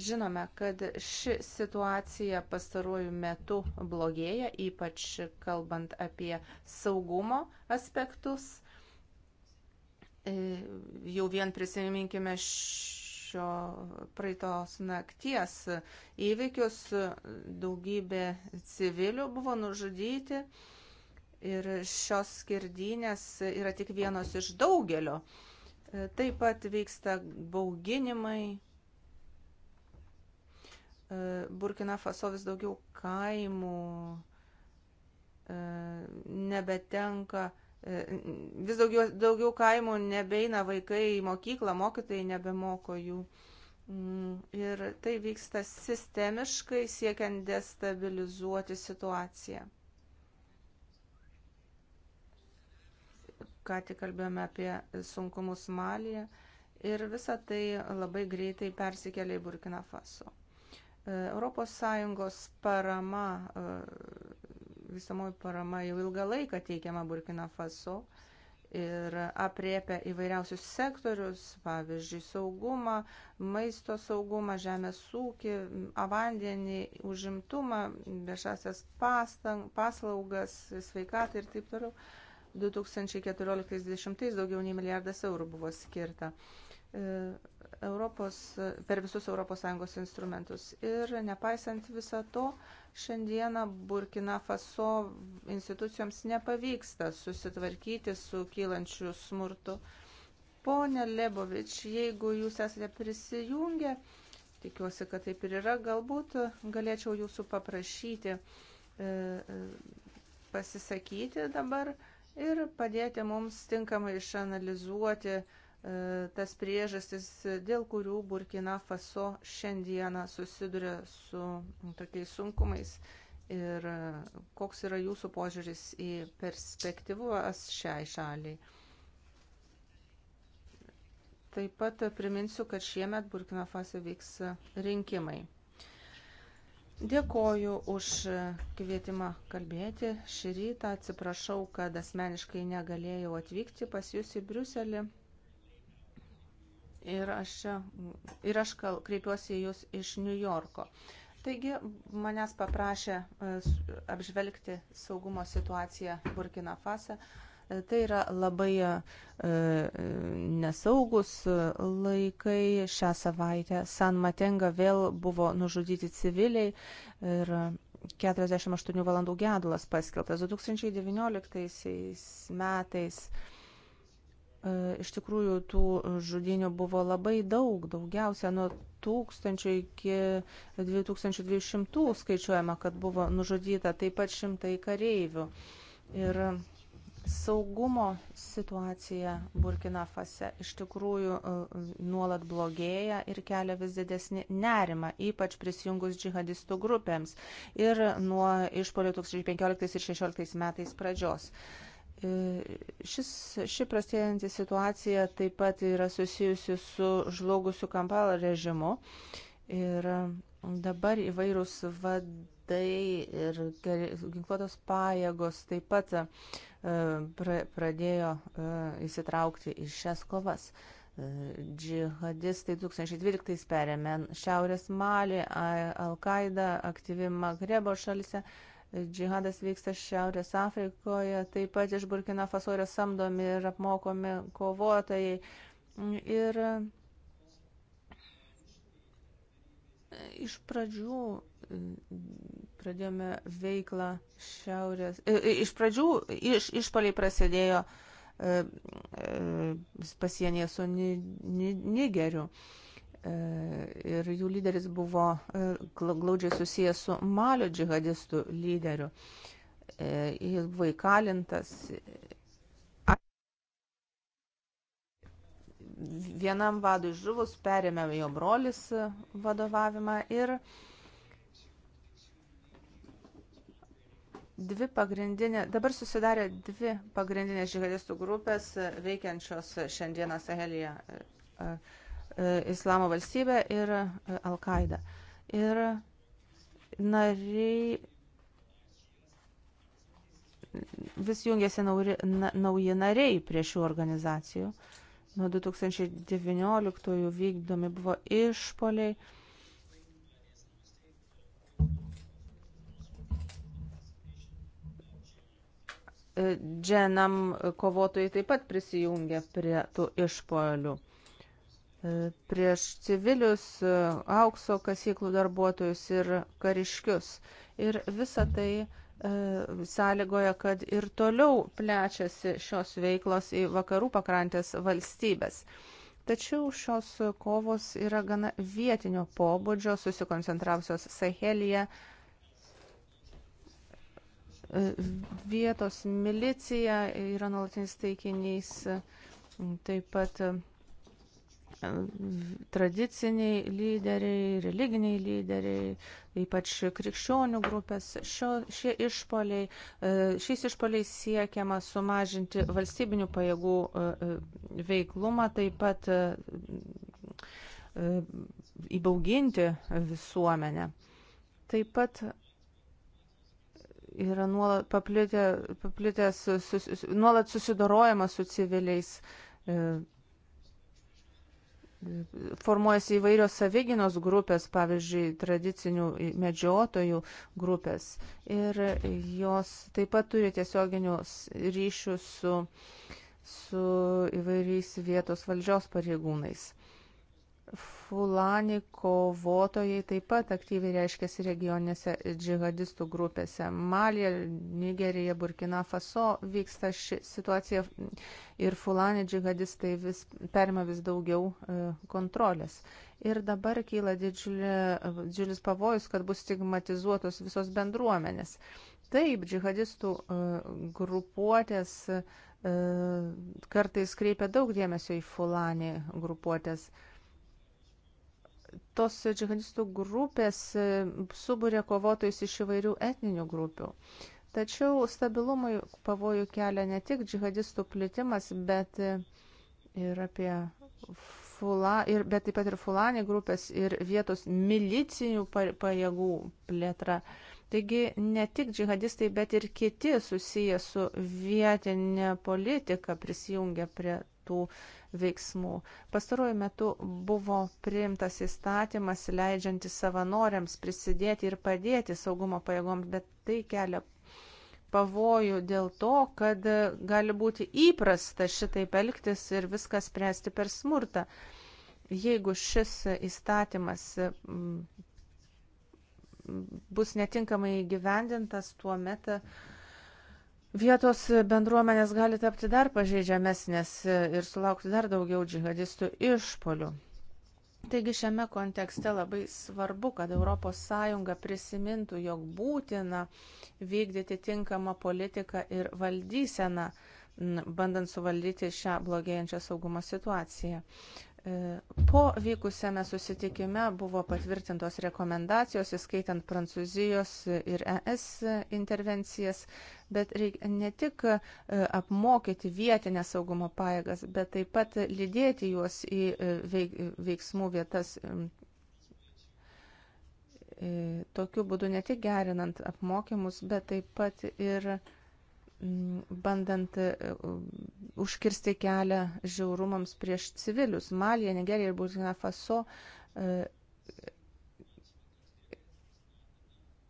Žinome, kad ši situacija pastaruoju metu blogėja, ypač kalbant apie saugumo aspektus. E, jau vien prisiminkime šio praeitos nakties įvykius, daugybė civilių buvo nužudyti Ir šios skirdynės yra tik vienos iš daugelio. E, taip pat vyksta bauginimai. E, Burkina Faso vis daugiau kaimų e, nebetenka, vis daugiau, daugiau kaimų nebeina vaikai į mokyklą, mokytojai nebemoko jų. Mm, ir tai vyksta sistemiškai siekiant destabilizuoti situaciją. ką tik kalbėjome apie sunkumus Malyje ir visa tai labai greitai persikėlė į Burkina Faso. ES parama, e, visamoji parama jau ilgą laiką teikiama Burkina Faso ir apriepia įvairiausius sektorius, pavyzdžiui, saugumą, maisto saugumą, žemės ūkį, vandenį, užimtumą, viešasias paslaugas, sveikatą ir taip toliau. 2014-2020 daugiau nei milijardas eurų buvo skirta. E, Europos, per visus ES instrumentus. Ir nepaisant viso to, šiandieną Burkina Faso institucijoms nepavyksta susitvarkyti su kylančiu smurtu. Pone Lebovič, jeigu jūs esate prisijungę, tikiuosi, kad taip ir yra, galbūt galėčiau jūsų paprašyti e, e pasisakyti dabar. E, ir padėti mums tinkamai išanalizuoti e, tas priežastis, dėl kurių Burkina Faso šiandieną susiduria su tokiais sunkumais ir e, koks yra jūsų požiūris į perspektyvas šiai šaliai. Taip pat priminsiu, kad šiemet Burkina Faso vyks rinkimai. Dėkoju už kvietimą kalbėti. Šį rytą atsiprašau, kad asmeniškai negalėjau atvykti pas jūs į Briuselį. Ir aš, čia, ir aš kreipiuosi į jūs iš New Yorko. Taigi manęs paprašė e, apžvelgti saugumo situaciją Burkina Fase. Tai yra labai e, e, nesaugus e, laikai. Šią savaitę San Matenga vėl buvo nužudyti civiliai ir 48 valandų gedulas paskeltas 2019 metais. Iš tikrųjų, tų žudinių buvo labai daug, daugiausia nuo 1000 iki 2200 skaičiuojama, kad buvo nužudyta taip pat šimtai kareivių. Ir Saugumo situacija Burkina Fase iš tikrųjų e, nuolat blogėja ir kelia vis didesnį nerimą, ypač prisijungus džihadistų grupėms ir nuo išpolių 2015 ir 2016 metais pradžios. E, šis, ši prastėjanti situacija taip pat yra susijusi su žlugusiu Kampala režimu ir dabar įvairūs vadovai kariai ir ginkluotos pajėgos taip pat e, pradėjo e, įsitraukti į šias kovas. E, džihadistai 2012 perėmė Šiaurės Malį, Al-Qaeda, aktyvi Magrebo šalise. Džihadas vyksta Šiaurės Afrikoje, taip pat iš Burkina Faso yra samdomi ir apmokomi kovotojai. Ir iš pradžių pradėjome veiklą šiaurės. E, e, iš pradžių iš, išpoliai prasidėjo e, pasienyje su Nigeriu. Ir jų lyderis buvo glaudžiai susijęs su Malio džihadistų lyderiu. Jis buvo įkalintas. Vienam vadui žuvus perėmė jo brolis vadovavimą ir uh, dvi pagrindinė, dabar susidarė dvi pagrindinės džihadistų grupės e, veikiančios šiandieną Sahelėje e, - Islamo valstybė ir e, Al-Qaida. Ir nariai vis jungiasi nauri, na, nauji nariai prie šių organizacijų. Nuo 2019 vykdomi buvo išpoliai dženam kovotojai taip pat prisijungė prie tų išpolių. Prieš civilius, aukso kasyklų darbuotojus ir kariškius. Ir visa tai e, sąlygoja, kad ir toliau plečiasi šios veiklos į vakarų pakrantės valstybės. Tačiau šios kovos yra gana vietinio pobūdžio, susikoncentravusios Sahelėje, Vietos milicija yra nuolatinis taikinys, taip pat e, tradiciniai lyderiai, religiniai lyderiai, ypač krikščionių grupės. Šio, šie išpoliai, e, šiais išpoliais siekiama sumažinti valstybinių pajėgų e, veiklumą, taip pat įbauginti visuomenę. Taip pat yra nuolat paplitę, paplitęs, sus, nuolat susidorojama su civiliais. E, formuojasi įvairios savyginos grupės, pavyzdžiui, tradicinių medžiotojų grupės. Ir jos taip pat turi tiesioginius ryšius su, su įvairiais vietos valdžios pareigūnais. Fulani kovotojai taip pat aktyviai reiškiasi regioninėse džihadistų grupėse. Malija, Nigerija, Burkina Faso vyksta ši situacija ir Fulani džihadistai vis, perima vis daugiau e, kontrolės. Ir dabar kyla didžiulė, didžiulis pavojus, kad bus stigmatizuotos visos bendruomenės. Taip, džihadistų e, grupuotės e, kartais kreipia daug dėmesio į Fulani grupuotės tos džihadistų grupės e, subūrė kovotojus iš įvairių etninių grupių. Tačiau stabilumui pavojų kelia ne tik džihadistų plitimas, bet e, ir apie fula, ir, bet taip pat ir fulani grupės ir vietos milicinių pajėgų plėtra. Taigi ne tik džihadistai, bet ir kiti susiję su vietinė politika prisijungia prie tų veiksmų. Pastaruoju metu buvo priimtas įstatymas leidžiantis savanoriams prisidėti ir padėti saugumo pajėgoms, bet tai kelia pavojų dėl to, kad gali būti įprasta šitaip elgtis ir viskas spręsti per smurtą. Jeigu šis įstatymas mm, bus netinkamai gyvendintas, tuo metu Vietos bendruomenės gali tapti dar pažeidžiamesnės ir sulaukti dar daugiau džihadistų išpolių. Taigi šiame kontekste labai svarbu, kad ES prisimintų, jog būtina vykdyti tinkamą politiką ir valdyseną, bandant suvaldyti šią blogėjančią saugumo situaciją. E, po vykusiame susitikime buvo patvirtintos rekomendacijos, įskaitant Prancūzijos ir ES intervencijas, bet reikia ne tik e, apmokyti vietinę saugumo pajėgas, bet taip pat lydėti juos į e, veiksmų vietas. E, tokiu būdu ne tik gerinant apmokymus, bet taip pat ir bandant užkirsti kelią žiaurumams prieš civilius. Malija, Nigerija ir Burkina Faso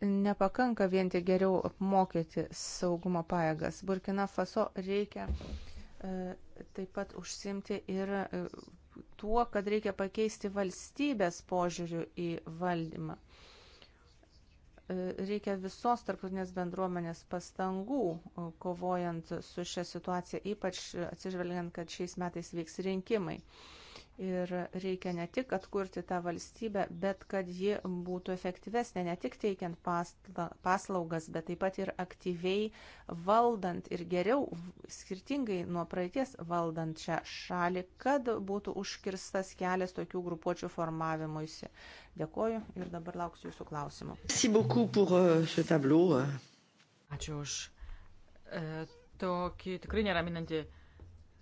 nepakanka vien tik geriau apmokyti saugumo pajėgas. Burkina Faso reikia e, taip pat užsimti ir e, tuo, kad reikia pakeisti valstybės požiūrių į valdymą. E, reikia visos tarptautinės bendruomenės pastangų, kovojant su šią situaciją, ypač atsižvelgiant, kad šiais metais vyks rinkimai. Ir reikia ne tik atkurti tą valstybę, bet kad ji būtų efektyvesnė, ne tik teikiant paslaugas, bet taip pat ir aktyviai valdant ir geriau, skirtingai nuo praeities valdant šią šalį, kad būtų užkirstas kelias tokių grupuočių formavimuisi. Dėkoju ir dabar lauksiu jūsų klausimų. Euh, euh. Ačiū už e, tokį tikrai neraminantį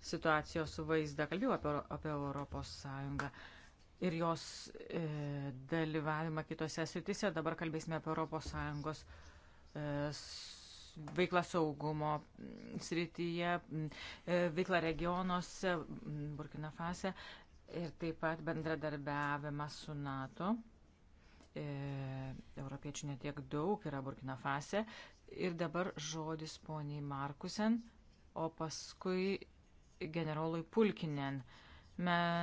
situacijos vaizdą. Kalbėjau apie, apie Europos Sąjungą ir jos e, dalyvavimą kitose sritise. Dabar kalbėsime apie Europos Sąjungos e, veiklą saugumo srityje, e, veiklą regionuose, Burkina Fase ir taip pat bendradarbiavimą su NATO. E, europiečių netiek daug yra Burkina Fase. Ir dabar žodis poniai Markusen, o paskui generolui Pulkinen.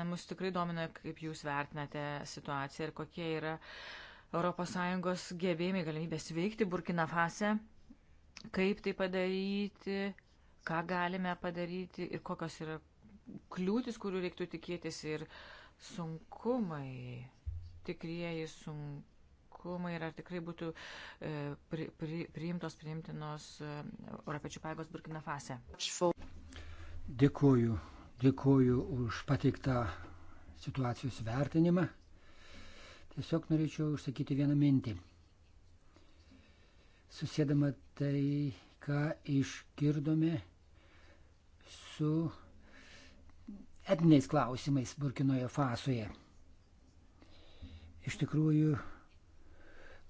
Mus tikrai domina, kaip jūs vertinate situaciją ir kokie yra ES gebėjimai galimybės veikti Burkina Fase, kaip tai padaryti, ką galime padaryti ir kokios yra kliūtis, kurių reiktų tikėtis ir sunkumai, tikrieji sunkumai sunkumai ir ar tikrai būtų e, pri, pri, priimtos, priimtinos e, europiečių paėgos Burkina Fase. Dėkuoju, dėkuoju už pateiktą situacijos vertinimą. Tiesiog norėčiau užsakyti vieną mintį. Susėdama tai, ką išgirdome su etiniais klausimais Burkinoje Fasoje. Iš tikrųjų,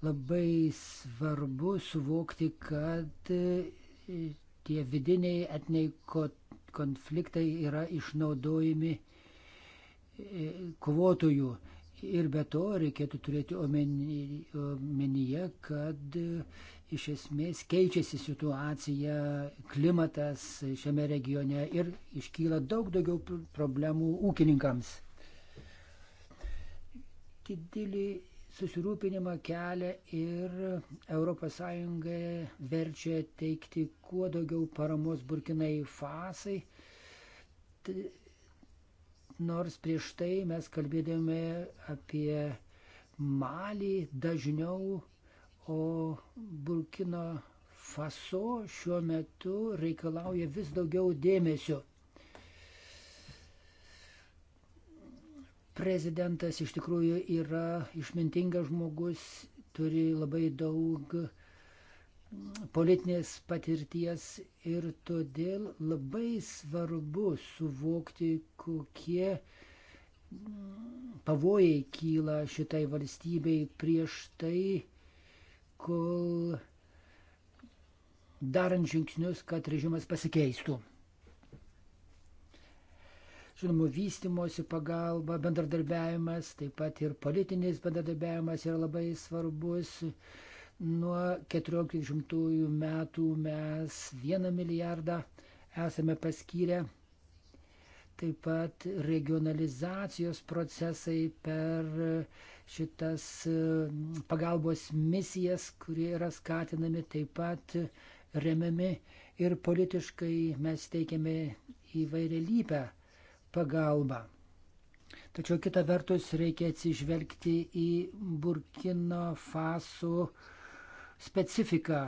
labai svarbu suvokti, kad tie vidiniai etiniai konfliktai yra išnaudojami e, kovotojų. Ir be to reikėtų turėti omenyje, kad e, iš esmės keičiasi situacija, klimatas šiame regione ir iškyla daug daugiau problemų ūkininkams. Didelį susirūpinimą kelia ir ES verčia teikti kuo daugiau paramos burkinai fasai. Nors prieš tai mes kalbėdėjome apie Malį dažniau, o Burkino faso šiuo metu reikalauja vis daugiau dėmesio. Prezidentas iš tikrųjų yra išmintingas žmogus, turi labai daug politinės patirties ir todėl labai svarbu suvokti, kokie pavojai kyla šitai valstybei prieš tai, kol darant žingsnius, kad režimas pasikeistų žinoma, vystimosi pagalba, bendradarbiavimas, taip pat ir politinis bendradarbiavimas yra labai svarbus. Nuo 1400 metų mes vieną milijardą esame paskyrę. Taip pat regionalizacijos procesai per šitas mm, pagalbos misijas, kurie yra skatinami, taip pat remiami ir politiškai mes teikiame įvairialypę pagalbą. Tačiau kita vertus reikia atsižvelgti į Burkino Faso specifiką.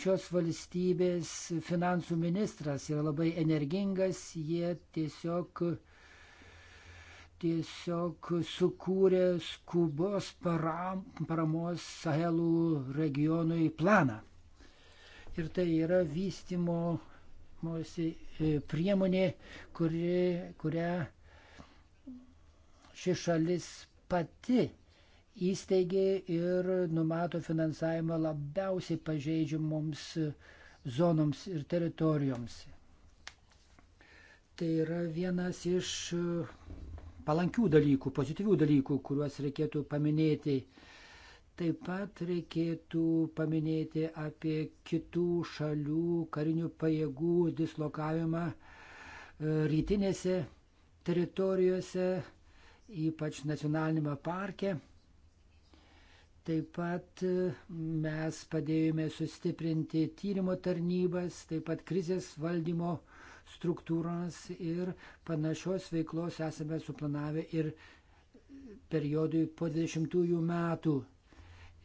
Šios valstybės finansų ministras yra labai energingas, jie tiesiog, tiesiog sukūrė skubos param, paramos Sahelų regionui planą. Ir tai yra vystimo mosi e, priemonė, kuri, kurią ši šalis pati įsteigė ir numato finansavimą labiausiai pažeidžiamoms zonoms ir teritorijoms. Tai yra vienas iš palankių dalykų, pozityvių dalykų, kuriuos reikėtų paminėti Taip pat reikėtų paminėti apie kitų šalių karinių pajėgų dislokavimą e, rytinėse teritorijose, ypač nacionalinėme parke. Taip pat e, mes padėjome sustiprinti tyrimo tarnybas, taip pat krizės valdymo struktūras ir panašios veiklos esame suplanavę ir periodui po 20 metų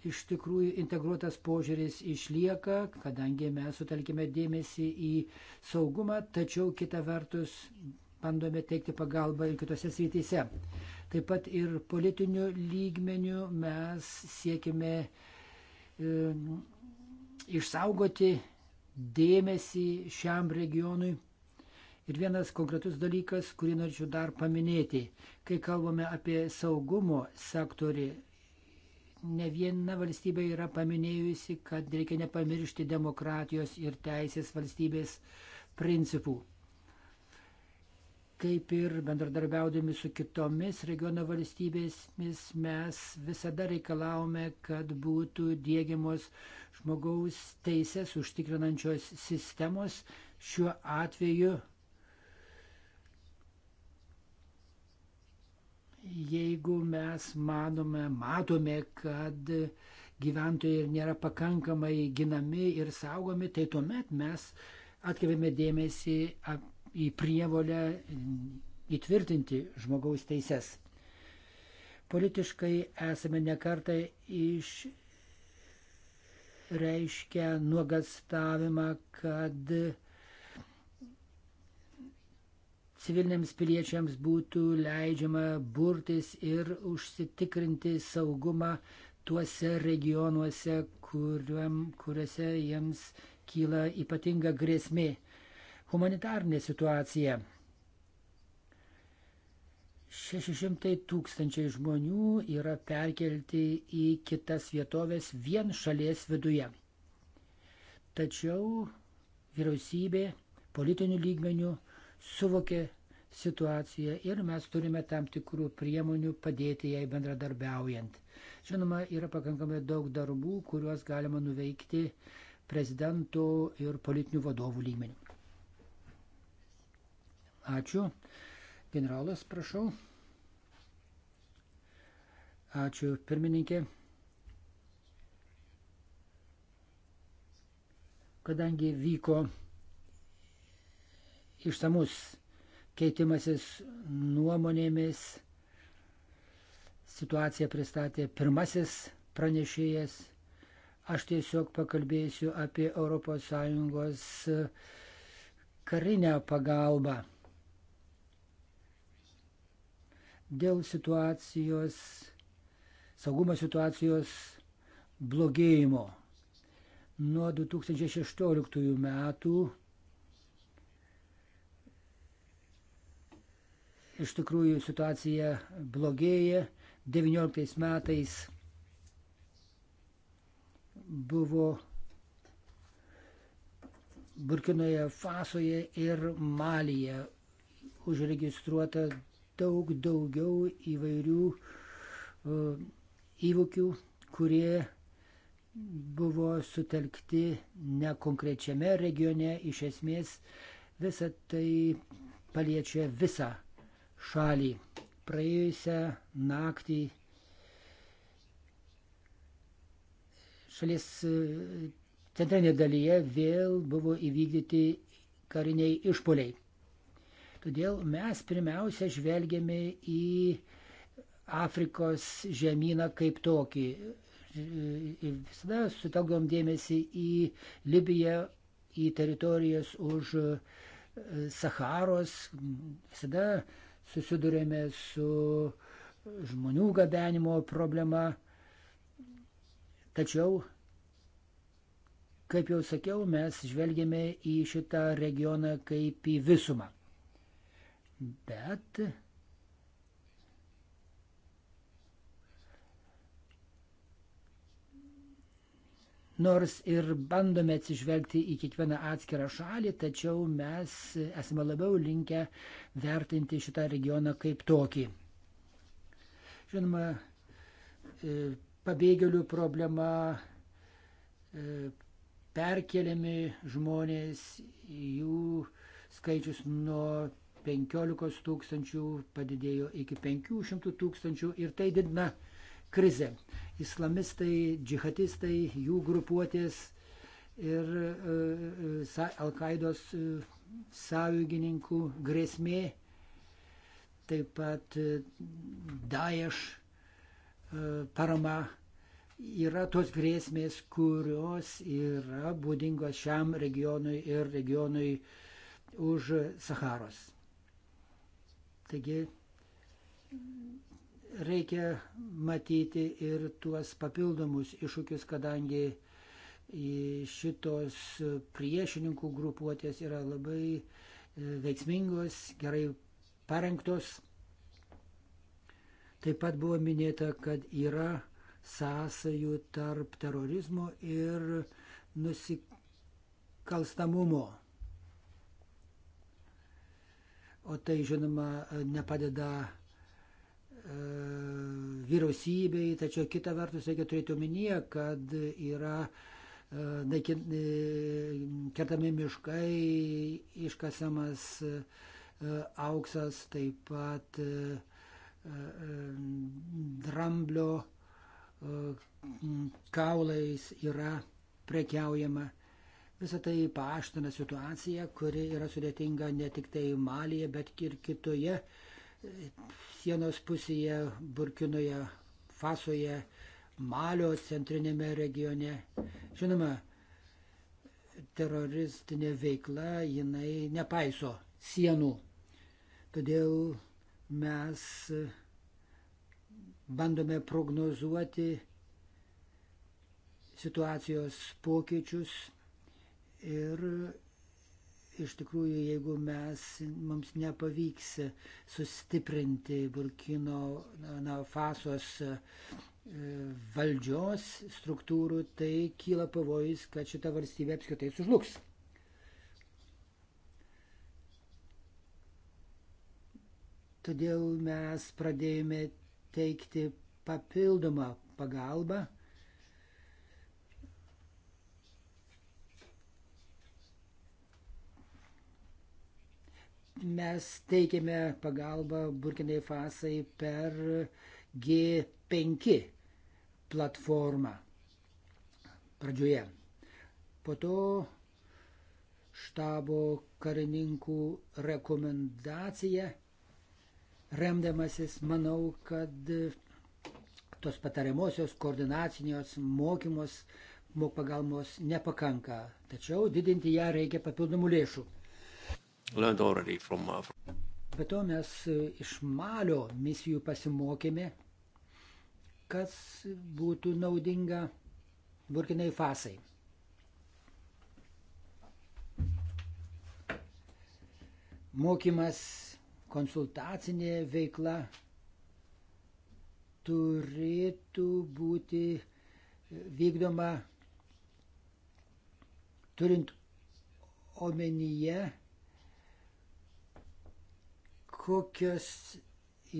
iš tikrųjų integruotas požiūris išlieka, kadangi mes sutelkime dėmesį į saugumą, tačiau kita vertus bandome teikti pagalbą ir kitose srityse. Taip pat ir politiniu lygmeniu mes siekime e, išsaugoti dėmesį šiam regionui. Ir vienas konkretus dalykas, kurį norėčiau dar paminėti, kai kalbame apie saugumo sektorį ne viena valstybė yra paminėjusi, kad reikia nepamiršti demokratijos ir teisės valstybės principų. Kaip ir bendradarbiaudami su kitomis regiono valstybėmis mes visada reikalavome, kad būtų dėgiamos žmogaus teisės užtikrinančios sistemos. Šiuo atveju jeigu mes manome, matome, kad gyventojai nėra pakankamai ginami ir saugomi, tai tuomet mes atkreipiame dėmesį į prievolę įtvirtinti žmogaus teises. Politiškai esame nekartai išreiškę nuogastavimą, kad civiliniams piliečiams būtų leidžiama burtis ir užsitikrinti saugumą tuose regionuose, kuriuom, kuriuose jiems kyla ypatinga grėsmė. Humanitarnė situacija. 600 tūkstančiai žmonių yra perkelti į kitas vietovės vien šalies viduje. Tačiau vyriausybė politinių lygmenių suvokė situaciją ir mes turime tam tikrų priemonių padėti jai bendradarbiaujant. Žinoma, yra pakankamai daug darbų, kuriuos galima nuveikti prezidento ir politinių vadovų lygmenių. Ačiū. Generalas, prašau. Ačiū, pirmininkė. Kadangi vyko išsamus keitimasis nuomonėmis. Situaciją pristatė pirmasis pranešėjas. Aš tiesiog pakalbėsiu apie ES karinę pagalbą. Dėl situacijos, saugumo situacijos blogėjimo nuo 2016 metų iš tikrųjų situacija blogėja. 19 metais buvo Burkinoje Fasoje ir Malyje užregistruota daug daugiau įvairių e, įvykių, kurie buvo sutelkti ne konkrečiame regione, iš esmės visa tai paliečia visą šalį. Praėjusią naktį šalies e, centrinėje dalyje vėl buvo įvykdyti kariniai išpoliai. Todėl mes pirmiausia žvelgiame į Afrikos žemyną kaip tokį. E, visada sutelkdom dėmesį į Libiją, į teritorijas už e, Saharos. Visada uh, susidurėme su žmonių gabenimo problema. Tačiau, kaip jau sakiau, mes žvelgėme į šitą regioną kaip į visumą. Bet Nors ir bandome atsižvelgti į kiekvieną atskirą šalį, tačiau mes esame labiau linkę vertinti šitą regioną kaip tokį. Žinoma, e, pabėgėlių problema, e, perkeliami žmonės, jų skaičius nuo 15 tūkstančių padidėjo iki 500 tūkstančių ir tai didina krizę. Islamistai, džihadistai, jų grupuotės ir e, e, Al-Qaidos e, sąjungininkų grėsmė, taip pat Daesh parama yra tos grėsmės, kurios yra būdingos šiam regionui ir regionui už Saharos. Taigi reikia matyti ir tuos papildomus iššūkius, kadangi šitos priešininkų grupuotės yra labai e, veiksmingos, gerai parengtos. Taip pat buvo minėta, kad yra sąsajų tarp terorizmo ir nusikalstamumo. O tai, žinoma, nepadeda E, vyriausybei, tačiau kita vertus reikia turėti omenyje, kad yra e, e, kertami miškai, iškasamas auksas, taip pat dramblio kaulais yra prekiaujama. Visą tai paaština situaciją, kuri yra sudėtinga ne tik tai Malyje, bet ir kitoje uh, sienos pusėje, Burkinoje, Fasoje, Malio centrinėme regione. Žinoma, teroristinė veikla jinai nepaiso sienų. Todėl mes bandome prognozuoti situacijos pokyčius ir iš tikrųjų, jeigu mes, mums nepavyks sustiprinti Burkino na, Fasos e, valdžios struktūrų, tai kyla pavojus, kad šita valstybė apskritai sužlugs. Todėl mes pradėjome teikti papildomą pagalbą mes teikiame pagalbą Burkinai Fasai per G5 platformą pradžioje. Po to štabo karininkų rekomendacija, remdamasis, manau, kad tos patariamosios koordinacinės mokymos mok pagalbos nepakanka, tačiau didinti ją reikia papildomų lėšų learned already from. Uh, from... Be to mes e, iš Malio misijų pasimokėme, kas būtų naudinga Burkinai Fasai. Mokymas, konsultacinė veikla turėtų būti e, vykdoma turint omenyje kokios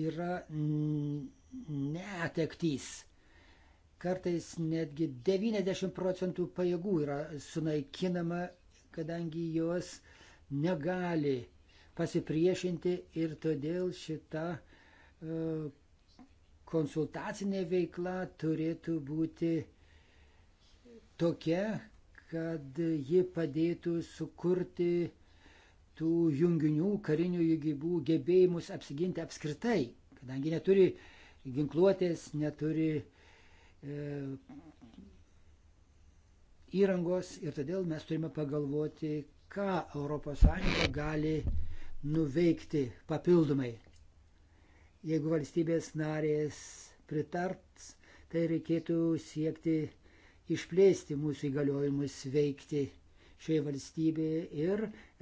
yra netektys. Kartais netgi 90 procentų pajėgų yra sunaikinama, kadangi jos negali pasipriešinti ir todėl šita e, konsultacinė veikla turėtų būti tokia, kad ji padėtų sukurti uh, tų junginių karinių įgybų gebėjimus apsiginti apskritai, kadangi neturi ginkluotės, neturi e, įrangos ir todėl mes turime pagalvoti, ką ES gali nuveikti papildomai. Jeigu valstybės narės pritarts, tai reikėtų siekti išplėsti mūsų įgaliojimus veikti šioje valstybėje ir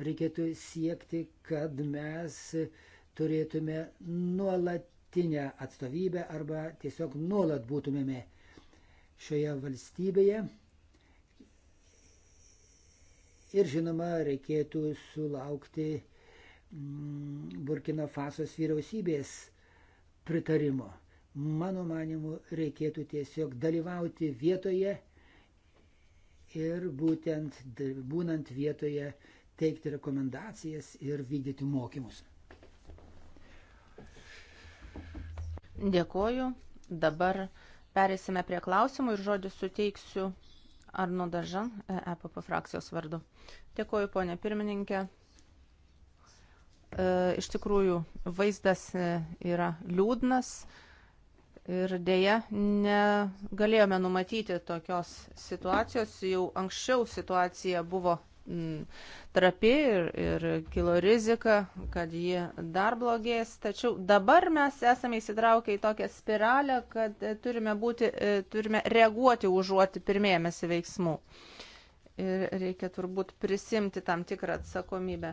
reikėtų siekti, kad mes turėtume nuolatinę atstovybę arba tiesiog nuolat būtumėme šioje valstybėje. Ir žinoma, reikėtų sulaukti mm, Burkina Fasos vyriausybės pritarimo. Mano manimu, reikėtų tiesiog dalyvauti vietoje ir būtent būnant vietoje teikti rekomendacijas ir vykdyti mokymus. Dėkoju. Dabar perėsime prie klausimų ir žodį suteiksiu Arno Dažan, EPP frakcijos vardu. Dėkoju, ponė pirmininkė. E, iš tikrųjų, vaizdas e, yra liūdnas Ir dėja, negalėjome numatyti tokios situacijos. Jau anksčiau situacija buvo mm, trapi ir, ir kilo rizika, kad ji dar blogės. Tačiau dabar mes esame įsitraukę į tokią spiralę, kad turime, būti, e, turime reaguoti užuoti pirmėjimėsi veiksmų. Ir reikia turbūt prisimti tam tikrą atsakomybę.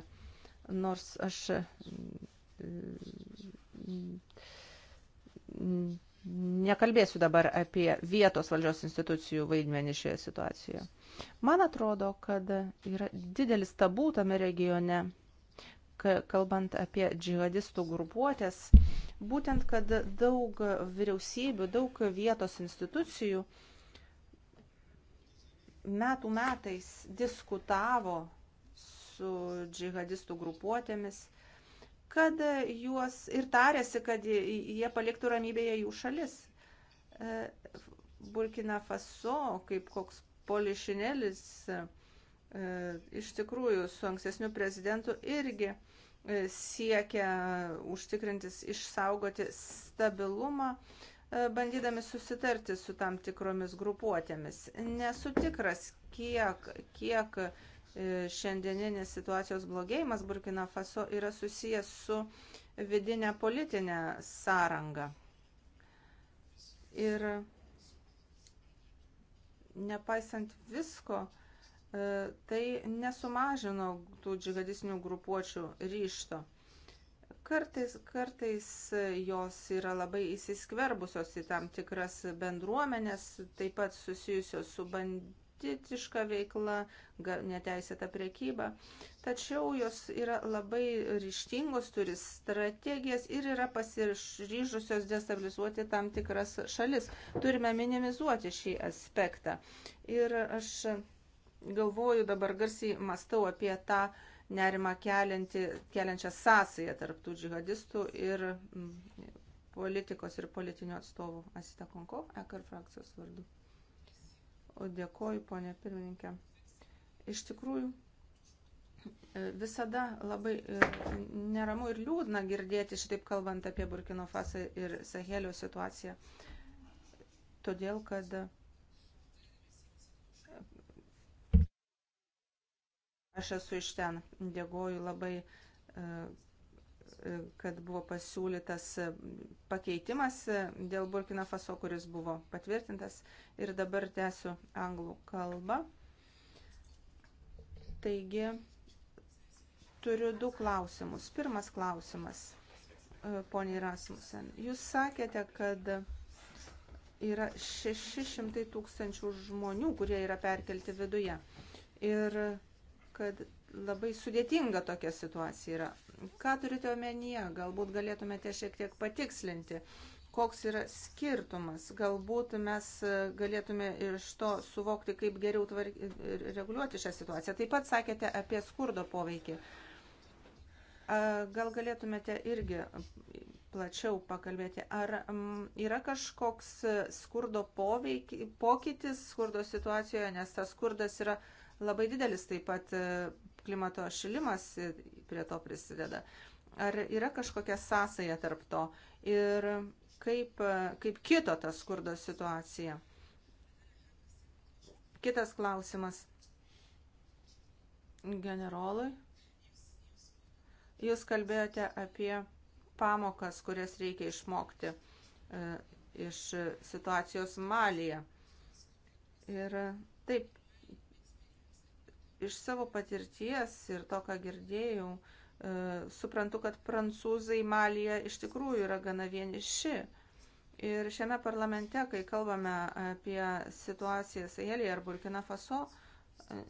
Nors aš mm, mm, Nekalbėsiu dabar apie vietos valdžios institucijų vaidmenį šioje situacijoje. Man atrodo, kad yra didelis tabų tame regione, kalbant apie džihadistų grupuotės, būtent, kad daug vyriausybių, daug vietos institucijų metų metais diskutavo su džihadistų grupuotėmis, kad juos ir tarėsi, kad jie paliktų ramybėje jų šalis. E, Burkina Faso, kaip koks polišinėlis, e, iš tikrųjų su ankstesniu prezidentu irgi e, siekia užtikrintis išsaugoti stabilumą, bandydami susitarti su tam tikromis grupuotėmis. Nesu tikras, kiek, kiek E, šiandieninės situacijos blogėjimas Burkina Faso yra susijęs su vidinė politinė sąranga. Ir nepaisant visko, e, tai nesumažino tų džigadisnių grupuočių ryšto. Kartais, kartais jos yra labai įsiskverbusios į tam tikras bendruomenės, taip pat susijusios su band, prostitiška veikla, neteisėta priekyba. Tačiau jos yra labai ryštingos, turi strategijas ir yra pasiryžusios destabilizuoti tam tikras šalis. Turime minimizuoti šį aspektą. Ir aš galvoju dabar garsiai mastau apie tą nerima kelianti, keliančią sąsają tarptų džihadistų ir mm, politikos ir politinių atstovų. Asita Konko, EKR frakcijos vardu. O dėkoju, ponė pirmininkė. Iš tikrųjų, e, visada labai e, neramu ir liūdna girdėti šitaip kalbant apie Burkino Fasą ir Sahelio situaciją. Todėl, kad e, aš esu iš ten. Dėkoju labai kad buvo pasiūlytas e, pakeitimas e, dėl Burkina Faso, kuris buvo patvirtintas. Ir dabar tęsiu anglų kalbą. Taigi, turiu du klausimus. Pirmas klausimas, e, poniai Rasmussen. Jūs sakėte, kad yra 600 tūkstančių žmonių, kurie yra perkelti viduje. Ir kad labai sudėtinga tokia situacija yra. Ką turite omenyje? Galbūt galėtumėte šiek tiek patikslinti, koks yra skirtumas. Galbūt mes e, galėtume iš to suvokti, kaip geriau tvark... reguliuoti šią situaciją. Taip pat sakėte apie skurdo poveikį. Gal galėtumėte irgi plačiau pakalbėti, ar yra kažkoks e, skurdo poveikį, pokytis skurdo situacijoje, nes tas skurdas yra labai didelis taip pat e, klimato šilimas prie to prisideda. Ar yra kažkokia sąsaja tarp to ir kaip, kaip kito ta skurdo situacija? Kitas klausimas generolui. Jūs kalbėjote apie pamokas, kurias reikia išmokti e, iš situacijos Malyje. Ir taip, iš savo patirties ir to, ką girdėjau, e, suprantu, kad prancūzai Malija iš tikrųjų yra gana vieniši. Ir šiame parlamente, kai kalbame apie situaciją Sahelėje ar Burkina Faso, e,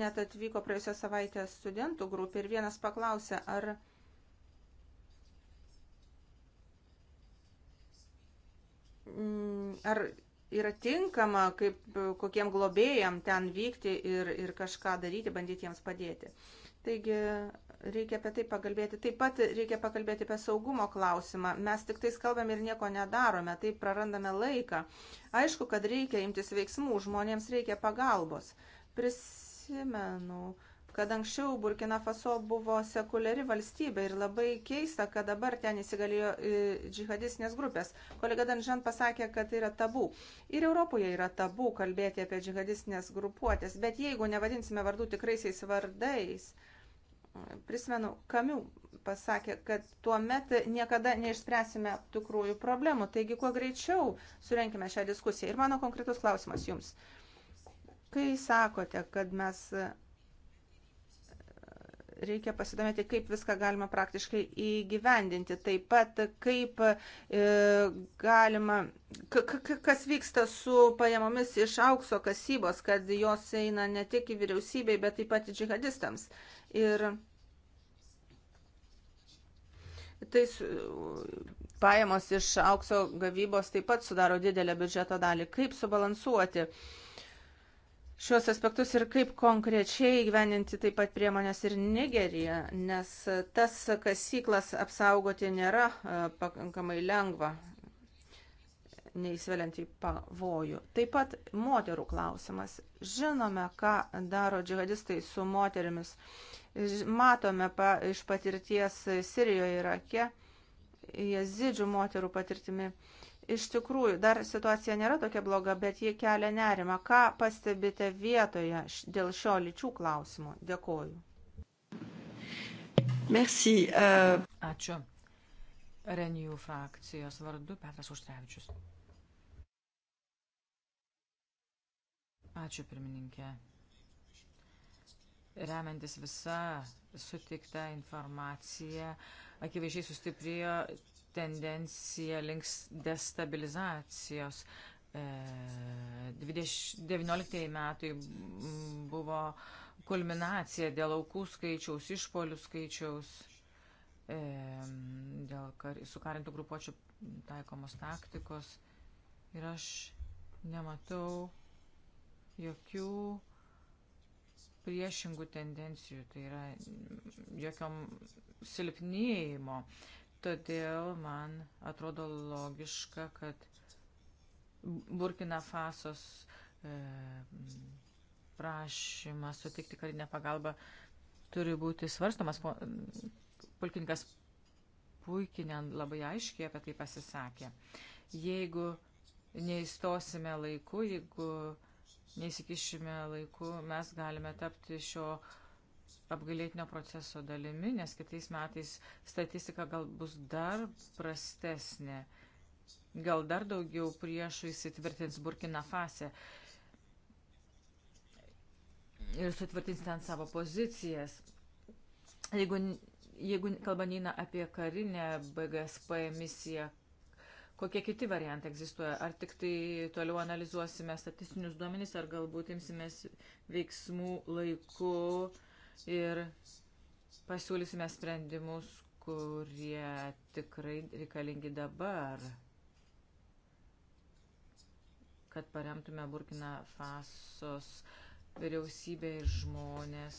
net atvyko praėjusią savaitę studentų grupė ir vienas paklausė, ar ar yra tinkama, kaip kokiem globėjam ten vykti ir, ir kažką daryti, bandyti jiems padėti. Taigi reikia apie tai pakalbėti. Taip pat reikia pakalbėti apie saugumo klausimą. Mes tik tais kalbam ir nieko nedarome, taip prarandame laiką. Aišku, kad reikia imtis veiksmų, žmonėms reikia pagalbos. Prisimenu, uh, kad anksčiau Burkina Faso buvo sekuliari valstybė ir labai keista, kad dabar ten įsigalėjo e, džihadistinės grupės. Kolega Danžan pasakė, kad tai yra tabu. Ir Europoje yra tabu kalbėti apie džihadistinės grupuotės, bet jeigu nevadinsime vardų tikraisiais vardais, prisimenu, Kamiu pasakė, kad tuo metu niekada neišspręsime tikrųjų problemų. Taigi, kuo greičiau surenkime šią diskusiją. Ir mano konkretus klausimas jums. Kai sakote, kad mes reikia pasidomėti, kaip viską galima praktiškai įgyvendinti. Taip pat, kaip e, galima, kas vyksta su pajamomis iš aukso kasybos, kad jos eina ne tik į vyriausybei, bet taip pat į džihadistams. Ir tai pajamos iš aukso gavybos taip pat sudaro didelę biudžeto dalį. Kaip subalansuoti? E, šios aspektus ir kaip konkrečiai gyveninti taip pat priemonės ir Nigeriją, nes tas kasyklas apsaugoti nėra e, pakankamai lengva, neįsiveliant į pavojų. Taip pat moterų klausimas. Žinome, ką daro džihadistai su moterimis. Matome pa, iš patirties Sirijoje ir Irake, jezidžių moterų patirtimi. Iš tikrųjų, dar situacija nėra tokia bloga, bet ji kelia nerimą. Ką pastebite vietoje dėl šio lyčių klausimo? Dėkoju. Merci. Uh... Ačiū. Renijų frakcijos vardu Petras Užtrevičius. Ačiū pirmininkė. Remiantis visa sutikta informacija, akivaizdžiai sustiprėjo tendencija links destabilizacijos. 19 e, metai buvo kulminacija dėl aukų skaičiaus, išpolių skaičiaus, e, dėl kar, sukarintų grupuočių taikomos taktikos. Ir aš nematau jokių priešingų tendencijų, tai yra jokio silpnėjimo. Todėl man atrodo logiška, kad Burkina Fasos e, prašymas sutikti karinę pagalbą turi būti svarstomas. Pulkininkas Puikinen labai aiškiai apie tai pasisakė. Jeigu neįstosime laiku, jeigu neįsikišime laiku, mes galime tapti šio apgailėtinio proceso dalimi, nes kitais metais statistika gal bus dar prastesnė. Gal dar daugiau priešų įsitvirtins Burkina Fase ir sutvirtins ten savo pozicijas. Jeigu, jeigu kalba neina apie karinę BGSP misiją, kokie kiti variantai egzistuoja? Ar tik tai toliau analizuosime statistinius duomenys, ar galbūt imsimės veiksmų laiku? ir pasiūlysime sprendimus, kurie tikrai reikalingi dabar, kad paremtume Burkina Fasos vyriausybę ir žmonės.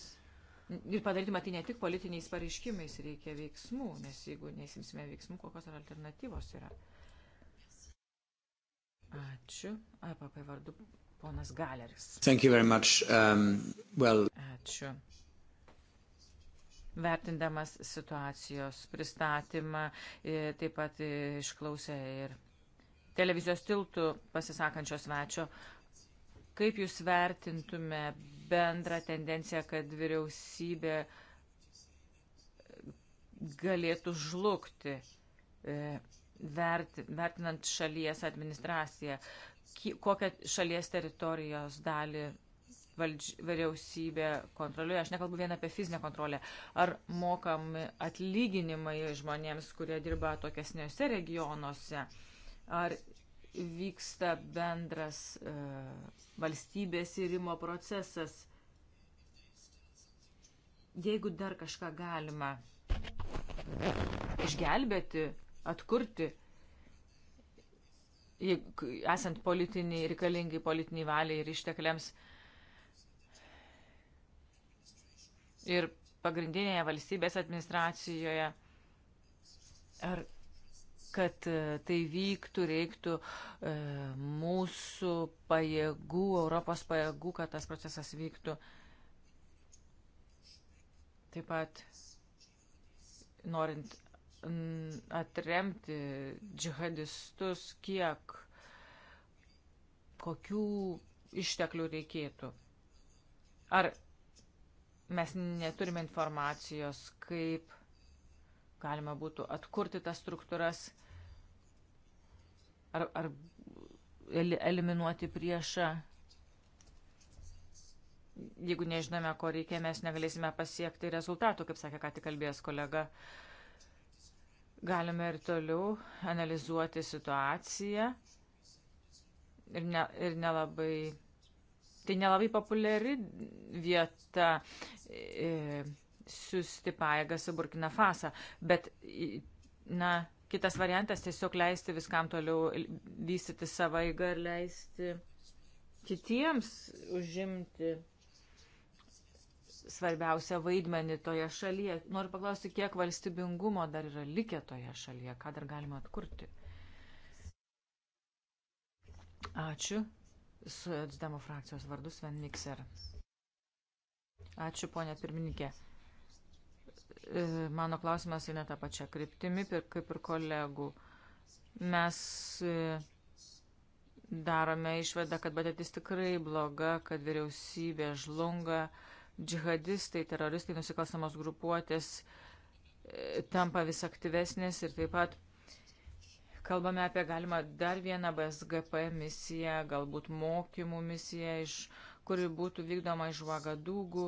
Ir padarytume tai ne tik politiniais pareiškimais, reikia veiksmų, nes jeigu nesimsime veiksmų, kokios ar alternatyvos yra. Ačiū. APP vardu ponas Galeris. Um, well... Ačiū vertindamas situacijos pristatymą, e, taip pat išklausė ir televizijos tiltų pasisakančios svečio. Kaip Jūs vertintume bendrą tendenciją, kad vyriausybė galėtų žlugti, e, vertinant šalies administraciją, kokią šalies teritorijos dalį valdž... vyriausybė kontroliuoja. Aš nekalbu vien apie fizinę kontrolę. Ar mokami atlyginimai žmonėms, kurie dirba tokiesniuose regionuose? Ar vyksta bendras e, valstybės įrimo procesas? Jeigu dar kažką galima išgelbėti, atkurti, esant politiniai, reikalingai politiniai valiai ir ištekliams, e, ir pagrindinėje valstybės administracijoje. Ar kad e, tai vyktų, reiktų e, mūsų pajėgų, Europos pajėgų, kad tas procesas vyktų. Taip pat norint atremti džihadistus, kiek, kokių išteklių reikėtų. Ar mes neturime informacijos, kaip galima būtų atkurti tas struktūras ar, ar eliminuoti priešą. Jeigu nežinome, ko reikia, mes negalėsime pasiekti rezultatų, kaip sakė ką tik kalbėjęs kolega. Galime ir toliau analizuoti situaciją ir, ne, ir nelabai Tai nelabai populiari vieta e, siūsti paėgas į Burkina Fasą, bet, na, kitas variantas tiesiog leisti viskam toliau vystyti savaigą ir leisti kitiems užimti svarbiausią vaidmenį toje šalyje. Noriu paklausti, kiek valstybingumo dar yra likę toje šalyje, ką dar galima atkurti. Ačiū. Socdemų frakcijos vardu Sven Mikser. Ačiū, ponė pirmininkė. E, mano klausimas eina tą pačią kryptimį, kaip ir kolegų. Mes e, darome išvadą, kad patirtis tikrai bloga, kad vyriausybė žlunga, džihadistai, teroristai, nusikalstamos grupuotės e, tampa vis aktyvesnės ir taip pat Kalbame apie galimą dar vieną BSGP misiją, galbūt mokymų misiją, iš, kuri būtų vykdoma iš Vagadūgų.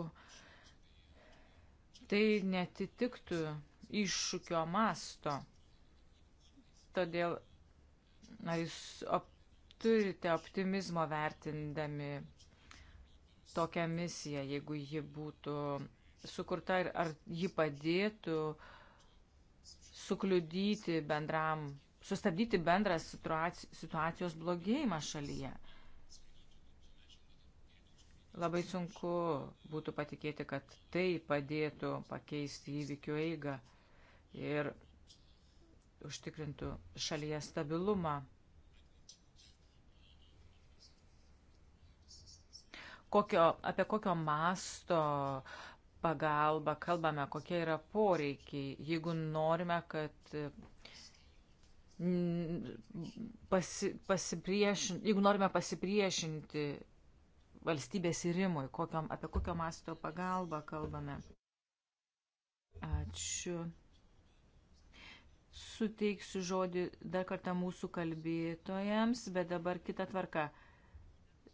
Tai netitiktų iššūkio masto. Todėl ar jūs op, turite optimizmo vertindami tokią misiją, jeigu ji būtų sukurta ir ar ji padėtų sukliudyti bendram sustabdyti bendrą situacijos blogėjimą šalyje. Labai sunku būtų patikėti, kad tai padėtų pakeisti įvykių eigą ir užtikrintų šalyje stabilumą. Kokio, apie kokio masto pagalbą kalbame, kokie yra poreikiai, jeigu norime, kad Mm, pasi, pasipriešinti, jeigu norime pasipriešinti valstybės įrimui, kokiam, apie kokio masto pagalbą kalbame. Ačiū. Suteiksiu žodį dar kartą mūsų kalbėtojams, bet dabar kita tvarka.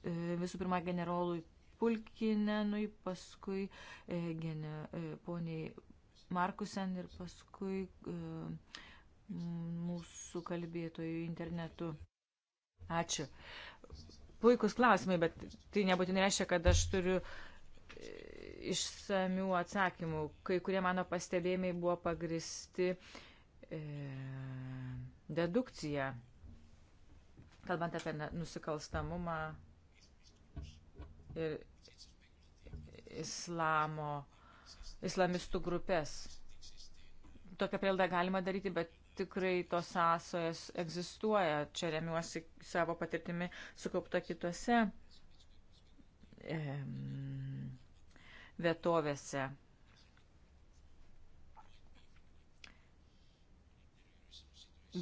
E, visų pirma, generolui Pulkinenui, paskui e, gene, e, poniai Markusen ir paskui e, mūsų kalbėtojų internetu. Ačiū. Puikus klausimai, bet tai nebūtinai reiškia, kad aš turiu e, išsamių atsakymų. Kai kurie mano pastebėjimai buvo pagristi e, dedukcija, kalbant apie nusikalstamumą ir islamo, islamistų grupės. Tokią prielaidą galima daryti, bet tikrai tos sąsojos egzistuoja. Čia remiuosi savo patirtimi sukaupta kitose e, vietovėse.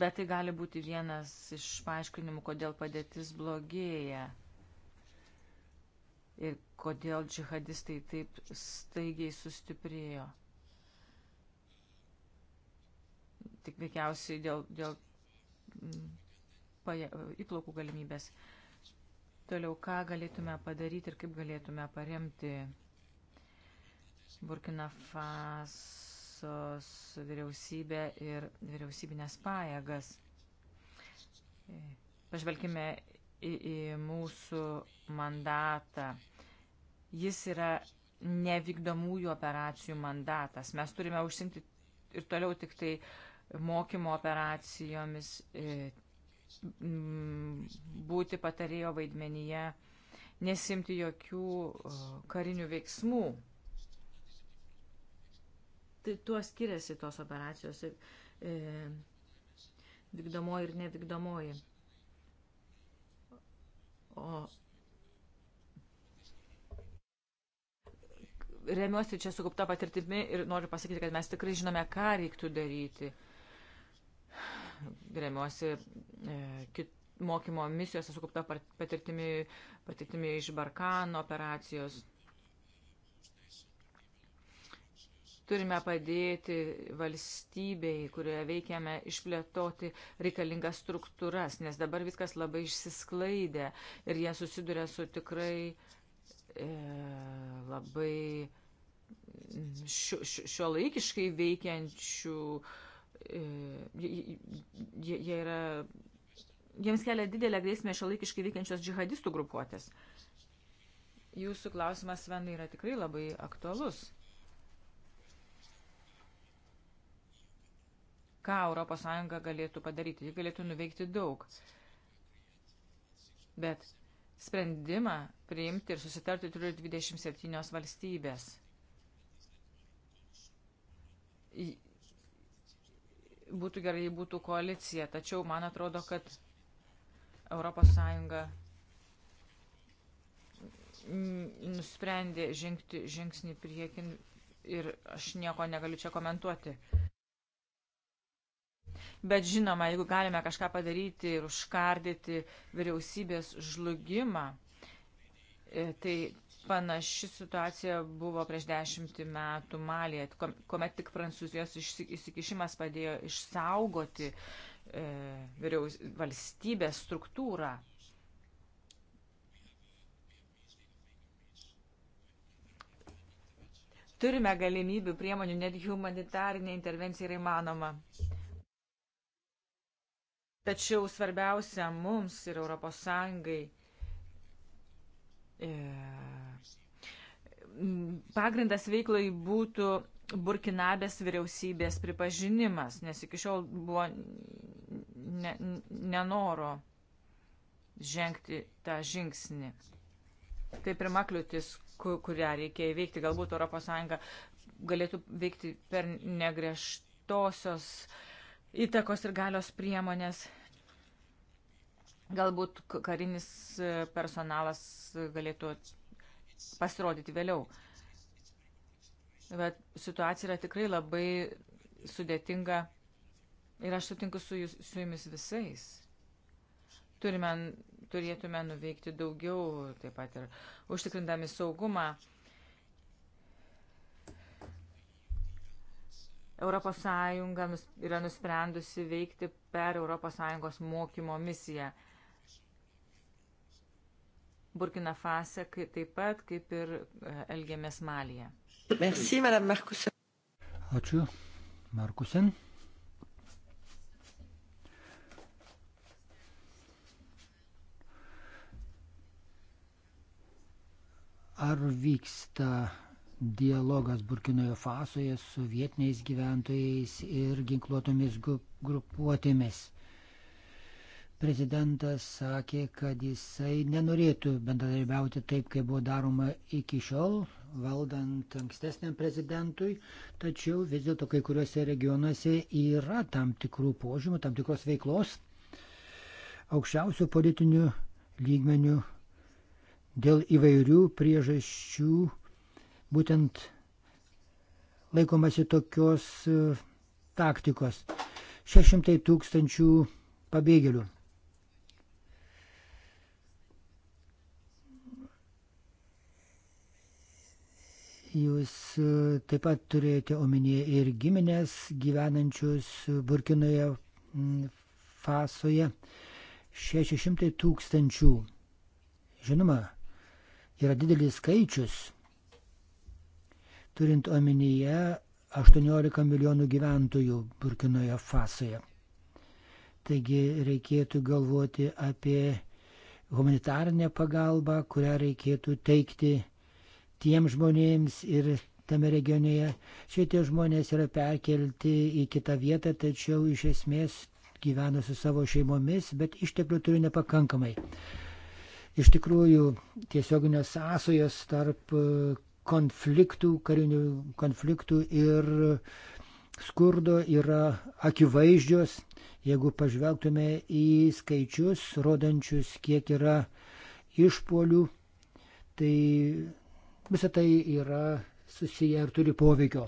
Bet tai gali būti vienas iš paaiškinimų, kodėl padėtis blogėja ir kodėl džihadistai taip staigiai sustiprėjo. tik veikiausiai dėl, dėl mm, paja, įplaukų galimybės. Toliau, ką galėtume padaryti ir kaip galėtume paremti Burkina Fasos vyriausybę ir vyriausybinės pajėgas. E, pažvelkime į, į mūsų mandatą. Jis yra nevykdomųjų operacijų mandatas. Mes turime užsimti ir toliau tik tai uh, mokymo operacijomis, e, būti patarėjo vaidmenyje, nesimti jokių e, karinių veiksmų. Tai tuo skiriasi tos operacijos e, vykdomoji ir nevykdomoji. O remiuosi čia sukaupta patirtimi ir noriu pasakyti, kad mes tikrai žinome, ką reiktų daryti remiuosi e, mokymo misijose sukaupta patirtimi, patirtimi iš Barkano operacijos. Turime padėti valstybei, kurioje veikiame, išplėtoti reikalingas struktūras, nes dabar viskas labai išsisklaidė ir jie susiduria su tikrai e, labai šio, šio laikiškai veikiančių e, E, jie, jie yra, jiems kelia didelę grėsmę šiolaikiškai veikiančios džihadistų grupuotės. Jūsų klausimas, Svenai, yra tikrai labai aktualus. Ką ES galėtų padaryti? Ji galėtų nuveikti daug. Bet sprendimą priimti ir susitarti turi 27 valstybės būtų gerai, jei būtų koalicija. Tačiau man atrodo, kad ES nusprendė žengti žingsnį priekin ir aš nieko negaliu čia komentuoti. Bet žinoma, jeigu galime kažką padaryti ir užkardyti vyriausybės žlugimą, e, tai Panaši situacija buvo prieš dešimtį metų Malėje, kuomet tik Prancūzijos įsikišimas padėjo išsaugoti e, vyriaus, valstybės struktūrą. Turime galimybių priemonių, net humanitarinė intervencija yra įmanoma. Tačiau svarbiausia mums ir ES pagrindas veiklai būtų Burkinabės vyriausybės pripažinimas, nes iki šiol buvo ne, nenoro žengti tą žingsnį. Tai pirma kliūtis, kurią reikia įveikti. Galbūt ES galėtų veikti per negreštosios įtakos ir galios priemonės. Galbūt karinis e, personalas galėtų pasirodyti vėliau. Bet situacija yra tikrai labai sudėtinga ir aš sutinku su, jūs, su jumis visais. Turime, turėtume nuveikti daugiau, taip pat ir užtikrindami saugumą. Europos Sąjunga yra nusprendusi veikti per Europos Sąjungos mokymo misiją. Burkina Fase, kaip, taip pat kaip ir e, elgėmės Malyje. Merci, Madame Markusen. Ačiū, Markusen. Ar vyksta dialogas Burkinoje Fasoje su vietiniais gyventojais ir ginkluotomis grupuotėmis? prezidentas sakė, kad jisai nenorėtų bendradarbiauti taip, kaip buvo daroma iki šiol, valdant ankstesniam prezidentui, tačiau vis dėlto kai kuriuose regionuose yra tam tikrų požymų, tam tikros veiklos aukščiausių politinių lygmenių dėl įvairių priežasčių būtent laikomasi tokios e, taktikos. 600 tūkstančių pabėgėlių Jūs e, taip pat turėjote omenyje ir giminės gyvenančius Burkinoje Fasoje. 600 tūkstančių. Žinoma, yra didelis skaičius. Turint omenyje 18 milijonų gyventojų Burkinoje Fasoje. Taigi reikėtų galvoti apie humanitarinę pagalbą, kurią reikėtų teikti tiem žmonėms ir tame regione. Šitie žmonės yra perkelti į kitą vietą, tačiau iš esmės gyvena su savo šeimomis, bet išteklių turi nepakankamai. Iš tikrųjų, tiesioginės sąsojos tarp e, konfliktų, karinių konfliktų ir skurdo yra akivaizdžios. Jeigu pažvelgtume į skaičius, rodančius, kiek yra išpolių, tai Visą tai yra susiję ir turi poveikio.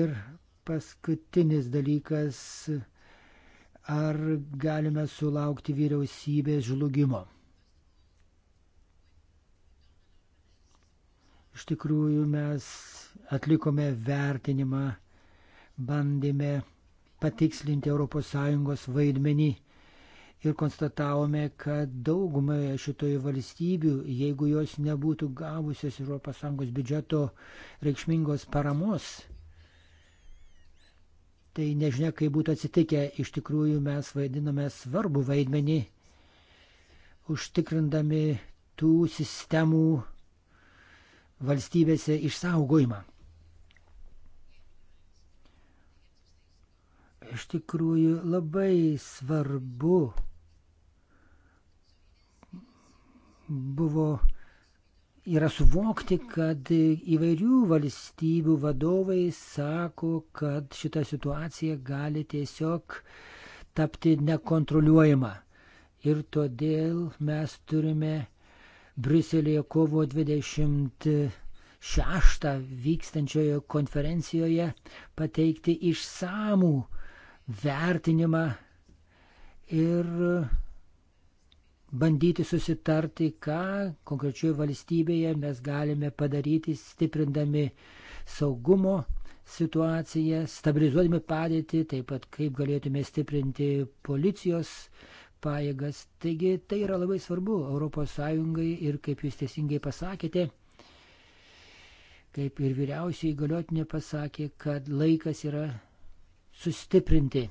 Ir paskutinis dalykas, ar galime sulaukti vyriausybės žlugimo. Iš tikrųjų mes atlikome vertinimą, bandėme patikslinti ES vaidmenį ir konstatavome, kad daugumoje šitoje valstybių, jeigu jos nebūtų gavusios ES biudžeto reikšmingos paramos, tai nežinia, kaip būtų atsitikę, iš tikrųjų mes vaidiname svarbu vaidmenį, užtikrindami tų sistemų valstybėse išsaugojimą. Iš tikrųjų labai svarbu buvo yra suvokti, kad įvairių valstybių vadovai sako, kad šita situacija gali tiesiog tapti nekontroliuojama. Ir todėl mes turime Briuselėje kovo 26 vykstančioje konferencijoje pateikti išsamų vertinimą ir bandyti susitarti, ką konkrečioje valstybėje mes galime padaryti, stiprindami saugumo situaciją, stabilizuodami padėtį, taip pat kaip galėtume stiprinti policijos pajėgas. Taigi tai yra labai svarbu ES ir kaip jūs teisingai pasakėte, kaip ir vyriausiai galiotinė pasakė, kad laikas yra sustiprinti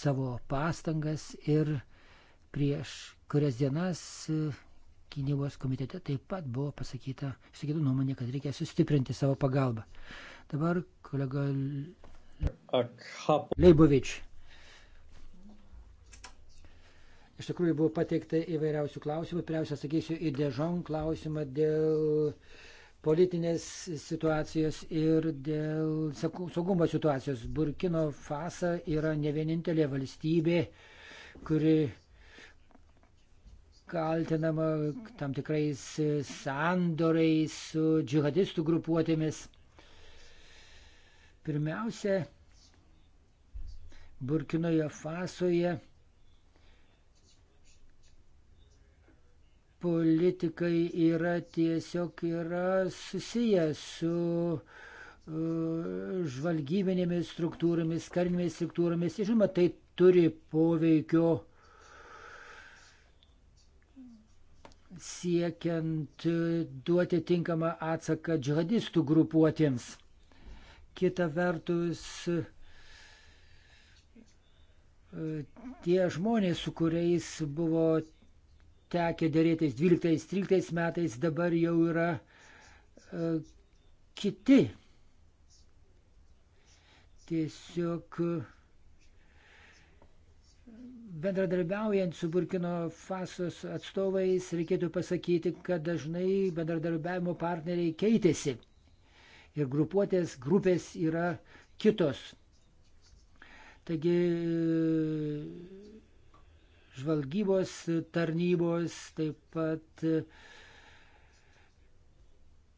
savo pastangas ir prieš kurias dienas e, gynybos komitete taip pat buvo pasakyta, išsakyta nuomonė, kad reikia sustiprinti savo pagalbą. Dabar kolega Leibovič. Iš tikrųjų buvo pateikta įvairiausių klausimų. Pirmiausia, sakysiu į Dežon klausimą dėl politinės situacijos ir dėl saugumo situacijos. Burkino Fasa yra ne vienintelė valstybė, kuri kaltinama tam tikrais sandoriais su džihadistų grupuotėmis. Pirmiausia, Burkinoje Fasoje politikai yra tiesiog yra susiję su uh, žvalgybinėmis struktūromis, karinėmis struktūromis. Žinoma, tai turi poveikio uh, siekiant duoti tinkamą atsaką džihadistų grupuotėms. Kita vertus, tie žmonės, su kuriais buvo tekę dėrėtis 12-13 metais, dabar jau yra e, kiti. Tiesiog Bendradarbiaujant su Burkino Fasos atstovais reikėtų pasakyti, kad dažnai bendradarbiavimo partneriai keitėsi ir grupuotės, grupės yra kitos. Taigi žvalgybos tarnybos, taip pat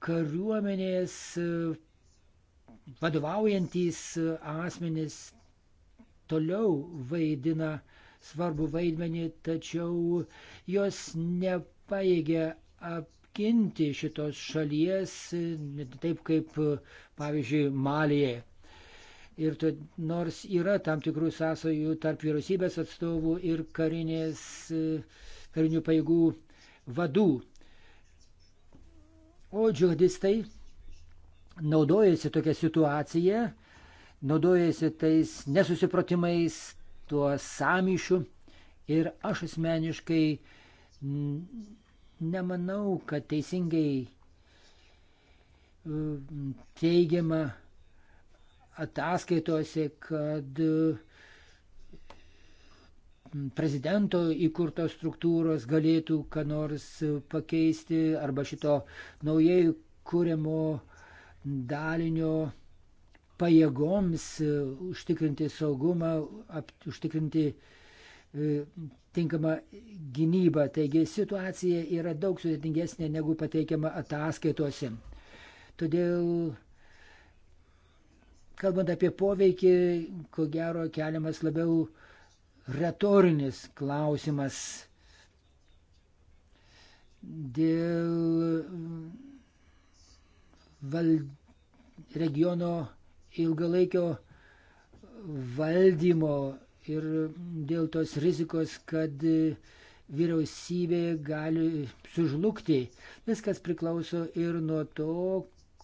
kariuomenės vadovaujantys asmenys toliau vaidina svarbu vaidmenį, tačiau jos nepaėgė apginti šitos šalies, taip kaip, pavyzdžiui, Malijai. Ir to, nors yra tam tikrų sąsojų tarp vyriausybės atstovų ir karinės, karinių paėgų vadų. O džihadistai naudojasi tokią situaciją, naudojasi tais nesusipratimais, tuo samyšiu. Ir aš asmeniškai nemanau, kad teisingai e, teigiama ataskaitose, kad e, prezidento įkurtos struktūros galėtų ką nors pakeisti arba šito naujai kūrimo dalinio pajėgoms e, užtikrinti saugumą, ap, užtikrinti e, tinkamą gynybą. Taigi situacija yra daug sudėtingesnė negu pateikiama ataskaitose. Todėl, kalbant apie poveikį, ko gero keliamas labiau retorinis klausimas dėl val... regiono ilgalaikio valdymo ir dėl tos rizikos, kad vyriausybė gali sužlugti. Viskas priklauso ir nuo to,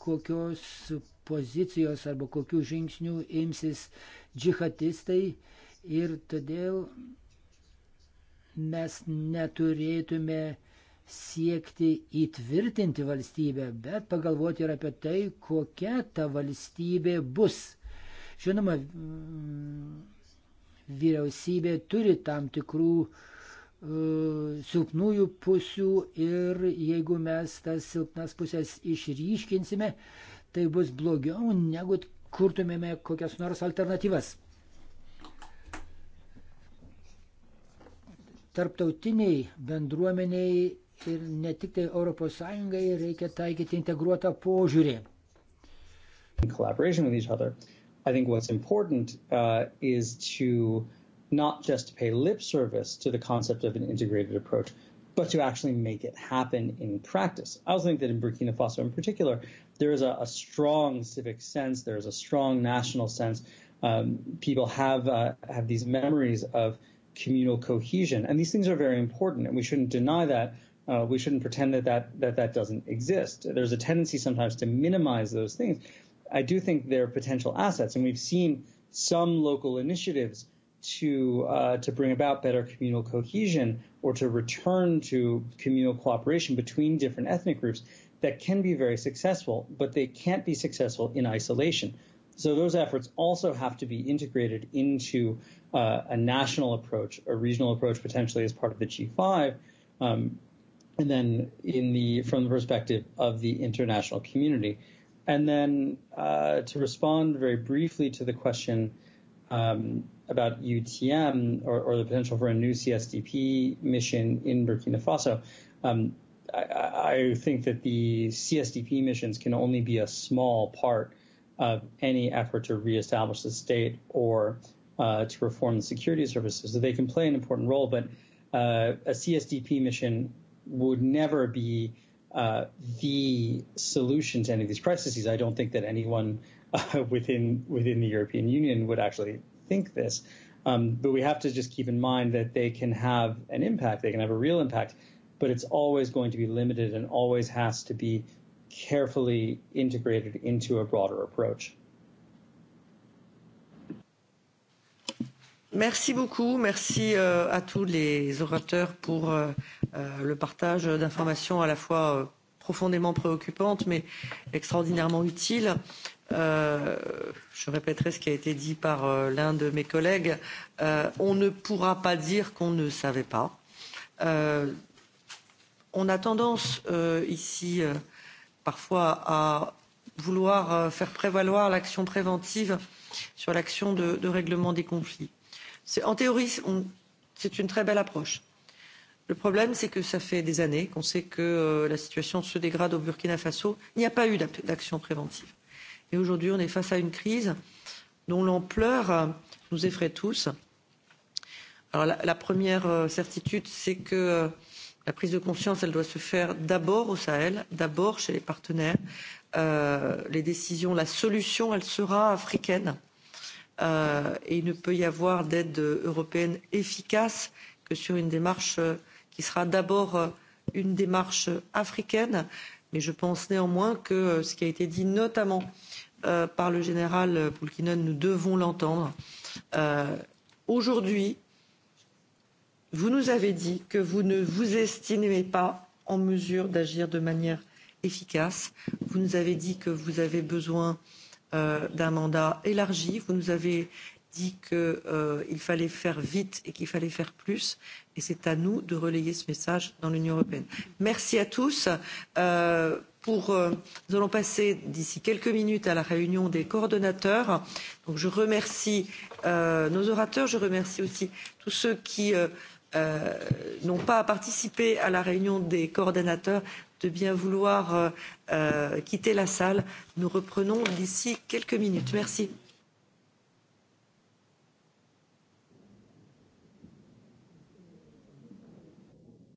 kokios pozicijos arba kokių žingsnių imsis džihadistai ir todėl mes neturėtume siekti įtvirtinti valstybę, bet pagalvoti ir apie tai, kokia ta valstybė bus. Žinoma, mm, vyriausybė turi tam tikrų uh, silpnųjų pusių ir jeigu mes tas silpnas pusės išryškinsime, tai bus blogiau negu kurtumėme kokias nors alternatyvas. Tarptautiniai bendruomeniai ir ne tik tai ES reikia taikyti integruotą požiūrį. Collaboration with each other. I think what's important uh, is to not just pay lip service to the concept of an integrated approach, but to actually make it happen in practice. I also think that in Burkina Faso in particular, there is a, a strong civic sense, there is a strong national sense. Um, people have uh, have these memories of communal cohesion, and these things are very important, and we shouldn't deny that. Uh, we shouldn't pretend that that, that that doesn't exist. There's a tendency sometimes to minimize those things. I do think they're potential assets, and we've seen some local initiatives to uh, to bring about better communal cohesion or to return to communal cooperation between different ethnic groups that can be very successful, but they can't be successful in isolation. So those efforts also have to be integrated into uh, a national approach, a regional approach, potentially as part of the G5. Um, and then in the from the perspective of the international community. And then uh, to respond very briefly to the question um, about UTM or, or, the potential for a new CSDP mission in Burkina Faso, um, I, I, think that the CSDP missions can only be a small part of any effort to reestablish the state or uh, to reform the security services. So they can play an important role, but uh, a CSDP mission would never be uh, the solution to any of these crises. I don't think that anyone uh, <laughs> within within the European Union would actually think this. Um, but we have to just keep in mind that they can have an impact. They can have a real impact, but it's always going to be limited and always has to be carefully integrated into a broader approach. Merci beaucoup. Merci euh, à tous les orateurs pour euh, euh, le partage d'informations à la fois euh, profondément préoccupantes mais extraordinairement utiles. Euh, je répéterai ce qui a été dit par euh, l'un de mes collègues. Euh, on ne pourra pas dire qu'on ne savait pas. Euh, on a tendance euh, ici euh, parfois à vouloir euh, faire prévaloir l'action préventive sur l'action de, de règlement des conflits. En théorie, c'est une très belle approche. Le problème, c'est que ça fait des années qu'on sait que euh, la situation se dégrade au Burkina Faso. Il n'y a pas eu d'action préventive. Et aujourd'hui, on est face à une crise dont l'ampleur euh, nous effraie tous. Alors, la, la première euh, certitude, c'est que euh, la prise de conscience, elle doit se faire d'abord au Sahel, d'abord chez les partenaires. Euh, les décisions, la solution, elle sera africaine. Euh, euh, et il ne peut y avoir d'aide européenne efficace que sur une démarche euh, qui sera d'abord euh, une démarche africaine. Mais je pense néanmoins que euh, ce qui a été dit notamment euh, par le général Poulkinen, nous devons l'entendre. Euh, Aujourd'hui, vous nous avez dit que vous ne vous estimez pas en mesure d'agir de manière efficace. Vous nous avez dit que vous avez besoin euh, euh, d'un mandat élargi. Vous nous avez dit qu'il euh, fallait faire vite et qu'il fallait faire plus. Et c'est à nous de relayer ce message dans l'Union européenne. Merci à tous. Euh, pour, euh, nous allons passer d'ici quelques minutes à la réunion des coordonnateurs. Donc, je remercie euh, nos orateurs. Je remercie aussi tous ceux qui. Euh, euh, n'ont pas participé à la réunion des coordonnateurs de bien vouloir euh, euh, quitter la salle. Nous reprenons d'ici quelques minutes. Merci.